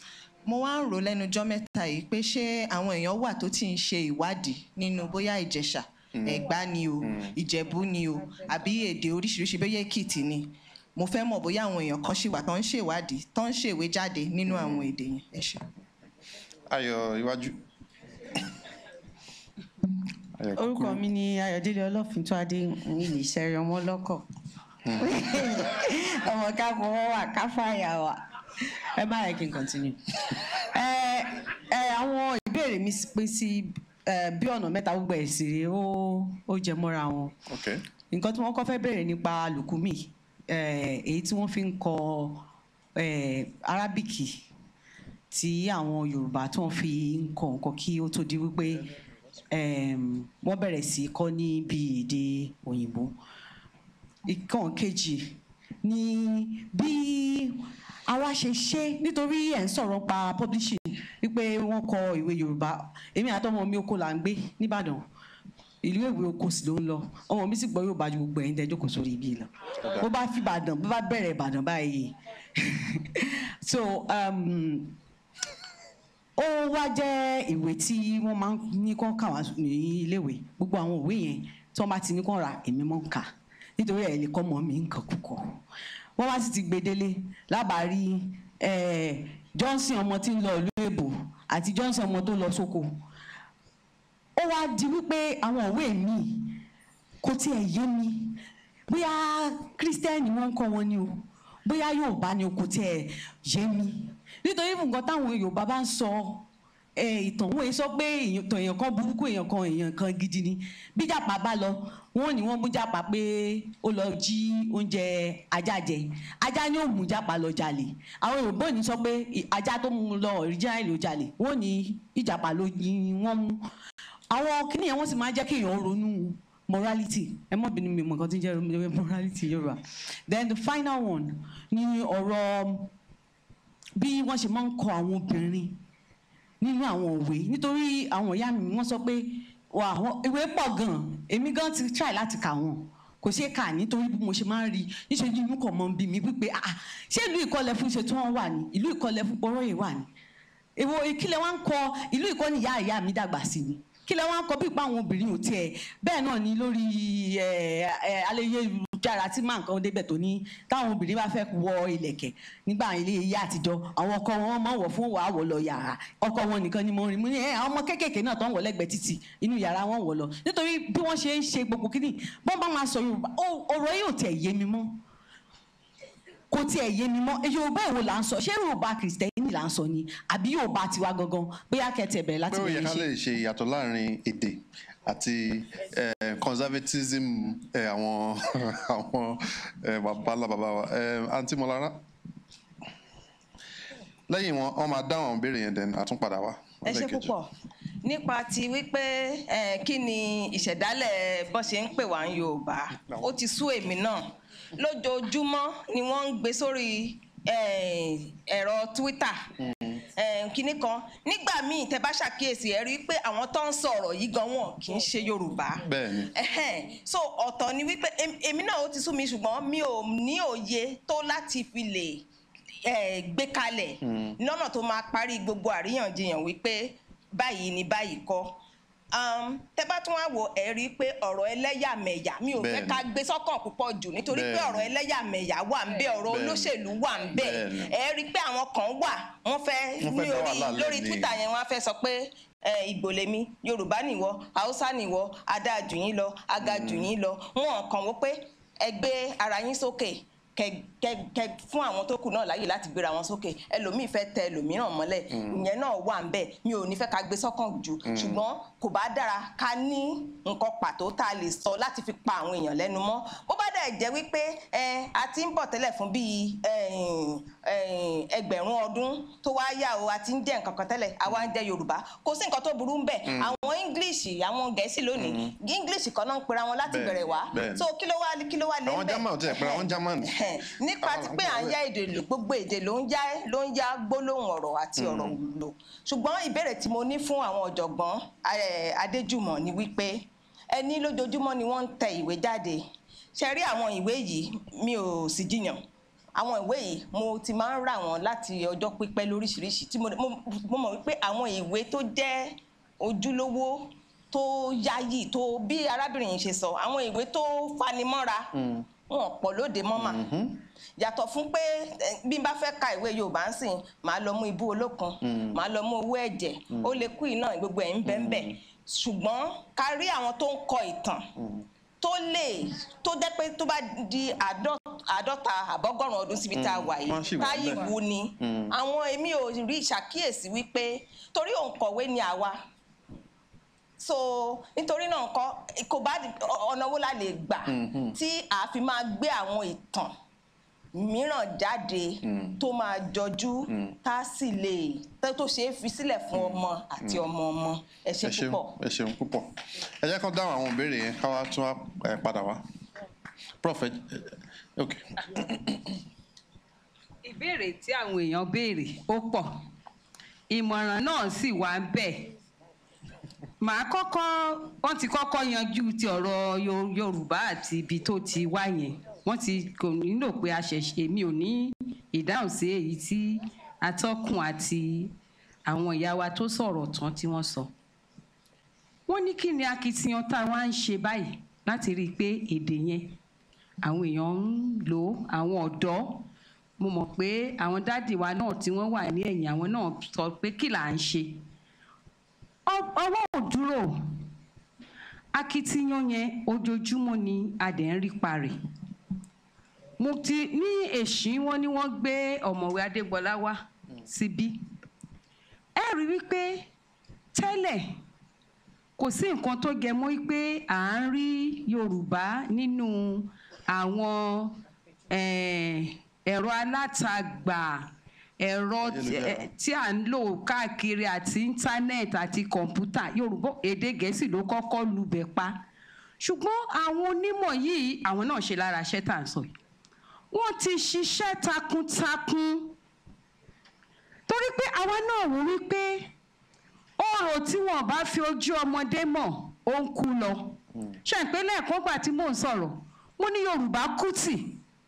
mo wá ń rò lẹ́nujọ́ mẹ́ta yìí pé ṣé àwọn èèyàn wà tó ti ń ṣe ìwádìí nínú bóyá ìjẹ̀ṣà Mm. ẹ̀gbá ni o mm. ìjẹ̀bú ni o àbí èdè oríṣiríṣi bẹ́ẹ̀ yẹ kìtì ni mo fẹ́ mọ̀ bóyá àwọn èèyàn kan ṣì wà tó ń ṣèwádìí tó ń ṣèwé jáde nínú àwọn èdè yẹn ẹ ṣé. ayọ̀ iwájú. orúkọ mi ni ayọ̀délé ọlọ́fintúadé mi ní ìṣẹ̀rẹ̀ ọmọ lọ́kọ̀ hmm. ọmọ ká fọwọ́ wà ká fàyà wà ẹ má yẹ kí n continue. àwọn ìbéèrè mi pín sí Eh, bí ọ̀nà mẹ́ta gbogbo ẹ̀ sì rèé ó jẹ mọ́ra wọn. nǹkan tí wọ́n kọ́ fẹ́ bẹ̀rẹ̀ nípa lùkúmì eh, èyí tí wọ́n fi ń kọ eh, arábìkì tí àwọn yorùbá tí wọ́n fi ń kọ nǹkan kí ó tó di wípé wọ́n bẹ̀rẹ̀ sí í kọ́ ní bí èdè òyìnbó. ìkan kejì ni bí àwa ṣe ṣe nítorí ẹ̀ ń sọ̀rọ̀ pa publishing wípé wọ́n kọ ìwé Yorùbá èmi àtọmọ mi oko là ń gbé nìbàdàn ìlú èwe oko sì ló ń lọ ọmọ mi sì gbọ́ Yorùbá ju gbogbo ẹ̀yin tẹjọ kò sórí ibi lọ bó bá fi Ìbàdàn bó bá bẹ̀rẹ̀ Ìbàdàn báyìí so um, ó wá jẹ́ ìwé tí wọ́n máa ń ní kán kà wá ní iléèwé gbogbo àwọn òwe yẹn tí wọ́n bá ti ní kán ra èmi mọ́ ń nítorí ẹ̀ lè kọ́ mọ́ mi nǹkan kúkọ wọ́n wá sì ti gbedele lábàárí eh, Johnson ọmọ tí ń lọ ìlú àti Johnson ọmọ tó lọ sóko ó wá di wípé àwọn òwe mi kò tiẹ̀ yé mi bóyá kírísítẹ́nì wọ́n ń kọ́ wọn ni o bóyá Yorùbá ni o kò tiẹ̀ yé mi nítorí nǹkan táwọn Yorùbá bá ń sọ ìtàn wọn sọ pé ìtàn èèyàn kan burúkú èèyàn kan èèyàn kan gidi ni bíjàpá bá lọ wọ́n ní wọ́n mú jàpá pé ó lọ jí oúnjẹ ajá jẹ ajá ni ó mú jàpá lọ jalè àwọn Yorùbá ní sọ pé ajá tó mú lọ original ló jalè wọ́n ní ìjàpá ló ní wọ́n mú àwọn kìnìyàn wọ́n sì máa jẹ́ kéèyàn ronú morality ẹ mọ̀ bínú mi mọ̀ nǹkan tí ń jẹ́ morality Yorùbá then the final one ni ọ̀rọ̀ bí wọ́n ṣe máa ń kọ àwọn obìnrin nínú àwọn òwe nítorí àwọn ìyá mi wọ́n sọ pé wà wọn ìwé pọ̀ gan èmi gan ti try láti kà wọn kò ṣeé kà nítorí bí mo ṣe máa ń rí níṣẹ́ ní inú kan mọ́ bí mi wípé ah, ah ṣé ìlú ìkọlẹ̀ fún ṣe tí wọ́n wà ní ìlú ìkọlẹ̀ fún pọ́nrọ́ yìí wà ní èwo ìkílẹ̀ wá ń kọ ìlú ìkọ́ni ìyá ìyá mi dàgbà sí ni kílẹ̀ wá ń kọ bí ipa àwọn obìnrin ò tiẹ̀ bẹ́ẹ̀ náà ni lórí ẹ̀ ẹ̀ aléyé jára tí máa nǹkan débẹ̀ tó ní táwọn obìnrin bá fẹ́ wọ ìlẹ̀kẹ̀ nígbà ilé ìyá àtijọ́ àwọn ọkọ wọn máa wọ̀ fún wàá wọ̀ lọ yàrá ọkọ wọn nìkan ni mo rìn mú ní àwọn ọmọ kéékèèké náà tó ń wọ̀ lẹ́gbẹ̀ẹ́ títì inú yàrá wọn wọ̀ lọ nítorí bí wọ́n ṣe ń ṣe gbogbo kíní bọ́n bá máa sọ Yorùbá ọ̀rọ̀ yóò tẹ̀ yé mi mọ́ kò tiẹ̀ yé mi mọ́ Yorùbá èwo là ń sọ ṣé Yorùbá kìrìsìtẹ́nì là ń sọ ni àbí Yorùbá tiwa gangan bóyá kẹtẹ̀ bẹ̀rẹ̀ láti bẹ̀rẹ̀ ṣe. pé ó ká lè ṣe ìyàtọ̀ láàrin èdè àti eh, conservatism eh, àwọn àwọn eh, bàbá bàbá wa àǹtí Mọ́lára lẹ́yìn wọn wọ́n máa dáhùn béèrè yẹn dẹ̀ àtúnpadà wa. ẹ ṣe púpọ̀ nípa ti wípé kí ni ìṣẹ̀dálẹ̀ bó ṣe ń pè wá ní Yorùbá ó ti sú èmi náà lójoojúmọ́ ni wọ́n ń gbé sórí ẹ̀rọ Twitter. Mm kínní kan nígbà míì tẹ bá ṣàkíyèsí ẹ rí i pé àwọn tó ń sọ̀rọ̀ yìí gan wọn kì í ṣe yorùbá so ọ̀tọ̀ ni wípé èmi náà ó ti sú mi ṣùgbọ́n mi ò ní òye tó láti fi lè gbé kalẹ̀ hmm. lọ́nà tó máa parí gbogbo àríyànjiyàn wípé báyìí ni báyìí kọ́ Um, tẹ bá tún wá wò ẹ rí i pé ọ̀rọ̀ ẹlẹ́yàmẹ̀yà mi ò fẹ́ ká gbé sọ́kàn púpọ̀ jù nítorí pé ọ̀rọ̀ ẹlẹ́yàmẹ̀yà wà ń bẹ ọ̀rọ̀ olóṣèlú wà ń bẹ ẹ rí i pé àwọn kan wà wọ́n fẹ́ ní orí lórí Twitter yẹn wọ́n á fẹ́ sọ pé Ìgbò Yorùbá nìwọ Haúsá nìwọ adáa yín lọ aga jù mm. yín lọ wọn kàn wọ́n pé ẹ gbé ara yín sókè kẹ fún àwọn tó kù náà láyè láti gbéra wọn sókè ẹlòmíì fẹ́ tẹ ẹlòmíràn mọ́lẹ̀ mm. ìyẹn náà wà ń bẹ mi ò ní fẹ́ ká gbé sọ́kàn jù mm. ṣùgbọ́n kò bá dára ká ní nǹkan pàtó tá a lè sọ láti fi pa àwọn èèyàn lẹ́nu mọ́ bó bá dẹ̀ jẹ́ wípé ẹ a ti ń bọ̀ tẹ́lẹ̀ fún bíi ẹgbẹ̀rún ọdún tó wá yá o a ti ń jẹ nǹkan kan tẹ́lẹ̀ àwa ń jẹ Yorùbá kò sí nǹkan tó burú ń bẹ mm. àwọn English àwọn Gẹ̀ẹ́sì lónìí English kan náà ń pera wọn láti bẹ̀rẹ̀ wá so kí ló wá lé ń bẹ àwọn German tẹ̀ pera wọn German nípa ti pé à ń yá èdè lò gbogbo èdè ló ń yá ló ń yá gbólóhùn ọ̀rọ̀ àti hmm. ọ̀rọ̀ lò ṣùgbọ́n ìbéèrè tí mo ní fún àwọn ọ̀jọ̀gbọ́n eh, Adéjùmọ̀ ni wípé ẹni lójoojúmọ́ ni wọ́n ń tẹ ìwé jáde ṣe rí àwọn ìwé yìí mi ò sì jiyàn àwọn ìwé yìí mo ti máa ń rà wọ́n láti ọjọ́ pípẹ́ lóríṣiríṣi tí mo mọ̀ wípé àwọn ìwé tó jẹ́ ojúlówó tó yáyì tó bí arábìnrin yìí ṣe sọ àwọn ìwé tó fanimọ́ra hmm wọn pọ̀ lóde mọ́mà mm-hmm. yàtọ̀ fún pé bí n bá fẹ́ ka ìwé yorùbá ń sìn màá lọ mú ibú olókun mm. màá lọ mú owó ẹ̀jẹ̀ mm. ó lè kú iná gbogbo ẹ̀ ń bẹ́ńbẹ́ mm-hmm. ṣùgbọ́n ká rí àwọn tó ń kọ ìtàn mm-hmm. tó lè tó jẹ́ pé tó bá di àádọ́ta àbọ́gọ́rùn ọdún síbi tá a mm. wà yìí táyì wu ni àwọn èmi ò rí ìṣàkíyèsí wípé torí òǹkọ̀wé ni àwa so nítorí náà nǹkan kò bá ọ̀nà wo la gbà mm-hmm. tí a fi máa gbé àwọn ìtàn mìíràn jáde mm. tó máa jọjú mm. tá a sì lè tó ṣeé fi sílẹ̀ fún mm. ọmọ àti ọmọ ọmọ ẹ ṣe púpọ̀. ẹ ṣeun púpọ̀ ẹ jẹ́ kó dáhùn àwọn ìbéèrè yẹn ká wá tún padà wá ìbéèrè tí àwọn èèyàn béèrè ó pọ̀ ìmọ̀ràn náà sì wà ń màá kọ́kọ́ wọ́n ti kọ́kọ́ yanjú ti ọ̀rọ̀ yorùbá àti ibi tó ti wá yẹn wọ́n ti kò nílò pé a ṣẹ̀ṣẹ̀ mi ò ní ìdáhùn sí èyí tí atọ́kùn àti àwọn ìyá wa tó sọ̀rọ̀ tán tí wọ́n sọ. wọ́n ní kí ni akitiyan táwa ń ṣe báyìí láti rí i pé èdè yẹn àwọn èèyàn ń lò ó àwọn ọ̀dọ́ mo mọ̀ pé àwọn dádì wa náà tí wọ́n wà ní ẹ̀yìn àwọn náà sọ pé kí là ń ṣe ọwọ́ ò dúró akitiyan yẹn ojoojúmọ́ ni adẹ̀ ń rí parẹ́ mo ti ní èṣìn wọn ni wọ́n gbé ọ̀mọ̀wé adégbọlá wá síbí ẹ rí wípé tẹ́lẹ̀ kò sí nǹkan tó gẹ mọ́ pé à ń rí yorùbá nínú àwọn ẹ̀rọ alátagbà ẹ̀rọ eh, tí à ń lò káàkiri àti íńtánẹ́ẹ̀tì àti kọ̀ǹpútà yorùbá èdè gẹ̀ẹ́sì ló kọ́kọ́ lùbẹ̀ pa ṣùgbọ́n àwọn onímọ̀ yìí àwọn náà ṣe lára iṣẹ́ tà ń sọ yìí wọ́n ti ṣiṣẹ́ takuntakun torí pé àwa náà wò wípé ọ̀rọ̀ tí wọ́n bá fi ojú ọmọdé mọ̀ ó ń kú lọ ṣe ń pé lẹ́ẹ̀kan gbà tí mò ń sọ̀rọ̀ mo ní yorùbá kùtì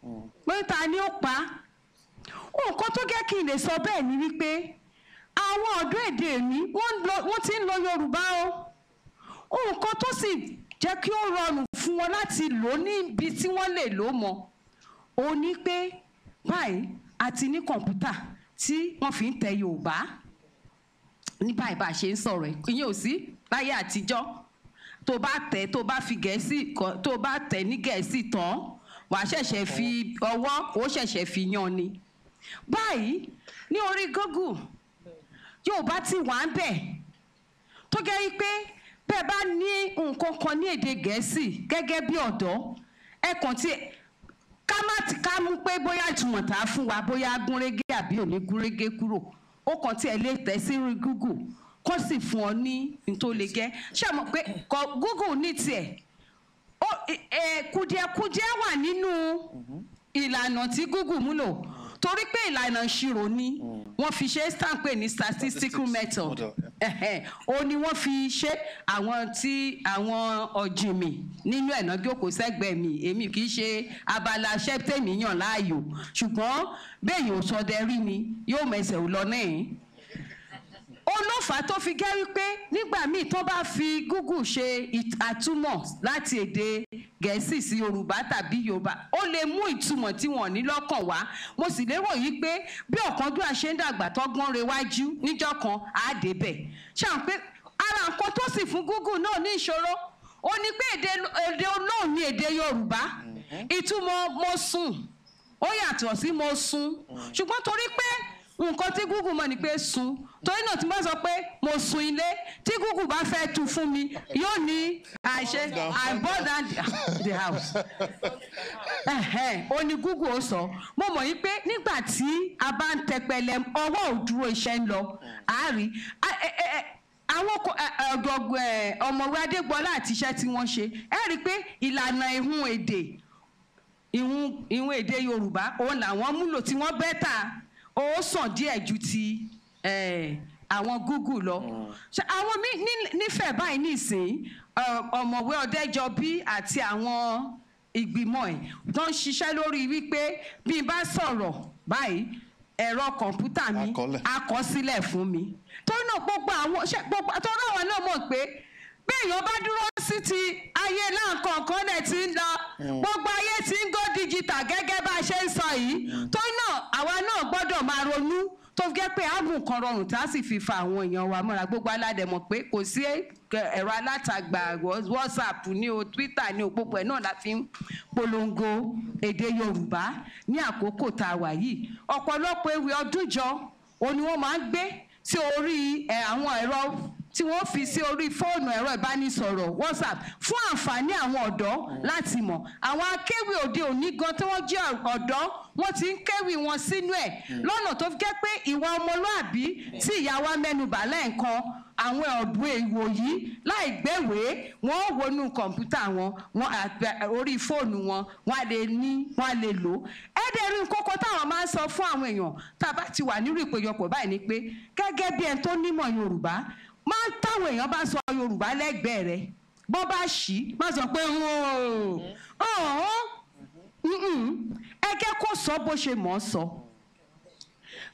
hmm. pé ta ni ó pa á nǹkan tó jẹ́ kí n lè sọ bẹ́ẹ̀ ni wípé àwọn ọ̀dọ́ èdè mi wọ́n ti ń lo Yorùbá o nǹkan tó sì jẹ́ kí ó rọrùn fún wọn láti lò ó níbi tí wọ́n lè lò ó mọ́ o ní pé báyìí àti ní kọ̀ǹpútà tí wọ́n fi ń tẹ Yorùbá ní báyìí bá a ṣe ń sọ̀rọ̀ ìyẹn ò sí láyé àtijọ́ tó bá tẹ tó bá fi gẹ̀ẹ́sì tó bá tẹ ní gẹ̀ẹ́sì tán wàá ṣẹ̀ṣẹ̀ fi ọwọ́ ó ṣẹ̀ṣẹ̀ fi yan ni báyìí ní orí google yorùbá ti wà ń bẹ̀ tó jẹ́ pé bẹ́ẹ̀ bá ní nǹkan kan ní èdè gẹ̀ẹ́sì gẹ́gẹ́ bí ọ̀dọ́ ẹ kàn tí ká má ti ká mú pé bóyá ìtumọ̀ tá a fún wa bóyá gúnrégé àbí òní gúnrégé kúrò ó kàn tí ẹ lè tẹ̀ sí google kó sì fún ọ ní nítorí lè gẹ́ ṣé mo pé google ní tiẹ̀ kùdìẹ̀kùdìẹ̀ wà nínú mm-hmm. ìlànà tí google múlò torí pé ìlànà ìṣirò ni hmm. wọ́n fi ṣe stamp pè ní statistical method ó ní wọ́n fi ṣe àwọn tí àwọn ọ̀jìnmí nínú ẹ̀nà jókòó sẹ́gbẹ̀ẹ́ mi èmi kì í ṣe abala ṣẹ́tẹ̀mí yàn láàyò ṣùgbọ́n bẹ́ẹ̀ yóò sọdẹ rí ni yóò mẹsẹ̀ ò lọ náà olófà tó fi gẹ́ wípé nígbà míì tó bá fi Google ṣe àtúmọ̀ láti èdè gẹ̀ẹ́sì sí yorùbá tàbí yorùbá ó lè mú ìtumọ̀ tí wọ́n ní lọ́kàn wá mo sì lérò yìí pé bí ọ̀kánjúwà ṣe ń dàgbà tọ́gbọ́n rewájú níjọ́ kan á débẹ̀ ṣáà pé ara nǹkan tó sì fún Google náà ní ìṣòro ó ní pé èdè olóhùn ni èdè yorùbá mm-hmm. ìtumọ̀ mo sùn ó yàtọ̀ sí mo sùn mm. ṣùgbọ́n torí pé nǹkan tí Google mọ̀ ni pé sun torí náà tí mo sọ pé mo sun ilé tí Google bá fẹ́ tu fún mi yóò ní àṣẹ I bought that the house ó ní Google ó sọ mo mọ̀ yín pé nígbà tí a bá ń tẹpẹlẹ ọwọ́ ò dúró iṣẹ́ ń lọ àárí àwọn ọ̀mọ̀wé Adégbọlá àti iṣẹ́ tí wọ́n ṣe ẹ rí i pé ìlànà ìhun èdè ìhun èdè Yorùbá òun làwọn múlò tí wọ́n bẹ́ẹ̀ ta ó sàn díẹ̀ ju ti eh, àwọn Google lọ mm. àwọn nífẹ̀ẹ́ báyìí nìsín eh, ọ̀mọ̀wé Ọ̀dẹ́jọbí àti àwọn ìgbìmọ̀ ẹ̀ tó ń ṣiṣẹ́ lórí wípé bí n bá sọ̀rọ̀ báyìí ẹ̀rọ kọ̀ǹpútà mi àkọsílẹ̀ fún mi torí náà gbogbo àwọn ṣe gbogbo àtọ́rọ̀ àwọn náà mọ̀ pé bí èèyàn bá dúró yunifásitì ayé náà kọ̀ọ̀kan dẹ̀ ti ń lọ hmm. gbogbo ayé ti ń go digital gẹ́gẹ́ bá a ṣe ń sọ yìí hmm. tó náà àwa náà gbọ́dọ̀ máa ronú tó jẹ́ pé ààbùn kan rọrùn tá a sì fi fa àwọn èèyàn wa mọ́ra gbogbo aládẹ̀mọ̀ pé kò sí ẹ̀rọ alátagbà whatsapp ní o twitter ní o gbogbo ẹ̀ náà la fi ń polongo èdè yorùbá ní àkókò tá a wà yìí ọ̀pọ̀lọpọ̀ ewì ọdún jọ òun ni wọ́n máa ń gbé sí orí eh, àwọn ẹ̀rọ tí wọ́n fi sí orí fóònù ẹ̀rọ ìbánisọ̀rọ̀ WhatsApp fún àǹfààní àwọn ọ̀dọ́ láti mọ̀ àwọn akéwì òde òní gan tí wọ́n jẹ́ ọ̀dọ́ wọ́n ti ń kéwì wọn sínú ẹ̀ hmm. lọ́nà tó fi jẹ́ pé ìwà ọmọlúàbí tí ìyá wa mẹ́nubà lẹ́ẹ̀kan àwọn ọ̀dọ́ èèwò yìí láì gbéwèé wọ́n wọnú kọ̀ǹpútà wọn wọn orí fóònù wọn wọn lè ní wọn lè lò ẹ̀ẹ́dẹ̀rí kókó táwọn máa ń sọ fún àwọn èèyàn tá a bá ti wà nírú ìpéjọpọ̀ báyìí ni pé gẹ́gẹ́ bí ẹni tó nímọ̀ Yorùbá máa ń táwọn èèyàn bá sọ yorùbá lẹ́gbẹ̀ẹ́ rẹ bọ́ bá ṣì má sọ pé ẹgẹ́ kò sọ bó ṣe mọ̀ ọ́ sọ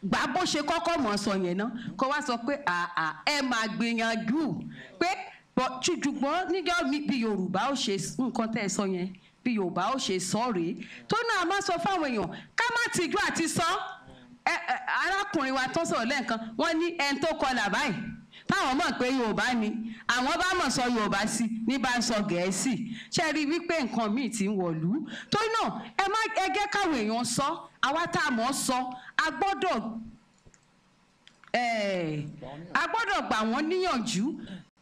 gbà bó ṣe kọ́kọ́ mọ̀ ọ́ sọ yẹn náà kó wá sọ pé ẹ máa gbìyànjú pé ṣùgbọ́n níjọ́ bí yorùbá ó ṣe nǹkan tẹ́ ẹ sọ yẹn bí yorùbá ó ṣe sọ rèé tó náà má sọ fáwọn èèyàn ká má tìjú àti sọ arákùnrin wa tó sọ̀rọ̀ lẹ́ẹ̀kan wọ́n ní ẹni tó kọlà báyìí táwọn mọ̀ pé yorùbá ni àwọn bá mọ̀ sọ yorùbá sí ní bá ń sọ gẹ̀ẹ́sì ṣe rí wípé nǹkan míì ti ń wọ̀lú tó náà ẹ má ẹgẹ́ káwọn èèyàn sọ àwa tá a mọ̀ sọ a gbọ́dọ̀ a gbọ́dọ̀ gbà wọ́n níyànjú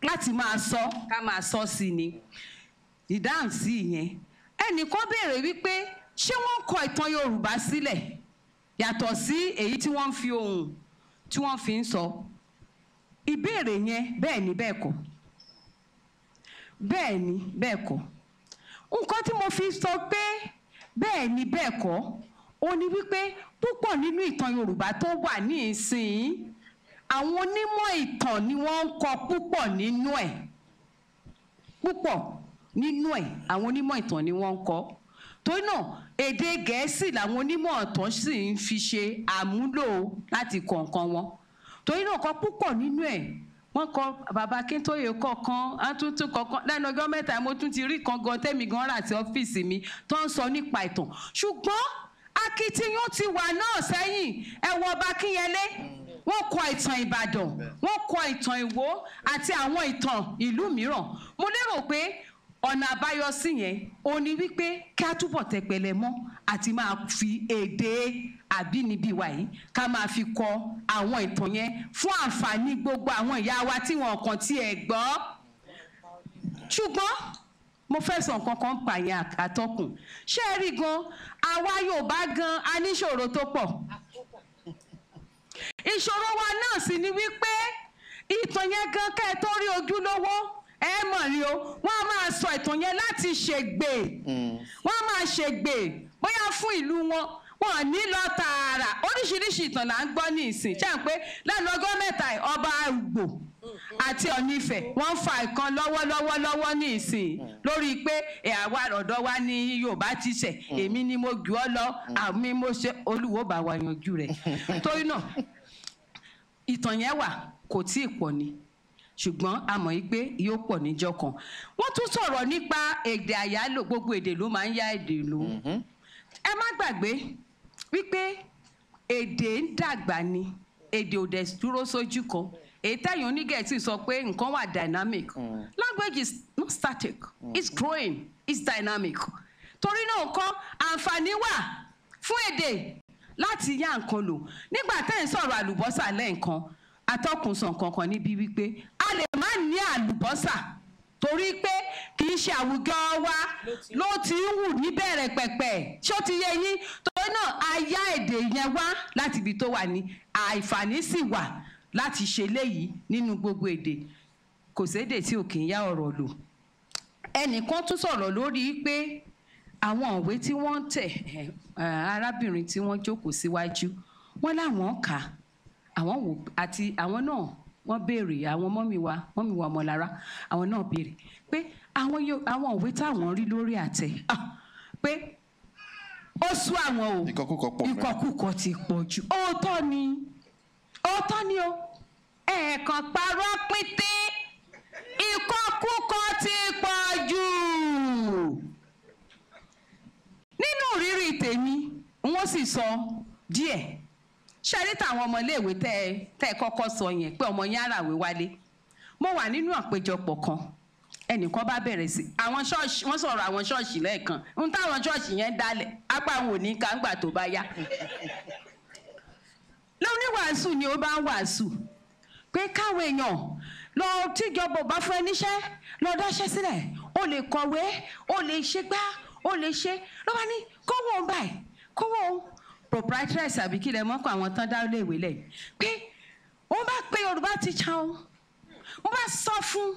láti máa sọ ká máa sọ sí ni ìdáhùn sí ìyẹn ẹnìkan béèrè wípé ṣé wọ́n ń kọ ìtàn yorùbá sílẹ̀ yàtọ̀ sí èyí tí wọ́n fi ohùn tí wọ́n fi ń sọ. So ìbéèrè yẹn bẹ́ẹ̀ ni bẹ́ẹ̀ kọ́ bẹ́ẹ̀ ni bẹ́ẹ̀ kọ́ nǹkan tí mo fi sọ pé bẹ́ẹ̀ ni bẹ́ẹ̀ kọ́ ó ni wípé púpọ̀ nínú ìtàn Yorùbá tó wà ní ìsìn àwọn onímọ̀ ìtàn ni wọ́n ń kọ púpọ̀ nínú ẹ̀ púpọ̀ nínú ẹ̀ àwọn onímọ̀ ìtàn ni wọ́n ń kọ torí náà èdè Gẹ̀ẹ́sì làwọn onímọ̀ ìtàn sì ń fi ṣe àmúlò láti kọ̀ọ̀kan wọn torí náà kọ púpọ̀ nínú ẹ̀ wọ́n kọ bàbá Akíntóyè kọ̀ọ̀kan àtúntò kọ̀ọ̀kan lẹ́nu ọjọ́ mẹ́ta mo tún ti rí kan gan tẹ́mi gan rà sí ọ́fíìsì mi tó ń sọ nípa ìtàn ṣùgbọ́n akitiyan ti wà náà sẹ́yìn ẹ wọ ọba Kínyẹlé wọ́n kọ ìtàn Ìbàdàn wọ́n kọ ìtàn Ìwó àti àwọn ìtàn ìlú mìíràn mo lérò pé ọ̀nà àbáyọ sí yẹn ó ní wípé kí a túbọ̀ tẹpẹlẹ mọ́ àti máa fi èdè àbínibí wa yìí ká máa fi kọ àwọn ìtàn yẹn fún àǹfààní gbogbo àwọn ìyá wa tí wọn kàn tiẹ̀ gbọ́ ṣùgbọ́n mo fẹ́ sọ nǹkan kan pààyàn àtọkùn ṣé ẹ rí gan àwa Yorùbá gan a níṣòro tó pọ̀ ìṣòro wa náà sì ni wípé ìtàn yẹn gan kẹ́ ẹ tó rí ojúlówó ẹ mọ̀ ni o wọ́n á máa sọ ìtàn yẹn láti ṣègbè hmm. wọ́n á máa ṣègbè bóyá fún ìlú wọn wọn ò ní lọ tààrà oríṣiríṣi ìtàn là ń gbọ́ ní ìsìn ṣé à ń pé lẹ́nu ọgọ́ mẹ́ta ọba Ugbo àti Ọ̀nífẹ̀ wọ́n ń fa nǹkan lọ́wọ́lọ́wọ́ lọ́wọ́ ní ìsìn hmm. lórí pé àwa ọ̀dọ́ wa ní Yorùbá ti ṣẹ̀ hmm. èmi ni mo gbé ọ lọ àmì mo ṣe olúwo bá wa yanjú rẹ̀ torí náà ìtàn yẹn wà kò tí ì pọ̀ ni ṣùgbọ́n a mọ̀ yí pé yóò pọ̀ níjọ́ kan wọ́n tún sọ̀rọ̀ nípa èdè àyálò gbogbo èdè ló máa ń yá èdè lò mm-hmm. ẹ má gbàgbé wípé èdè ń dàgbà ni èdè ò dẹ̀ dúró sójú kan èyí táyọ̀ onígẹ̀ẹ́sì sọ pé nǹkan wà dynamic mm. language is not static mm. it's growing it's dynamic torí náà kọ́ àǹfààní wà fún èdè láti yá nǹkan lò nígbà tẹ́ ń sọ̀rọ̀ àlùbọ́sà lẹ́ẹ̀kan atọ́kùnsàn kankan níbi wípé a lè má ní àlùbọ́sà torí pé kì í ṣe àwùjọ wa ló ti ń wù níbẹ̀rẹ̀ pẹ̀pẹ̀ ṣó ti yé yín torí náà a yá èdè yẹn wá láti ibi tó wà ní àǹfààní sì wà láti ṣe léyìí nínú gbogbo èdè kò sédè tí ò kì í yá ọ̀rọ̀ lò ẹnìkan tún sọ̀rọ̀ lórí pé àwọn ìwé tí wọ́n tẹ̀ arábìnrin tí wọ́n jókòó síwájú wọ́n láwọn kà á àwọn wò àti àwọn náà wọ́n béèrè àwọn mọ́mì wa mọ́mì wa ọmọlára àwọn náà béèrè pé àwọn àwọn òwe táwọn rí lórí àtẹ pé ó sú àwọn o ìkọkúkọ ti pọ̀ jù òótọ́ ni òótọ́ ni o ẹ̀ẹ̀kan parọ́ pété ìkọkúkọ ti pọ̀ jù nínú ìrírí tèmi wọ́n sì sọ díẹ̀ ṣẹ́rí táwọn ọmọléèwé tẹ́ ẹ tẹ́ ẹ kọ́kọ́ sọ yẹn pé ọmọ yín àràwé wálé mo wà nínú àpéjọpọ̀ kan ẹnìkan bá bẹ̀rẹ̀ sí àwọn ṣọ́ọ̀ṣì wọ́n sọ̀rọ̀ àwọn ṣọ́ọ̀ṣì lẹ́ẹ̀kan ń táwọn ṣọ́ọ̀ṣì yẹn dalẹ̀ apá àwọn òní ká ńgbà tó bá yá lóníwàásù ni ó bá ń wàásù pé káwọn èèyàn lọ tíjọba bá fún ẹ níṣẹ́ lọ dáṣẹ́ sílẹ̀ o lè kọ̀wé o lè ṣe gbá o lè ṣe ló bá ní kówó ń báyìí kówó ń proprietress àbí kí lẹ mọ́ kó àwọn tán dá lé ìwé lẹ̀ pé wọ́n bá pe yorùbá teacher o wọ́n bá sọ fún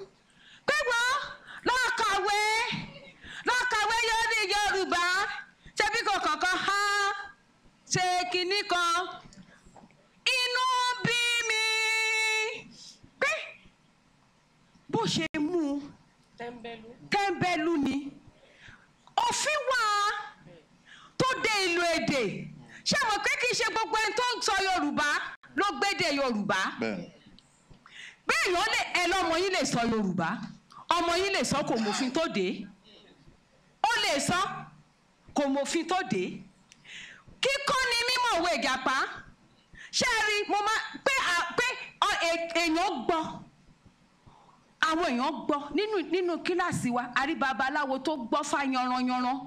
pé wọ́n lọ́ọ́ kàwé lọ́ọ́ kàwé yóò ní yorùbá ṣebí kò kọ̀ọ̀kan há ṣe kinní kan inú bí mi pé bó ṣe mú un tẹ́ńbẹ́lú ni òfin wà tó de ìlú èdè ṣé mo pé kì í ṣe gbogbo ẹni tó ń sọ yorùbá ló gbédè yorùbá bẹ́ẹ̀ yọ lè ẹ lọ́mọ yín lè sọ yorùbá ọmọ yín lè sọ kò mòfin tó dé ó lè sọ kò mòfin tó dé kíkọ́ ni mímọ̀ òwe ìjàpá ṣé ẹ rí mo máa pé pé e, èèyàn gbọ́ àwọn èèyàn gbọ́ nínú nínú kíláàsì wa àrí tó gbọ́ fà yanranyanran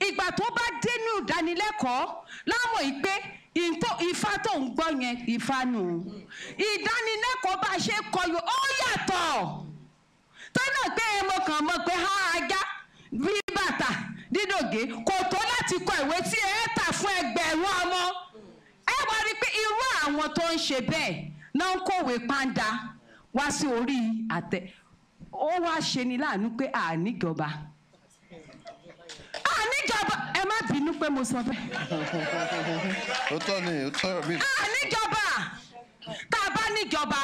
ìgbà tó bá dé ní ìdánilẹ́kọ̀ọ́ láwọn ìpè ìfá tó ń gbọ́ yẹn ìfá nù ìdánilẹ́kọ̀ọ́ bá ṣe kọyọ ó yàtọ̀ tọ́nà pé mo kàn mọ̀ pé ha ajá bí bàtà dídògé kò tó láti kọ ìwé tí ẹ tà fún ẹgbẹ̀rún ọmọ ẹ wá rí i pé irú àwọn tó ń ṣe bẹ́ẹ̀ náà ń kọ̀wé pàǹdà wá sí orí àtẹ ó wá ṣe ni láàánú pé àníjọba. Ah, àníjọba ẹ má bínú pé mo sọ bẹ́ẹ̀. ó tọ́ ni ó tọ́ mi. àníjọba tá a bá níjọba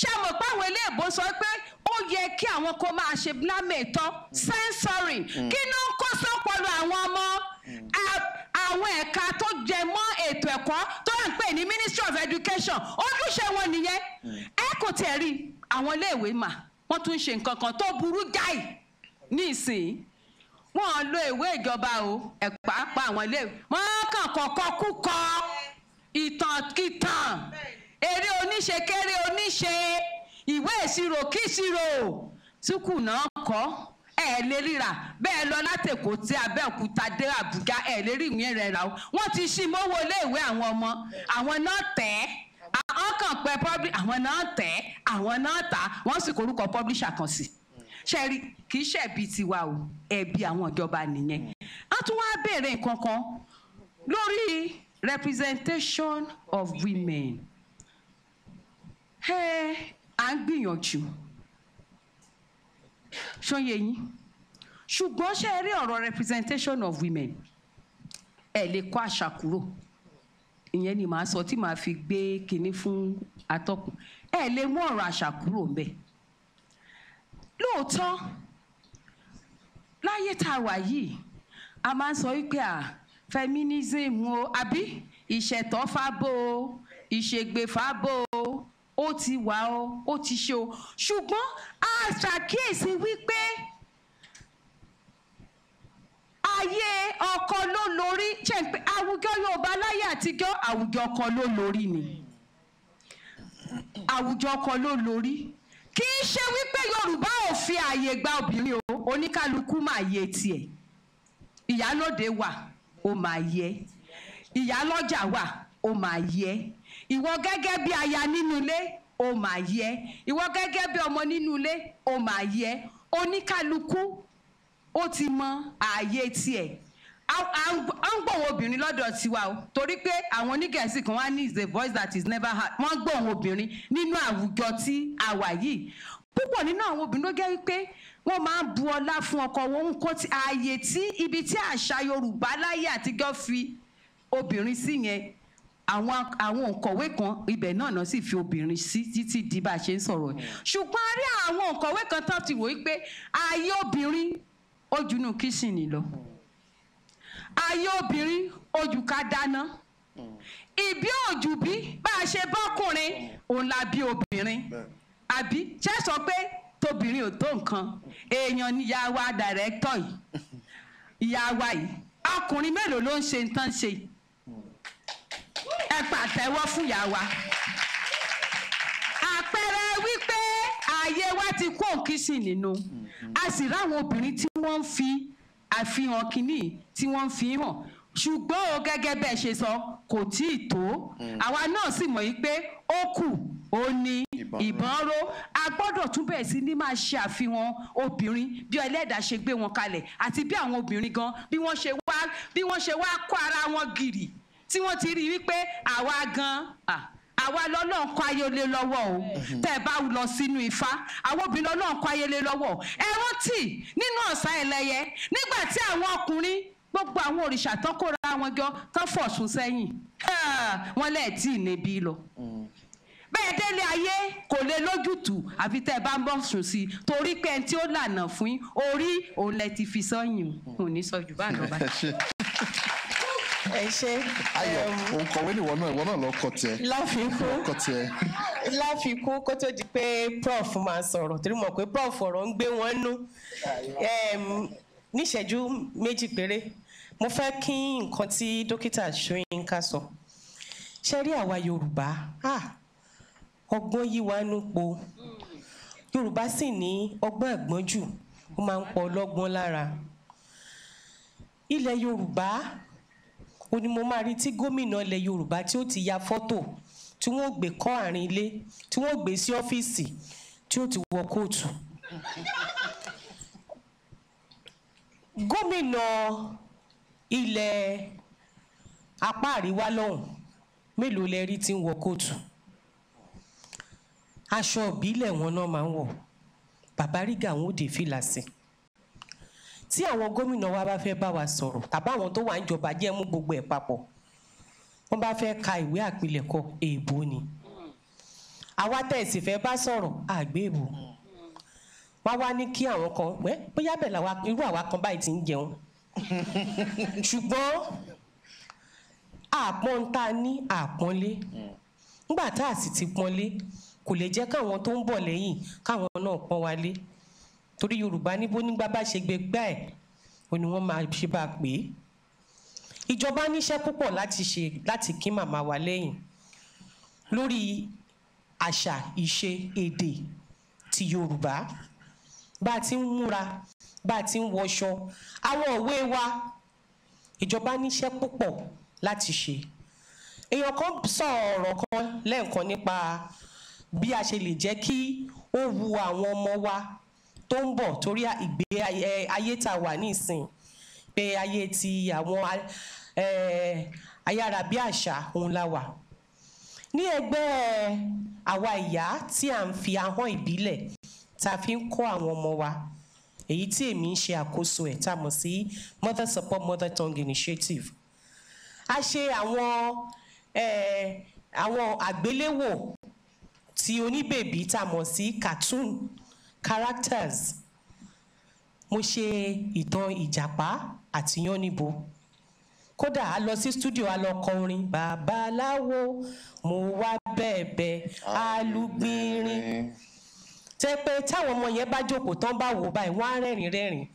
ṣé mo pé àwọn iléèbó sọ pé ó yẹ kí àwọn kó máa ṣe lámẹ̀tọ́ sẹ́ńsọ̀rì mm. kí ló ń kó sọ́pọ̀lọ àwọn ọmọ àwọn ẹ̀ka tó jẹ mọ́ ètò ẹ̀kọ́ tó ń pè ní Ministry of Education ojúṣe wọn nìyẹn mm. ẹ kò tẹ̀ rí àwọn iléèwé mà wọ́n tún ń ṣe nǹkan kan tó burú jáì ní ìsìn wọ́n lo ìwé ìjọba o ẹ pàápàá àwọn ilé wọn kàn kọkọ kúkọ ìtànkìtàn eré oníṣe kéré oníṣe ìwé ìṣirò kìṣirò síkù náà kọ ẹ lè ríra bẹ́ẹ̀ lọ látèkó tí Abẹ́òkúta dé Àbújá ẹ lè rí ìwé rẹ̀ rà o wọ́n ti ṣí mọ́wọ́ ilé ìwé àwọn ọmọ àwọn náà tẹ̀ ẹ́ àwọn kan pẹ́ public àwọn náà tẹ̀ àwọn náà tà wọ́n sì korúkọ publisher kan ṣẹ́rí kì í ṣẹ̀bi tiwa o ẹ̀bi àwọn ìjọba nìyẹn a tún wá béèrè nǹkan kan lórí representation of women à ń gbìyànjú ṣóyè yín ṣùgbọ́n ṣe rí ọ̀rọ̀ representation of women ẹ̀ lè kó àṣà kúrò ìyẹn ni màá sọ tí màá fi gbé kinní fún atọ́kùn ẹ̀ lè mú ọ̀rọ̀ àṣà kúrò ńbẹ̀ lóòótọ́ láyé tá a wà yìí a máa ń sọ wípé à feminism o àbí ìṣẹ̀tọ́ fábó o ìṣègbè fábó o ó ti wà o ó ti ṣe o ṣùgbọ́n a ṣàkíyèsí wípé ayé ọkọ ló lórí ṣe pé àwùjọ Yorùbá láyé àtijọ́ àwùjọ ọkọ ló lórí ni àwùjọ ọkọ ló lórí kì í ṣe wípé Yorùbá ò fi ààyè gba obìnrin o oníkálukú máa yẹ tiẹ̀ ìyálóde wà ó máa yẹ ìyálọ́jà wà ó máa yẹ ìwọ gẹ́gẹ́ bí aya nínú ilé ó máa yẹ ìwọ gẹ́gẹ́ bí ọmọ nínú ilé ó máa yẹ oníkálukú ó ti mọ ààyè tiẹ̀ à ń gbóhùn obìnrin lọ́dọ̀ tiwa o torí pé àwọn onígẹ̀ẹ́sì kan wá ní is a voice that is never heard wọ́n ń gbóhùn obìnrin nínú àwùjọ tí a wà yìí púpọ̀ nínú àwọn obìnrin ló jẹ́ pé wọ́n máa ń bu ọlá fún ọkọ wọn ń kó ààyè tí ibi tí àṣà Yorùbá láyé àtijọ́ fi obìnrin sí yẹn àwọn àwọn òǹkọ̀wé kan ibẹ̀ náà náà sì fi obìnrin sí títí di bá a ṣe ń sọ̀rọ̀ ẹ̀ hmm. ṣùgbọ́n a rí àwọn òǹkọ̀wé kan tó ti wò ó pé ààyè obìnrin ó junú kíṣìnì lọ. Mm -hmm ayé obìnrin ojú ká dáná ìbí òjù bí bá a ṣe bọ́kùnrin òun la bí obìnrin àbí ṣe sọ pé tóbìnrin ò tó nǹkan èèyàn ni ìyá wa dàrẹ́tọ̀ yìí ìyá wa yìí ọkùnrin mélòó ló ń ṣe nǹkan ṣe ẹ pàtẹ́wọ́ fún ìyá wa àpẹẹrẹ wípé ayé wa ti kó òkìsì nínú a sì ráwọn obìnrin tí wọ́n ń fi àfihàn kínní tí wọ́n fi hàn ṣùgbọ́n o gẹ́gẹ́ bẹ́ẹ̀ ṣe sọ kò tí ì tó hmm. àwa náà sì mọ̀ yí pé ó kù ó ní ìbọn ró a gbọ́dọ̀ tún bẹ̀rẹ̀ sí ní máa ṣe àfihàn obìnrin bí ẹlẹ́dàá ṣe gbé wọn kalẹ̀ àti bí àwọn obìnrin gan bí wọ́n ṣe wá bí wọ́n ṣe wá kó ara wọn gìrì tí wọ́n ti rí wípé àwa gan. Ah àwa lọ́lọ́run kọ́ ayélé lọ́wọ́ o tẹ́ ẹ bá lọ sínú ifá àwọn obìnrin lọ́lọ́run kọ́ ayélé lọ́wọ́ ẹ rántí nínú ọ̀sán ẹlẹ́yẹ nígbà tí àwọn ọkùnrin gbogbo àwọn òrìṣà tó kóra wọn jọ tó fọ̀sùn sẹ́yìn ah, wọn lẹ́ẹ̀tì níbí lọ mm. bẹ́ẹ̀ délé ayé kò lè lójútùú àfi tẹ́ ẹ bá ń bọ̀ sùn sí i torí pé ẹni tí ó lànà fún orí òun lẹ ti fi sọ́yìn mm. òun ní sọ jù bá lọ báyìí. ẹ ṣe. ayọ̀ òun kọ̀wé ni ìwọ náà ìwọ náà lọ kọ tiẹ̀. láfikún kọ tiẹ̀. láfikún kó tó di pé prof máa sọ̀rọ̀ torí mọ̀ pé prof ọ̀rọ̀ ń gbé wọn nú níṣẹ́jú méjì péré mo fẹ́ kí nǹkan tí dókítà Ṣóyínká sọ ṣe rí àwa Yorùbá ọgbọ́n yí wa núpo Yorùbá sì ní ọgbọ́n ẹ̀gbọ́n jù ó máa ń pọ̀ ọlọ́gbọ́n lára ilẹ̀ Yorùbá ó ní mo máa rí tí gómìnà ilẹ̀ Yorùbá tí ó ti ya fọ́tò tí wọ́n gbé kọ́ àárín ilé tí wọ́n gbé sí ọ́fíìsì tí ó ti wọ kóòtù. gómìnà ilẹ̀ apá àríwá lọ́hùn mélòó lẹ rí tí ń wọ kóòtù aṣọ ìbílẹ̀ wọn náà máa ń wọ̀ bàbá rígà wọn ò dé fìlà sí i tí àwọn gómìnà wa bá fẹ́ bá wa sọ̀rọ̀ tàbáwọn tó wà ń jọba jẹ́ mú gbogbo ẹ̀ papọ̀ wọ́n bá fẹ́ ka ìwé àpilẹ̀kọ èèbó ni àwa tẹ̀sí fẹ́ bá sọ̀rọ̀ àgbéèbò wá wá ní kí àwọn kan pé bóyá bẹ́ẹ̀ làwa irú àwa kan báyìí ti ń jẹun ṣùgbọ́n àpọ́n tá a ní àpọ́nlé nígbà tá a sì ti pọ́nlé kò lè jẹ́ káwọn tó ń bọ̀ lẹ́yìn káwọn náà pọ́n wa torí yorùbá níbo nígbà bá ṣe gbé gbá ẹ̀ ó ní wọ́n máa ṣe bá a pè é ìjọba níṣẹ́ púpọ̀ láti ṣe láti kí màmá wa lẹ́yìn lórí àṣà ìṣe èdè ti yorùbá bá a ti ń múra bá a ti ń wọṣọ àwọn òwe wa ìjọba níṣẹ́ púpọ̀ láti ṣe èèyàn kan sọ ọ̀rọ̀ kan lẹ́ẹ̀kan nípa bí a ṣe lè jẹ́ kí ó wu àwọn ọmọ wa tó ń bọ̀ torí ìgbé ayé tá a wà nísìn pé ayé ti àwọn ayárabíàṣá òun la wà ní ẹgbẹ́ àwa ìyá tí à ń fi ahọ́n ìbílẹ̀ tá a fi ń kọ́ àwọn ọmọ wa èyí tí èmi ń ṣe àkóso ẹ̀ tá a mọ̀ sí mother support mother tongue initiative a ṣe àwọn àwọn àgbéléwò ti oníbèbí tá a mọ̀ sí cartoon characters mo ṣe ìtàn ìjàpá àti yánnìbo kódà a lọ sí studio a lọ kọ orin babaláwo mo wá bẹ̀bẹ̀ alùgbìnrin tẹ́ pé táwọn ọmọ yẹn bá jókòó tán bá wò báyìí wọ́n á rẹ́rìn rẹ́rìn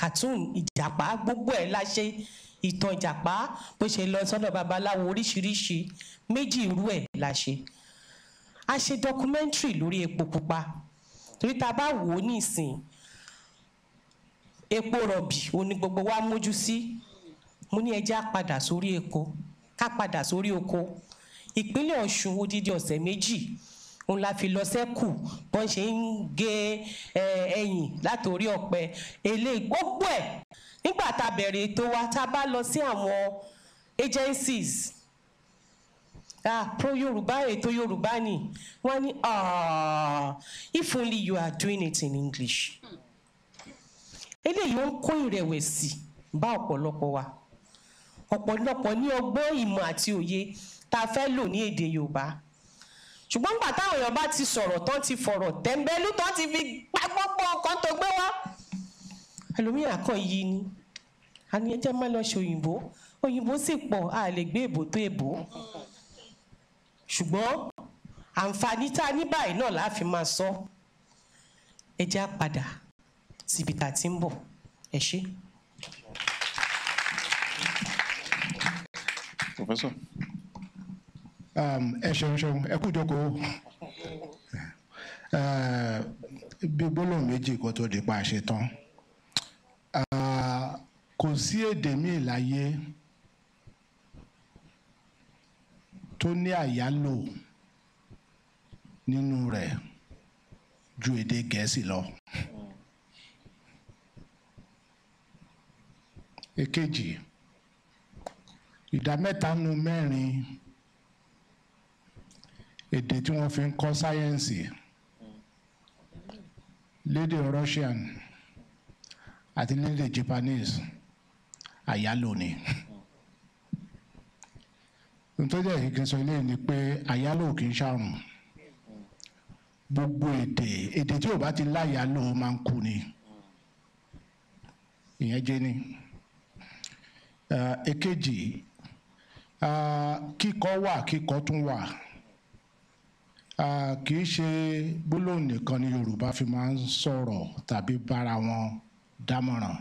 cartoon ìjàpá gbogbo ẹ̀ la ṣe ìtàn ìjàpá bó ṣe lọ sọ́dọ̀ babaláwo oríṣiríṣi méjì irú ẹ̀ la ṣe a ṣe documentary lórí epo pupa torí tá a bá wò ó nísìn epo rọ̀bì òun ni gbogbo wa mójú sí mo ní ẹja padà sórí epo ká padà sórí oko ìpínlẹ̀ Ọ̀ṣun odidi ọ̀sẹ̀ méjì òun la fi lọ sẹ́kù bó ń ṣe ń gé ẹyìn látòrí ọ̀pẹ eléyìí gbogbo ẹ̀ nígbà tá a bẹ̀rẹ̀ ètò wa tá a bá lọ sí àwọn agencies ah pro yorùbá ètò yorùbá ni wọ́n ní ah if only you are doing it in english eléyìí ó ń kó ìrẹ̀wẹ̀sì bá ọ̀pọ̀lọpọ̀ wa ọ̀pọ̀lọpọ̀ ní ọgbọ́n ìmọ̀ àti òye tá a fẹ́ lò ní èdè yorùbá ṣùgbọ́n nígbà táwọn èèyàn bá ti sọ̀rọ̀ tán ti fọ̀rọ̀ tẹ́ńbẹ́lú tán ti fi pápọ́pọ́ ọkàn tó gbé wá ẹlòmíràn kàn yí ni àníyànjẹ́ má lọ ṣe òyìnbó òyìnbó sì pọ̀ a lè gbé èbó tó èbó. Mm -hmm ṣùgbọ́n àǹfààní tá a ní báyìí náà la fi máa sọ ẹ já á padà síbi tá a ti ń bọ̀ ẹ ṣé. Professor. Um, ẹ ṣeun ṣeun ẹ kú jókòó eh, bí gbólóhùn méjì kó tó di pa àṣetán ah, kò sí èdè míì láyé. tó ní àyálò nínú rẹ̀ ju èdè gẹ̀ẹ́sì lọ. èkejì ìdá mẹ́ta nu mẹ́rin èdè tí wọ́n fi ń kọ́ sáyẹ́ǹsì lédè Russian àti lédè Japanese àyálò ni. Mm ntọ́jà yìí kì sọ ilé ni pé àyálò kì í ṣàrùn gbogbo èdè èdè tí ò bá ti láyàálò máa ń kú ni ìyẹn jẹ́ ni èkejì kíkọ wà kíkọ tún wà kì í ṣe gbólóhùn nìkan ni Yorùbá fi máa ń sọ̀rọ̀ tàbí bára wọn dámọ̀ràn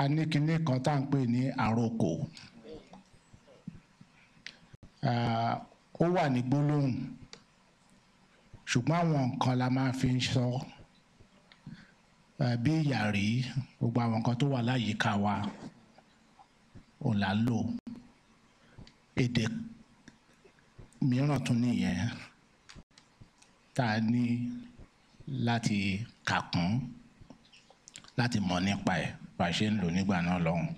a ní kinní kan tá à ń pè ní àrokò ó wà ní gbólóhùn ṣùgbọ́n àwọn nǹkan la máa fi ń sọ bí ìyàrí gbogbo àwọn nǹkan tó wà láyìíká wa ò là ń lò èdè mìíràn tún nìyẹn tá a ní láti kà kún láti mọ̀ nípa ẹ̀ bá a ṣe ń lò nígbà náà lọ́hùn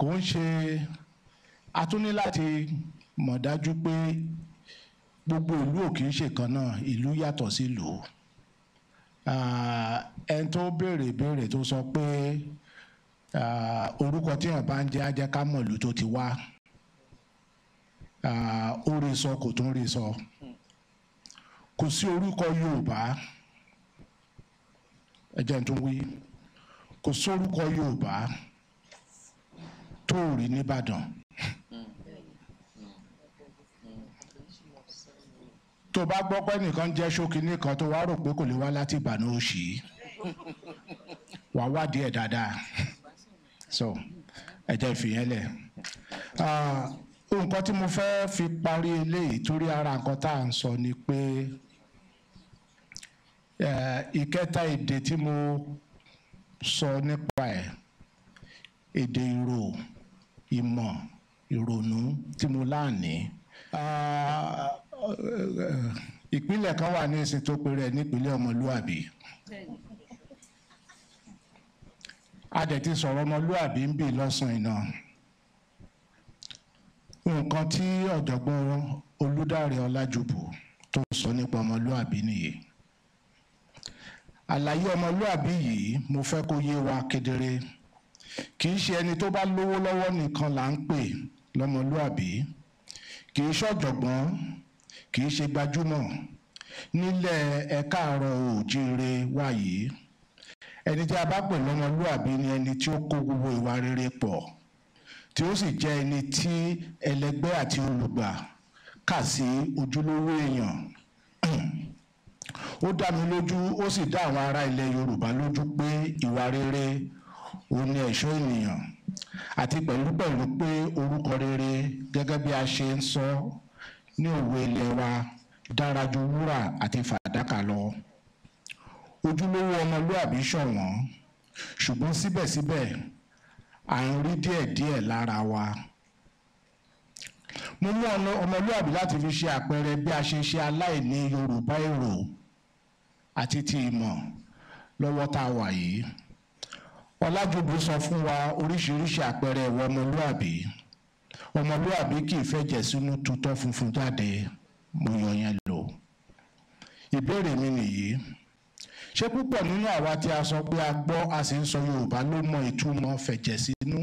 kò ń ṣe. Uh, a tún ní láti mọ̀ dájú pé gbogbo ìlú ò kì í ṣe kan náà ìlú yàtọ̀ sí ìlú ẹni tó béèrè béèrè tó sọ pé orúkọ tí yàn bá ń jẹ́ ajẹ́ ká mọ̀ ìlú tó ti wá ó rí sọ kò tún rí sọ kò sí orúkọ Yorùbá ẹ jẹ́ wí kò sórúkọ Yorùbá tó rí nìbàdàn tó bá gbọ́ pé nìkan jẹ́ ṣókíní kan tó wá rò pé kò lè wá láti ìbànú òṣì wà wádìí ẹ̀ dáadáa so ẹ jẹ́ ìfìyẹn lẹ̀ nǹkan tí mo fẹ́ fi parí eléyìí torí ara nǹkan tá à ń sọ ni pé ìkẹta èdè tí mo sọ nípa ẹ̀ èdè ìrò ìmọ̀ ìrònú tí mo láàní ìpínlẹ̀ kan wà ní ìsìn tó pe rẹ̀ nípínlẹ̀ ọmọlúàbí a dẹ̀ ti sọ̀rọ̀ ọmọlúàbí ń bì lọ́sàn-án iná nǹkan tí ọ̀jọ̀gbọ́n Olúdáre Ọlájúbù tó sọ nípa ọmọlúàbí nìyí àlàyé ọmọlúàbí yìí mo fẹ́ kó yé wa kedere kì í ṣe ẹni tó bá lówó lọ́wọ́ nìkan là ń pè lọ́mọlúàbí kì í ṣọ̀jọ̀gbọ́n kì í ṣe gbajúmọ̀ nílẹ̀ ẹ̀ka àárọ̀ òjíire wáyé ẹni tí a bá pè lọ́mọlúàbí ni ẹni tí ó kó gbogbo ìwà rere pọ̀ tí ó sì jẹ́ ẹni tí ẹlẹgbẹ́ àti olùgbà kà sí ojúlówó èèyàn ó dá mi lójú ó sì dá àwọn ará ilẹ̀ Yorùbá lójú pé ìwà rere òun ni ẹ̀ṣọ́ ènìyàn àti pẹ̀lú pẹ̀lú pé orúkọ rere gẹ́gẹ́ bí a ṣe ń sọ ní òwe ilẹ̀ wa dára ju wúrà àti fàdákà lọ ojúlówó ọmọlúàbí ṣọ̀wọ́n ṣùgbọ́n síbẹ̀síbẹ̀ à ń rí díẹ̀díẹ̀ lára wa mo mú ọmọlúàbí láti fi ṣe àpẹẹrẹ bí a ṣe ṣe aláìní Yorùbá èrò àti ti ìmọ̀ lọ́wọ́ tá a wà yìí Ọlájúbù sọ fún wa oríṣiríṣi àpẹẹrẹ ìwà ọmọlúàbí ọmọlúwàbí kì í fẹ̀jẹ̀ sínú tutọ́ funfun jáde mo yọ yẹn lò ìbéèrè mi nìyí ṣé púpọ̀ nínú àwa tí a sọ pé a gbọ́ a sì ń sọ Yorùbá ló mọ ìtumọ̀ fẹ̀jẹ̀ sínú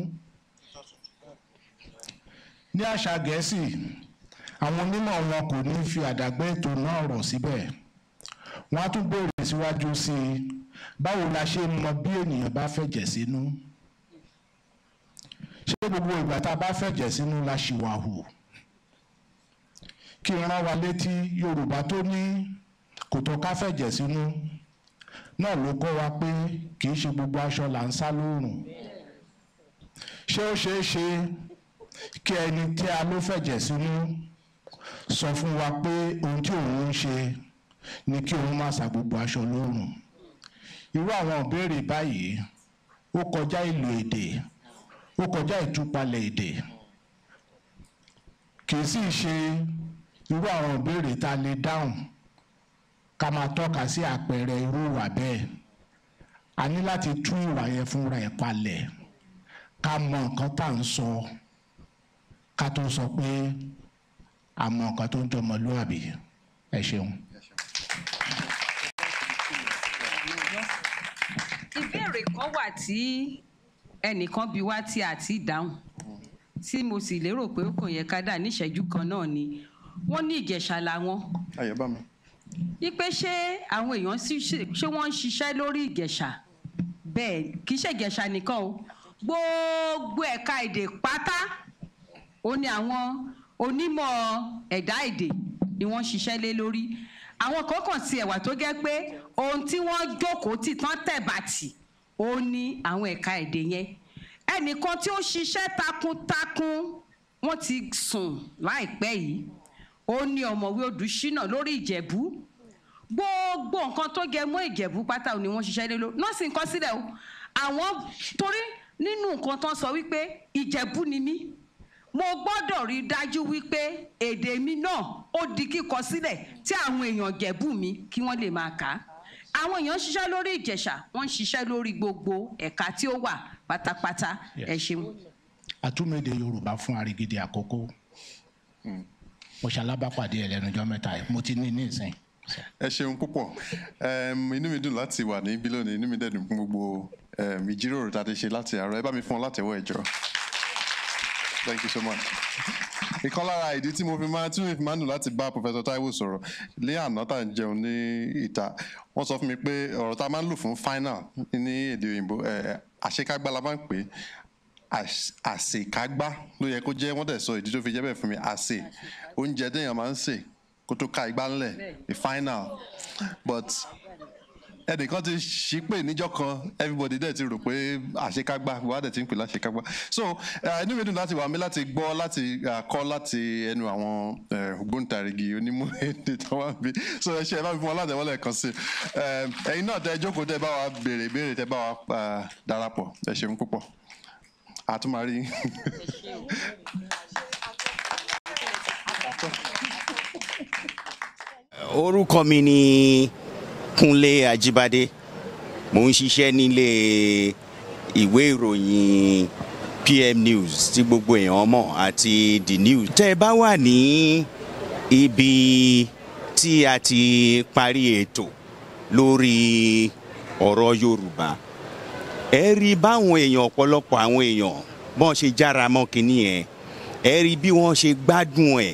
ní àṣà Gẹ̀ẹ́sì àwọn onímọ̀ wọn kò ní fi àdàgbẹ́ ètò náà rọ̀ síbẹ̀ wọ́n á tún béèrè síwájú sí i báwo la ṣe mọ bí ènìyàn bá fẹ̀jẹ̀ sínú. Si ṣé gbogbo ìgbà tá a bá fẹ̀jẹ̀ sínú la ṣì wà hù kí n rán wa létí Yorùbá tó ní kò tó ká fẹ̀jẹ̀ sínú náà ló kọ́ wa pé kì í ṣe gbogbo aṣọ là ń sá lóòrùn ṣé ó ṣeé ṣe kí ẹni tí a ló fẹ̀jẹ̀ sínú sọ fún wa pé ohun tí òun ń ṣe ni kí òun má sá gbogbo aṣọ lóòrùn irú àwọn ìbéèrè báyìí ó kọjá ìlò èdè ó kọjá ìtúpalẹ̀ èdè kì í sì ṣe irú àwọn ìbéèrè tá a lè dáhùn ká máa tọ́ka sí àpẹẹrẹ irú ìwà bẹ́ẹ̀ a ní láti tún ìwà yẹn fúnra ẹ̀ palẹ̀ ká mọ nǹkan tá à ń sọ ká tó sọ pé a mọ nǹkan tó ń jọmọlúwàbí ẹ ṣeun. ìbéèrè kan wà tí ẹnìkan bi wá tí a ti dáhùn tí mo sì lérò pé ó kàn yẹ ká dà níṣẹ́jú kan náà ni wọ́n ní ìjẹ̀ṣà làwọn. àyẹ̀bámi. wípé ṣé àwọn èèyàn ṣé wọ́n ń ṣiṣẹ́ lórí ìjẹ̀ṣà bẹ́ẹ̀ kì í ṣe ìjẹ̀ṣà nìkan o gbogbo ẹ̀ka èdè pátá ó ní àwọn onímọ̀ ẹ̀dá èdè ni wọ́n ṣiṣẹ́ lé lórí àwọn kan kàn sí ẹ̀wà tó jẹ́ pé ohun tí wọ́n jókòó tì tán tẹ̀ bàtì ó ní àwọn ẹ̀ka èdè yẹn ẹnìkan tí ó ṣiṣẹ́ takuntakun wọ́n ti sùn láìpẹ́ yìí ó ní ọ̀mọ̀wé Odùṣínà lórí Ìjẹ̀bú gbogbo nǹkan tó gẹ mọ́ Ìjẹ̀bú pátá ni wọ́n ṣiṣẹ́ lé lórí nọ́ọ̀sì nǹkan sílẹ̀ o àwọn torí nínú nǹkan tó ń sọ wípé Ìjẹ̀bú ni mí mo gbọ́dọ̀ rí dájú wípé èdè mi náà ó di kíkọ sílẹ̀ tí àwọn èèyàn Ìjẹ̀bú mi kí wọ́n lè máa kà á àwọn èèyàn ń ṣiṣẹ́ lórí ìjẹ̀ṣà wọ́n ń ṣiṣẹ́ lórí gbogbo ẹ̀ka tí ó wà pátápátá ẹ ṣeun. àtúmọ̀dé yorùbá fún arigidi àkókò hmm. mo ṣalábàpàdé ẹlẹ́nujọ́ mẹ́ta mo ti ní ní ìsìn. ẹ ṣeun púpọ̀ inú mi dùn láti wà ní bílíọ̀nù inú mi dẹ̀dùn fún gbogbo ìjíròrò tá a ti ṣe láti àárọ̀ ẹ bá mi fún ọ látẹ̀wọ́ ẹ̀jọ̀ thank you so much ìkan lára ìdí tí mo fi máa tí mo láti bá Professor Taiwo sọ̀rọ̀ lé àná tá à ń jẹun ní ìta wọ́n sọ fún mi pé ọ̀rọ̀ tá a máa ń lò fún final ní èdè òyìnbó àṣekágbá la máa ń pè é àṣekágbá ló yẹ kó jẹ́ wọ́n dẹ̀ sọ ìdí tó fi jẹ́ bẹ́ẹ̀ fún mi àṣe oúnjẹ téèyàn máa ń sè kó tó ká igbá ńlẹ̀ final but ẹnìkan ti ṣípè níjọ́ kan everybody dẹ̀ ti rò pé àṣekágbá wàá dẹ̀ ti ń pè láṣekágbá so inú mi dùn láti wà mí láti gbọ́ láti kọ́ láti ẹnu àwọn ògbóǹtarìgì onímọ̀ èdè tó wà bí so ẹ ṣe ẹ bá mi fún wọn látẹ̀wọ́lẹ̀ kan sí ẹ̀yin náà tẹ jókòó tẹ bá wa béèrè béèrè tẹ bá wa darapọ̀ ẹ ṣeun púpọ̀ àtúmọ̀rí. orúkọ mi ni. Kúnlé Ajíbádé mò ń ṣiṣẹ́ nílé ìwé ìròyìn PM News tí gbogbo èèyàn mọ̀ àti The News. tẹ́ ẹ bá wà ní ibi tí a ti parí ètò lórí ọ̀rọ̀ Yorùbá ẹ rí báwọn èèyàn ọ̀pọ̀lọpọ̀ àwọn èèyàn bọ́n ṣe jára mọ́ kínní ẹ̀ ẹ rí bí wọ́n ṣe gbádùn ẹ̀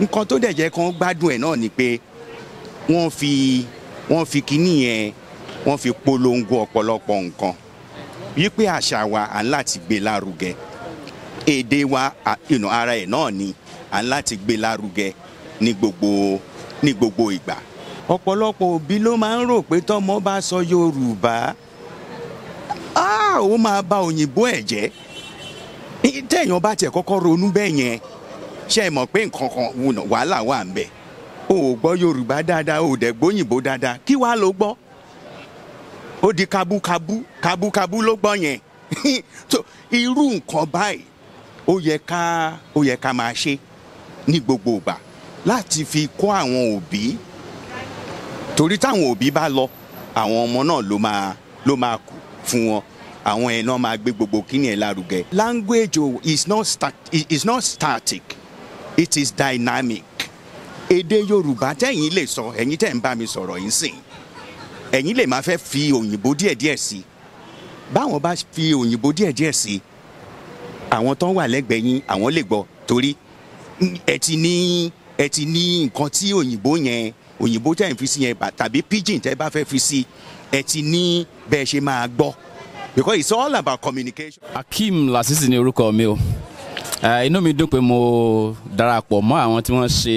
nǹkan tó dẹ̀ jẹ́ kán gbádùn ẹ̀ náà ni pé wọ́n fi wọ́n fi kíní yẹn wọ́n fi polongo ọ̀pọ̀lọpọ̀ nǹkan wípé àṣà wa à ń láti gbé lárugẹ èdè wa ara ẹ̀ náà ni à ń láti gbé lárugẹ ní gbogbo ní gbogbo ìgbà. ọ̀pọ̀lọpọ̀ òbí ló máa ń rò pé tọ́mọ bá sọ Yorùbá ó máa bà òyìnbó ẹ̀ jẹ́ téèyàn bá tiẹ̀ kọ́kọ́ ronú bẹ́ẹ̀ yẹn ṣe é mọ̀ pé nǹkan kan wàhálà wà ń bẹ̀ o gbọ́ yorùbá dáadáa o dẹ̀ gbóyìnbó dáadáa kí wàá ló gbọ́ ó di kábúkábú kábúkábú ló gbọ́ yẹn tó irú nǹkan báyìí ó yẹ ká ó yẹ ká máa ṣe ní gbogbo ìgbà láti fi kọ́ àwọn òbí torí táwọn òbí bá lọ àwọn ọmọ náà ló máa ló máa kù fún wọn àwọn ẹ̀ náà máa gbé gbogbo kíni ẹ̀ lárugẹ. language is not, stat is not static it is dynamic èdè yorùbá tẹ́yìn lè sọ ẹ̀yin tẹ́ ń bá mi sọ̀rọ̀ yìí sìn ẹ̀yin lè máa fẹ́ fi òyìnbó díẹ̀díẹ̀ sí i báwọn bá fi òyìnbó díẹ̀díẹ̀ sí i àwọn tán wà lẹ́gbẹ̀ẹ́ yín àwọn lè gbọ́ torí ẹ ti ní ẹ ti ní nǹkan tí òyìnbó yẹn òyìnbó tẹ́ fi sí yẹn tàbí pidgin tẹ́ bá fẹ́ fi sí ẹ ti ní bẹ́ẹ̀ ṣe máa gbọ́ because it's all about communication. Akeem Lasisi ni orúkọ mi o inú mi dùn pé mo darapọ̀ mọ́ àwọn tí wọ́n ṣe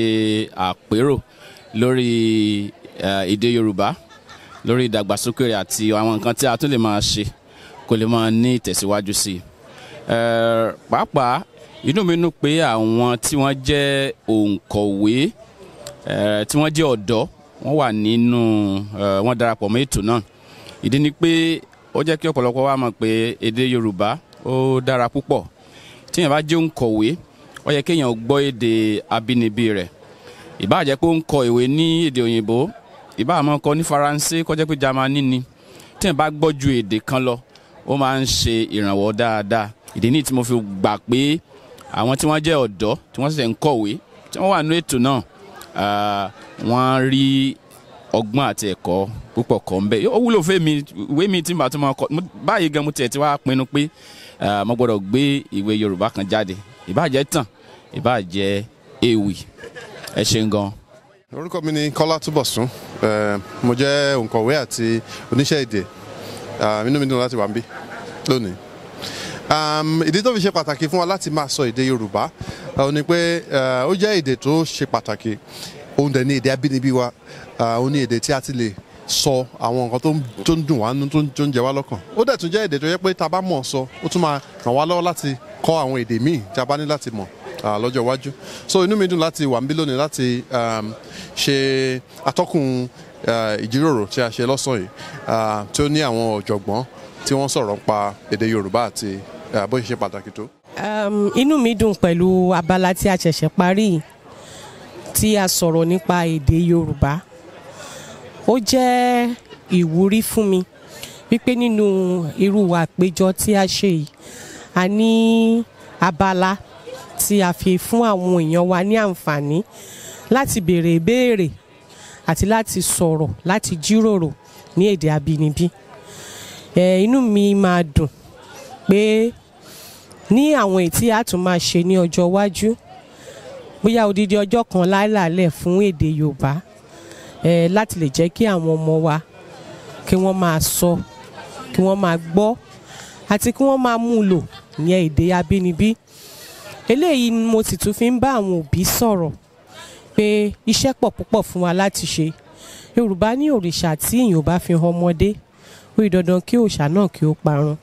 àpérò lórí èdè Yorùbá lórí ìdàgbàsókè rẹ̀ àti àwọn nǹkan tí a tún lè máa ṣe kó lè máa ní ìtẹ̀síwájú sí i pàápàá inú mi dùn pé àwọn tí wọ́n jẹ́ òǹkọ̀wé tí wọ́n jẹ́ ọ̀dọ́ wọ́n wà nínú wọ́n darapọ̀ mọ́ ètò náà ìdí ni pé ó jẹ́ kí ọ̀pọ̀lọpọ̀ wa mọ̀ pé èdè Yorùbá ó dára púpọ̀ tíyẹn bá jẹ́ òǹkọ̀wé ó yẹ kéèyàn gbọ́ èdè abínibí rẹ̀ ìbá jẹ́ pé ó ń kọ ìwé ní èdè òyìnbó ìbá àmọ́ kọ ní faransé kó jẹ́ pé jamani ni tíyẹn bá gbọ́ ju èdè kan lọ ó máa ń ṣe ìrànwọ́ dáadáa ìdí nìyí tí mo fi gbà pé àwọn tí wọ́n jẹ́ ọ̀dọ́ tí wọ́n ṣẹ̀ṣẹ̀ ń kọ̀wé tí wọ́n wà nínú ètò náà wọ́n rí ọgbọ́n àti ẹ̀kọ́ púpọ̀ kọ́ ń bẹ́ẹ̀ ó wúlò fún mi ìwé mi tí mo bá tún máa kọ báyìí gan mo tiẹ̀ ti wá pinnu pé mo gbọ́dọ̀ gbé ìwé yorùbá kan jáde ìbáàjẹ́ tàn ìbáàjẹ́ ewì ẹ ṣeun gan. orúkọ mi ni kọ́lá túbọ̀sún mo jẹ́ òǹkọ̀wé àti oníṣẹ́ èdè inú mi dùn láti wà ń bí lónìí ìdí tó fi ṣe pàtàkì fún wa láti máa sọ èdè yorùbá ó ní pé ó jẹ́ èdè tó ṣe pàtàkì òun dẹ̀ ni èdè abínibí wa òun ni èdè tí a ti lè sọ àwọn nǹkan tó ń dùn wá nínú tó ń jẹ wá lọ́kàn ó dẹ̀ tún jẹ́ èdè tó yẹ pé tá a bá mọ̀ sọ ó tún máa ràn wá lọ́wọ́ láti kọ́ àwọn èdè míì tí a bá ní láti mọ̀ lọ́jọ́ iwájú so inú mi dùn láti wà níbí lónìí láti um, ṣe atọ́kùn ìjíròrò tí a ṣe lọ́sàn-án yìí tí ó ní àwọn ọ̀jọ̀gbọ́n tí wọ́n sọ̀rọ̀ nípa èdè Yorùbá àti bó ṣe ṣe pàtàkì tó. Um, inú mi dùn pẹ̀lú abala tí a ṣẹ̀ṣẹ̀ parí tí a sọ̀rọ̀ nípa èdè Yorùbá ó jẹ́ ìwúrí fún mi wípé nínú irú àpéjọ tí a ṣe yìí a ní abala tí a fi fún àwọn èèyàn wa ní àǹfààní láti béèrè ìbéèrè àti láti sọ̀rọ̀ láti jíròrò ní èdè abínibí ẹ inú mi máa dùn pé ní àwọn ètí a tún máa ṣe ní ọjọ́ iwájú bóyá odidi ọjọ́ kan láìlàlẹ̀ fún èdè Yorùbá láti lè jẹ́ kí àwọn ọmọ wa kí wọ́n máa sọ kí wọ́n máa gbọ́ àti kí wọ́n máa mú lò ìyẹn èdè abínibí eléyìí ni mo sì tún fi ń bá àwọn òbí sọ̀rọ̀ pé iṣẹ́ pọ̀ púpọ̀ fún wa láti ṣe yorùbá ní òrìṣà tí èèyàn bá fi hàn ọmọdé ó yí dandan kí òòṣà náà kí ó parun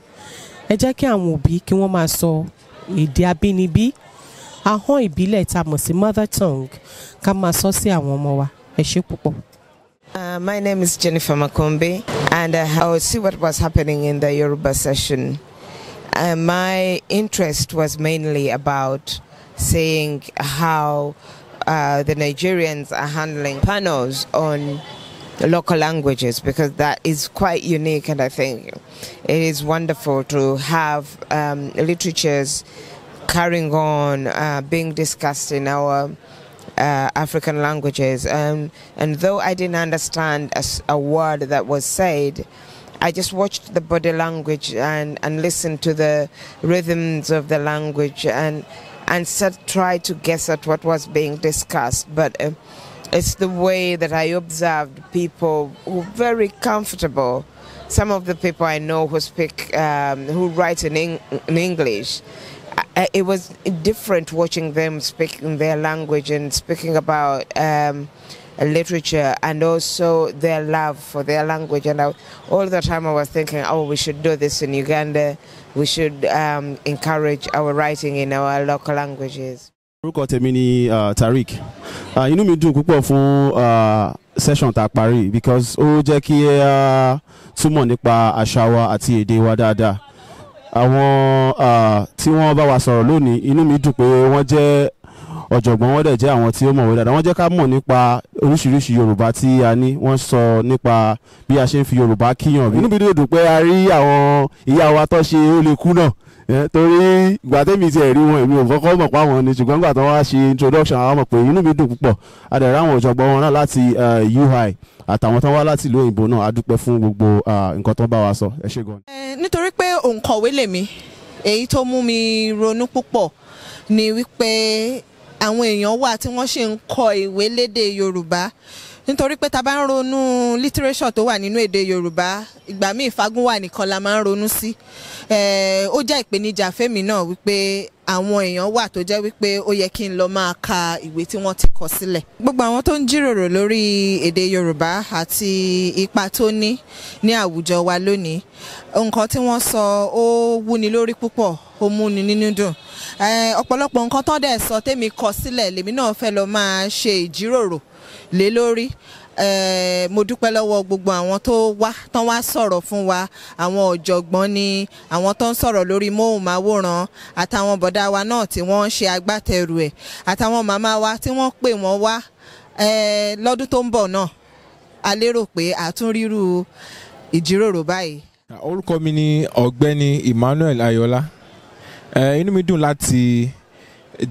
ẹ jẹ́ kí àwọn òbí kí wọ́n máa sọ èdè abínibí ahọ́n ìbílẹ̀ tá mọ̀ sí mother tongue ká máa sọ sí àwọn ọmọ wa ẹ ṣé púpọ̀. Uh, my name is Jennifer Makombe, and I will see what was happening in the Yoruba session. Uh, my interest was mainly about seeing how uh, the Nigerians are handling panels on local languages because that is quite unique, and I think it is wonderful to have um, literatures carrying on uh, being discussed in our uh, African languages. Um, and though I didn't understand a, a, word that was said, I just watched the body language and, and listened to the rhythms of the language and and try to guess at what was being discussed. But uh, it's the way that I observed people who were very comfortable. Some of the people I know who speak, um, who write in, in English, uh, it was different watching them speaking their language and speaking about um, uh, literature and also their love for their language. And I, all the time I was thinking, oh, we should do this in Uganda. We should um, encourage our writing in our local languages. orúkọ tèmi ni uh, Tariq uh, inú mi dùn púpọ̀ fún session tá parí because ó jẹ́ kí ẹ túmọ̀ nípa àṣà wa àti èdè wa dáadáa àwọn tí wọ́n bá wa sọ̀rọ̀ lónìí inú mi dùn pé wọ́n jẹ́ ọ̀jọ̀gbọ́n wọ́n dẹ̀ jẹ́ àwọn tí ó mọ̀wé dáadáa wọ́n jẹ́ ká mọ̀ nípa oríṣiríṣi yorùbá tí a ní wọ́n sọ nípa bí a ṣe ń fi yorùbá kíyàn bí. inú mi dùn pé a rí àwọn ìyá wa tó ṣe ó kú náà torí ìgbà tẹ́mi ti ẹ̀rí wọn èmi ò kọ́kọ́ mọ̀ pa wọn ni ṣùgbọ́n ìgbà tó wá ṣe introduction àwọn mọ̀ pé inú mi dùn púpọ̀ a dẹ̀ ráwọn ọ̀jọ̀gbọ́n wọn náà láti UI àtàwọn tó wá láti ìlú òyìnbó náà a dúpẹ́ fún gbogbo nǹkan tó bá wa sọ ẹ ṣé gan. nítorí pé òǹkọ̀wé lèmi èyí tó mú mi ronú púpọ̀ ni wípé àwọn èèyàn wà tí wọ́n ṣì ń kọ ìwé lédè Yorùbá nítorí pé ta bá ń ronú lítírésọ̀ tó wà nínú èdè Yorùbá ìgbà míì fagúnwà nìkan la máa ń ronú sí ó jẹ́ ìpèníjà fẹ́mi náà wípé àwọn èèyàn wà tó jẹ́ wípé ó yẹ kí n lọ máa ka ìwé tí wọ́n ti kọ sílẹ̀. gbogbo àwọn tó ń jíròrò lórí èdè Yorùbá àti ipa tó ní ní àwùjọ wa lónìí nǹkan tí wọ́n sọ ó wúni lórí púpọ̀ ó múni nínú dùn ọ̀pọ̀lọpọ̀ nǹkan tó dẹ̀ sọ tèmi kọ sílẹ̀ lèmi náà fẹ́ lọ máa ṣe ìjíròrò lé lórí Eh, mo dúpẹ́ lọ́wọ́ gbogbo àwọn tó wá tán wá sọ̀rọ̀ fún wa àwọn ọ̀jọ̀gbọ́n ni àwọn tó ń sọ̀rọ̀ lórí móhùnmáwòrán àtàwọn bọ̀dá wa náà tí wọ́n ń ṣe agbátẹrù ẹ̀ àtàwọn màmá wa tí wọ́n pè wọ́n wá eh, lọ́dún tó ń bọ̀ náà a lérò pé àtúnrírú ìjíròrò báyìí. orúkọ mi ni ọ̀gbẹ́ni Emmanuel Ayọ̀lá eh, inú mi dùn láti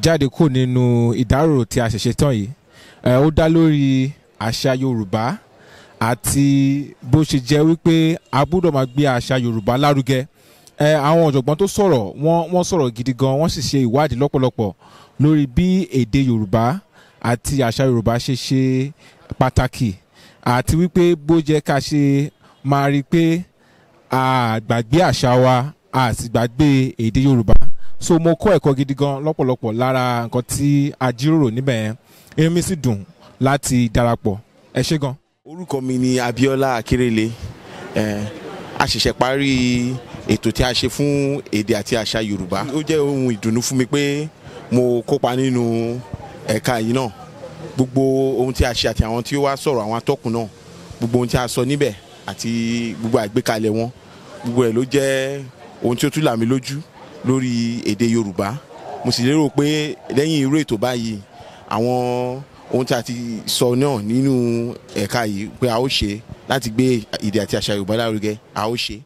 jáde kúrò nínú ìdárò tí a ṣẹ̀ṣẹ̀ tán yìí ó dá lórí àṣà Yorùbá àti bó ṣe jẹ́ wípé a gbọ́dọ̀ máa gbé àṣà Yorùbá lárugẹ ẹ àwọn ọ̀jọ̀gbọ́n tó sọ̀rọ̀ wọ́n wọ́n sọ̀rọ̀ gidi gan wọ́n sì ṣe ìwádìí lọ́pọ̀lọpọ̀ lórí bí èdè Yorùbá àti àṣà Yorùbá ṣe ṣe pàtàkì àti wípé bó jẹ́ ká ṣe máa rí i pé àgbàgbé àṣà wa àti gbàgbé èdè Yorùbá so mo kọ́ ẹ̀kọ́ gidi gan lọ́pọ̀lọpọ̀ lára nǹkan tí a jíròrò níbẹ̀ yẹn èmi sì dùn láti darapọ̀ ẹ ṣé gan. orúkọ mi ni Abíọ́lá Akérèlé a ṣẹ̀ṣẹ̀ parí ètò tí a ṣe fún èdè àti àṣà Yorùbá ó jẹ́ ohun ìdùnnú fún mi pé mo kópa nínú ẹ̀ka yìí náà gbogbo ohun tí a ṣe àti àwọn tí ó wá sọ̀rọ̀ àwọn atọ́kùn náà gbogbo ohun tí a sọ níbẹ̀ àti gbogbo àgbékalẹ̀ wọn gbogbo ẹ̀ ló jẹ́ ohun tí ó tún là mí lójú lórí èdè Yorùbá mo sì lérò pé lẹ́yìn irú ètò báyìí àwọn ohun tí a ti sọ náà nínú ẹ̀ka yìí pé a ó ṣe láti gbé èdè àti àṣà Yorùbá lárugẹ a ó ṣe.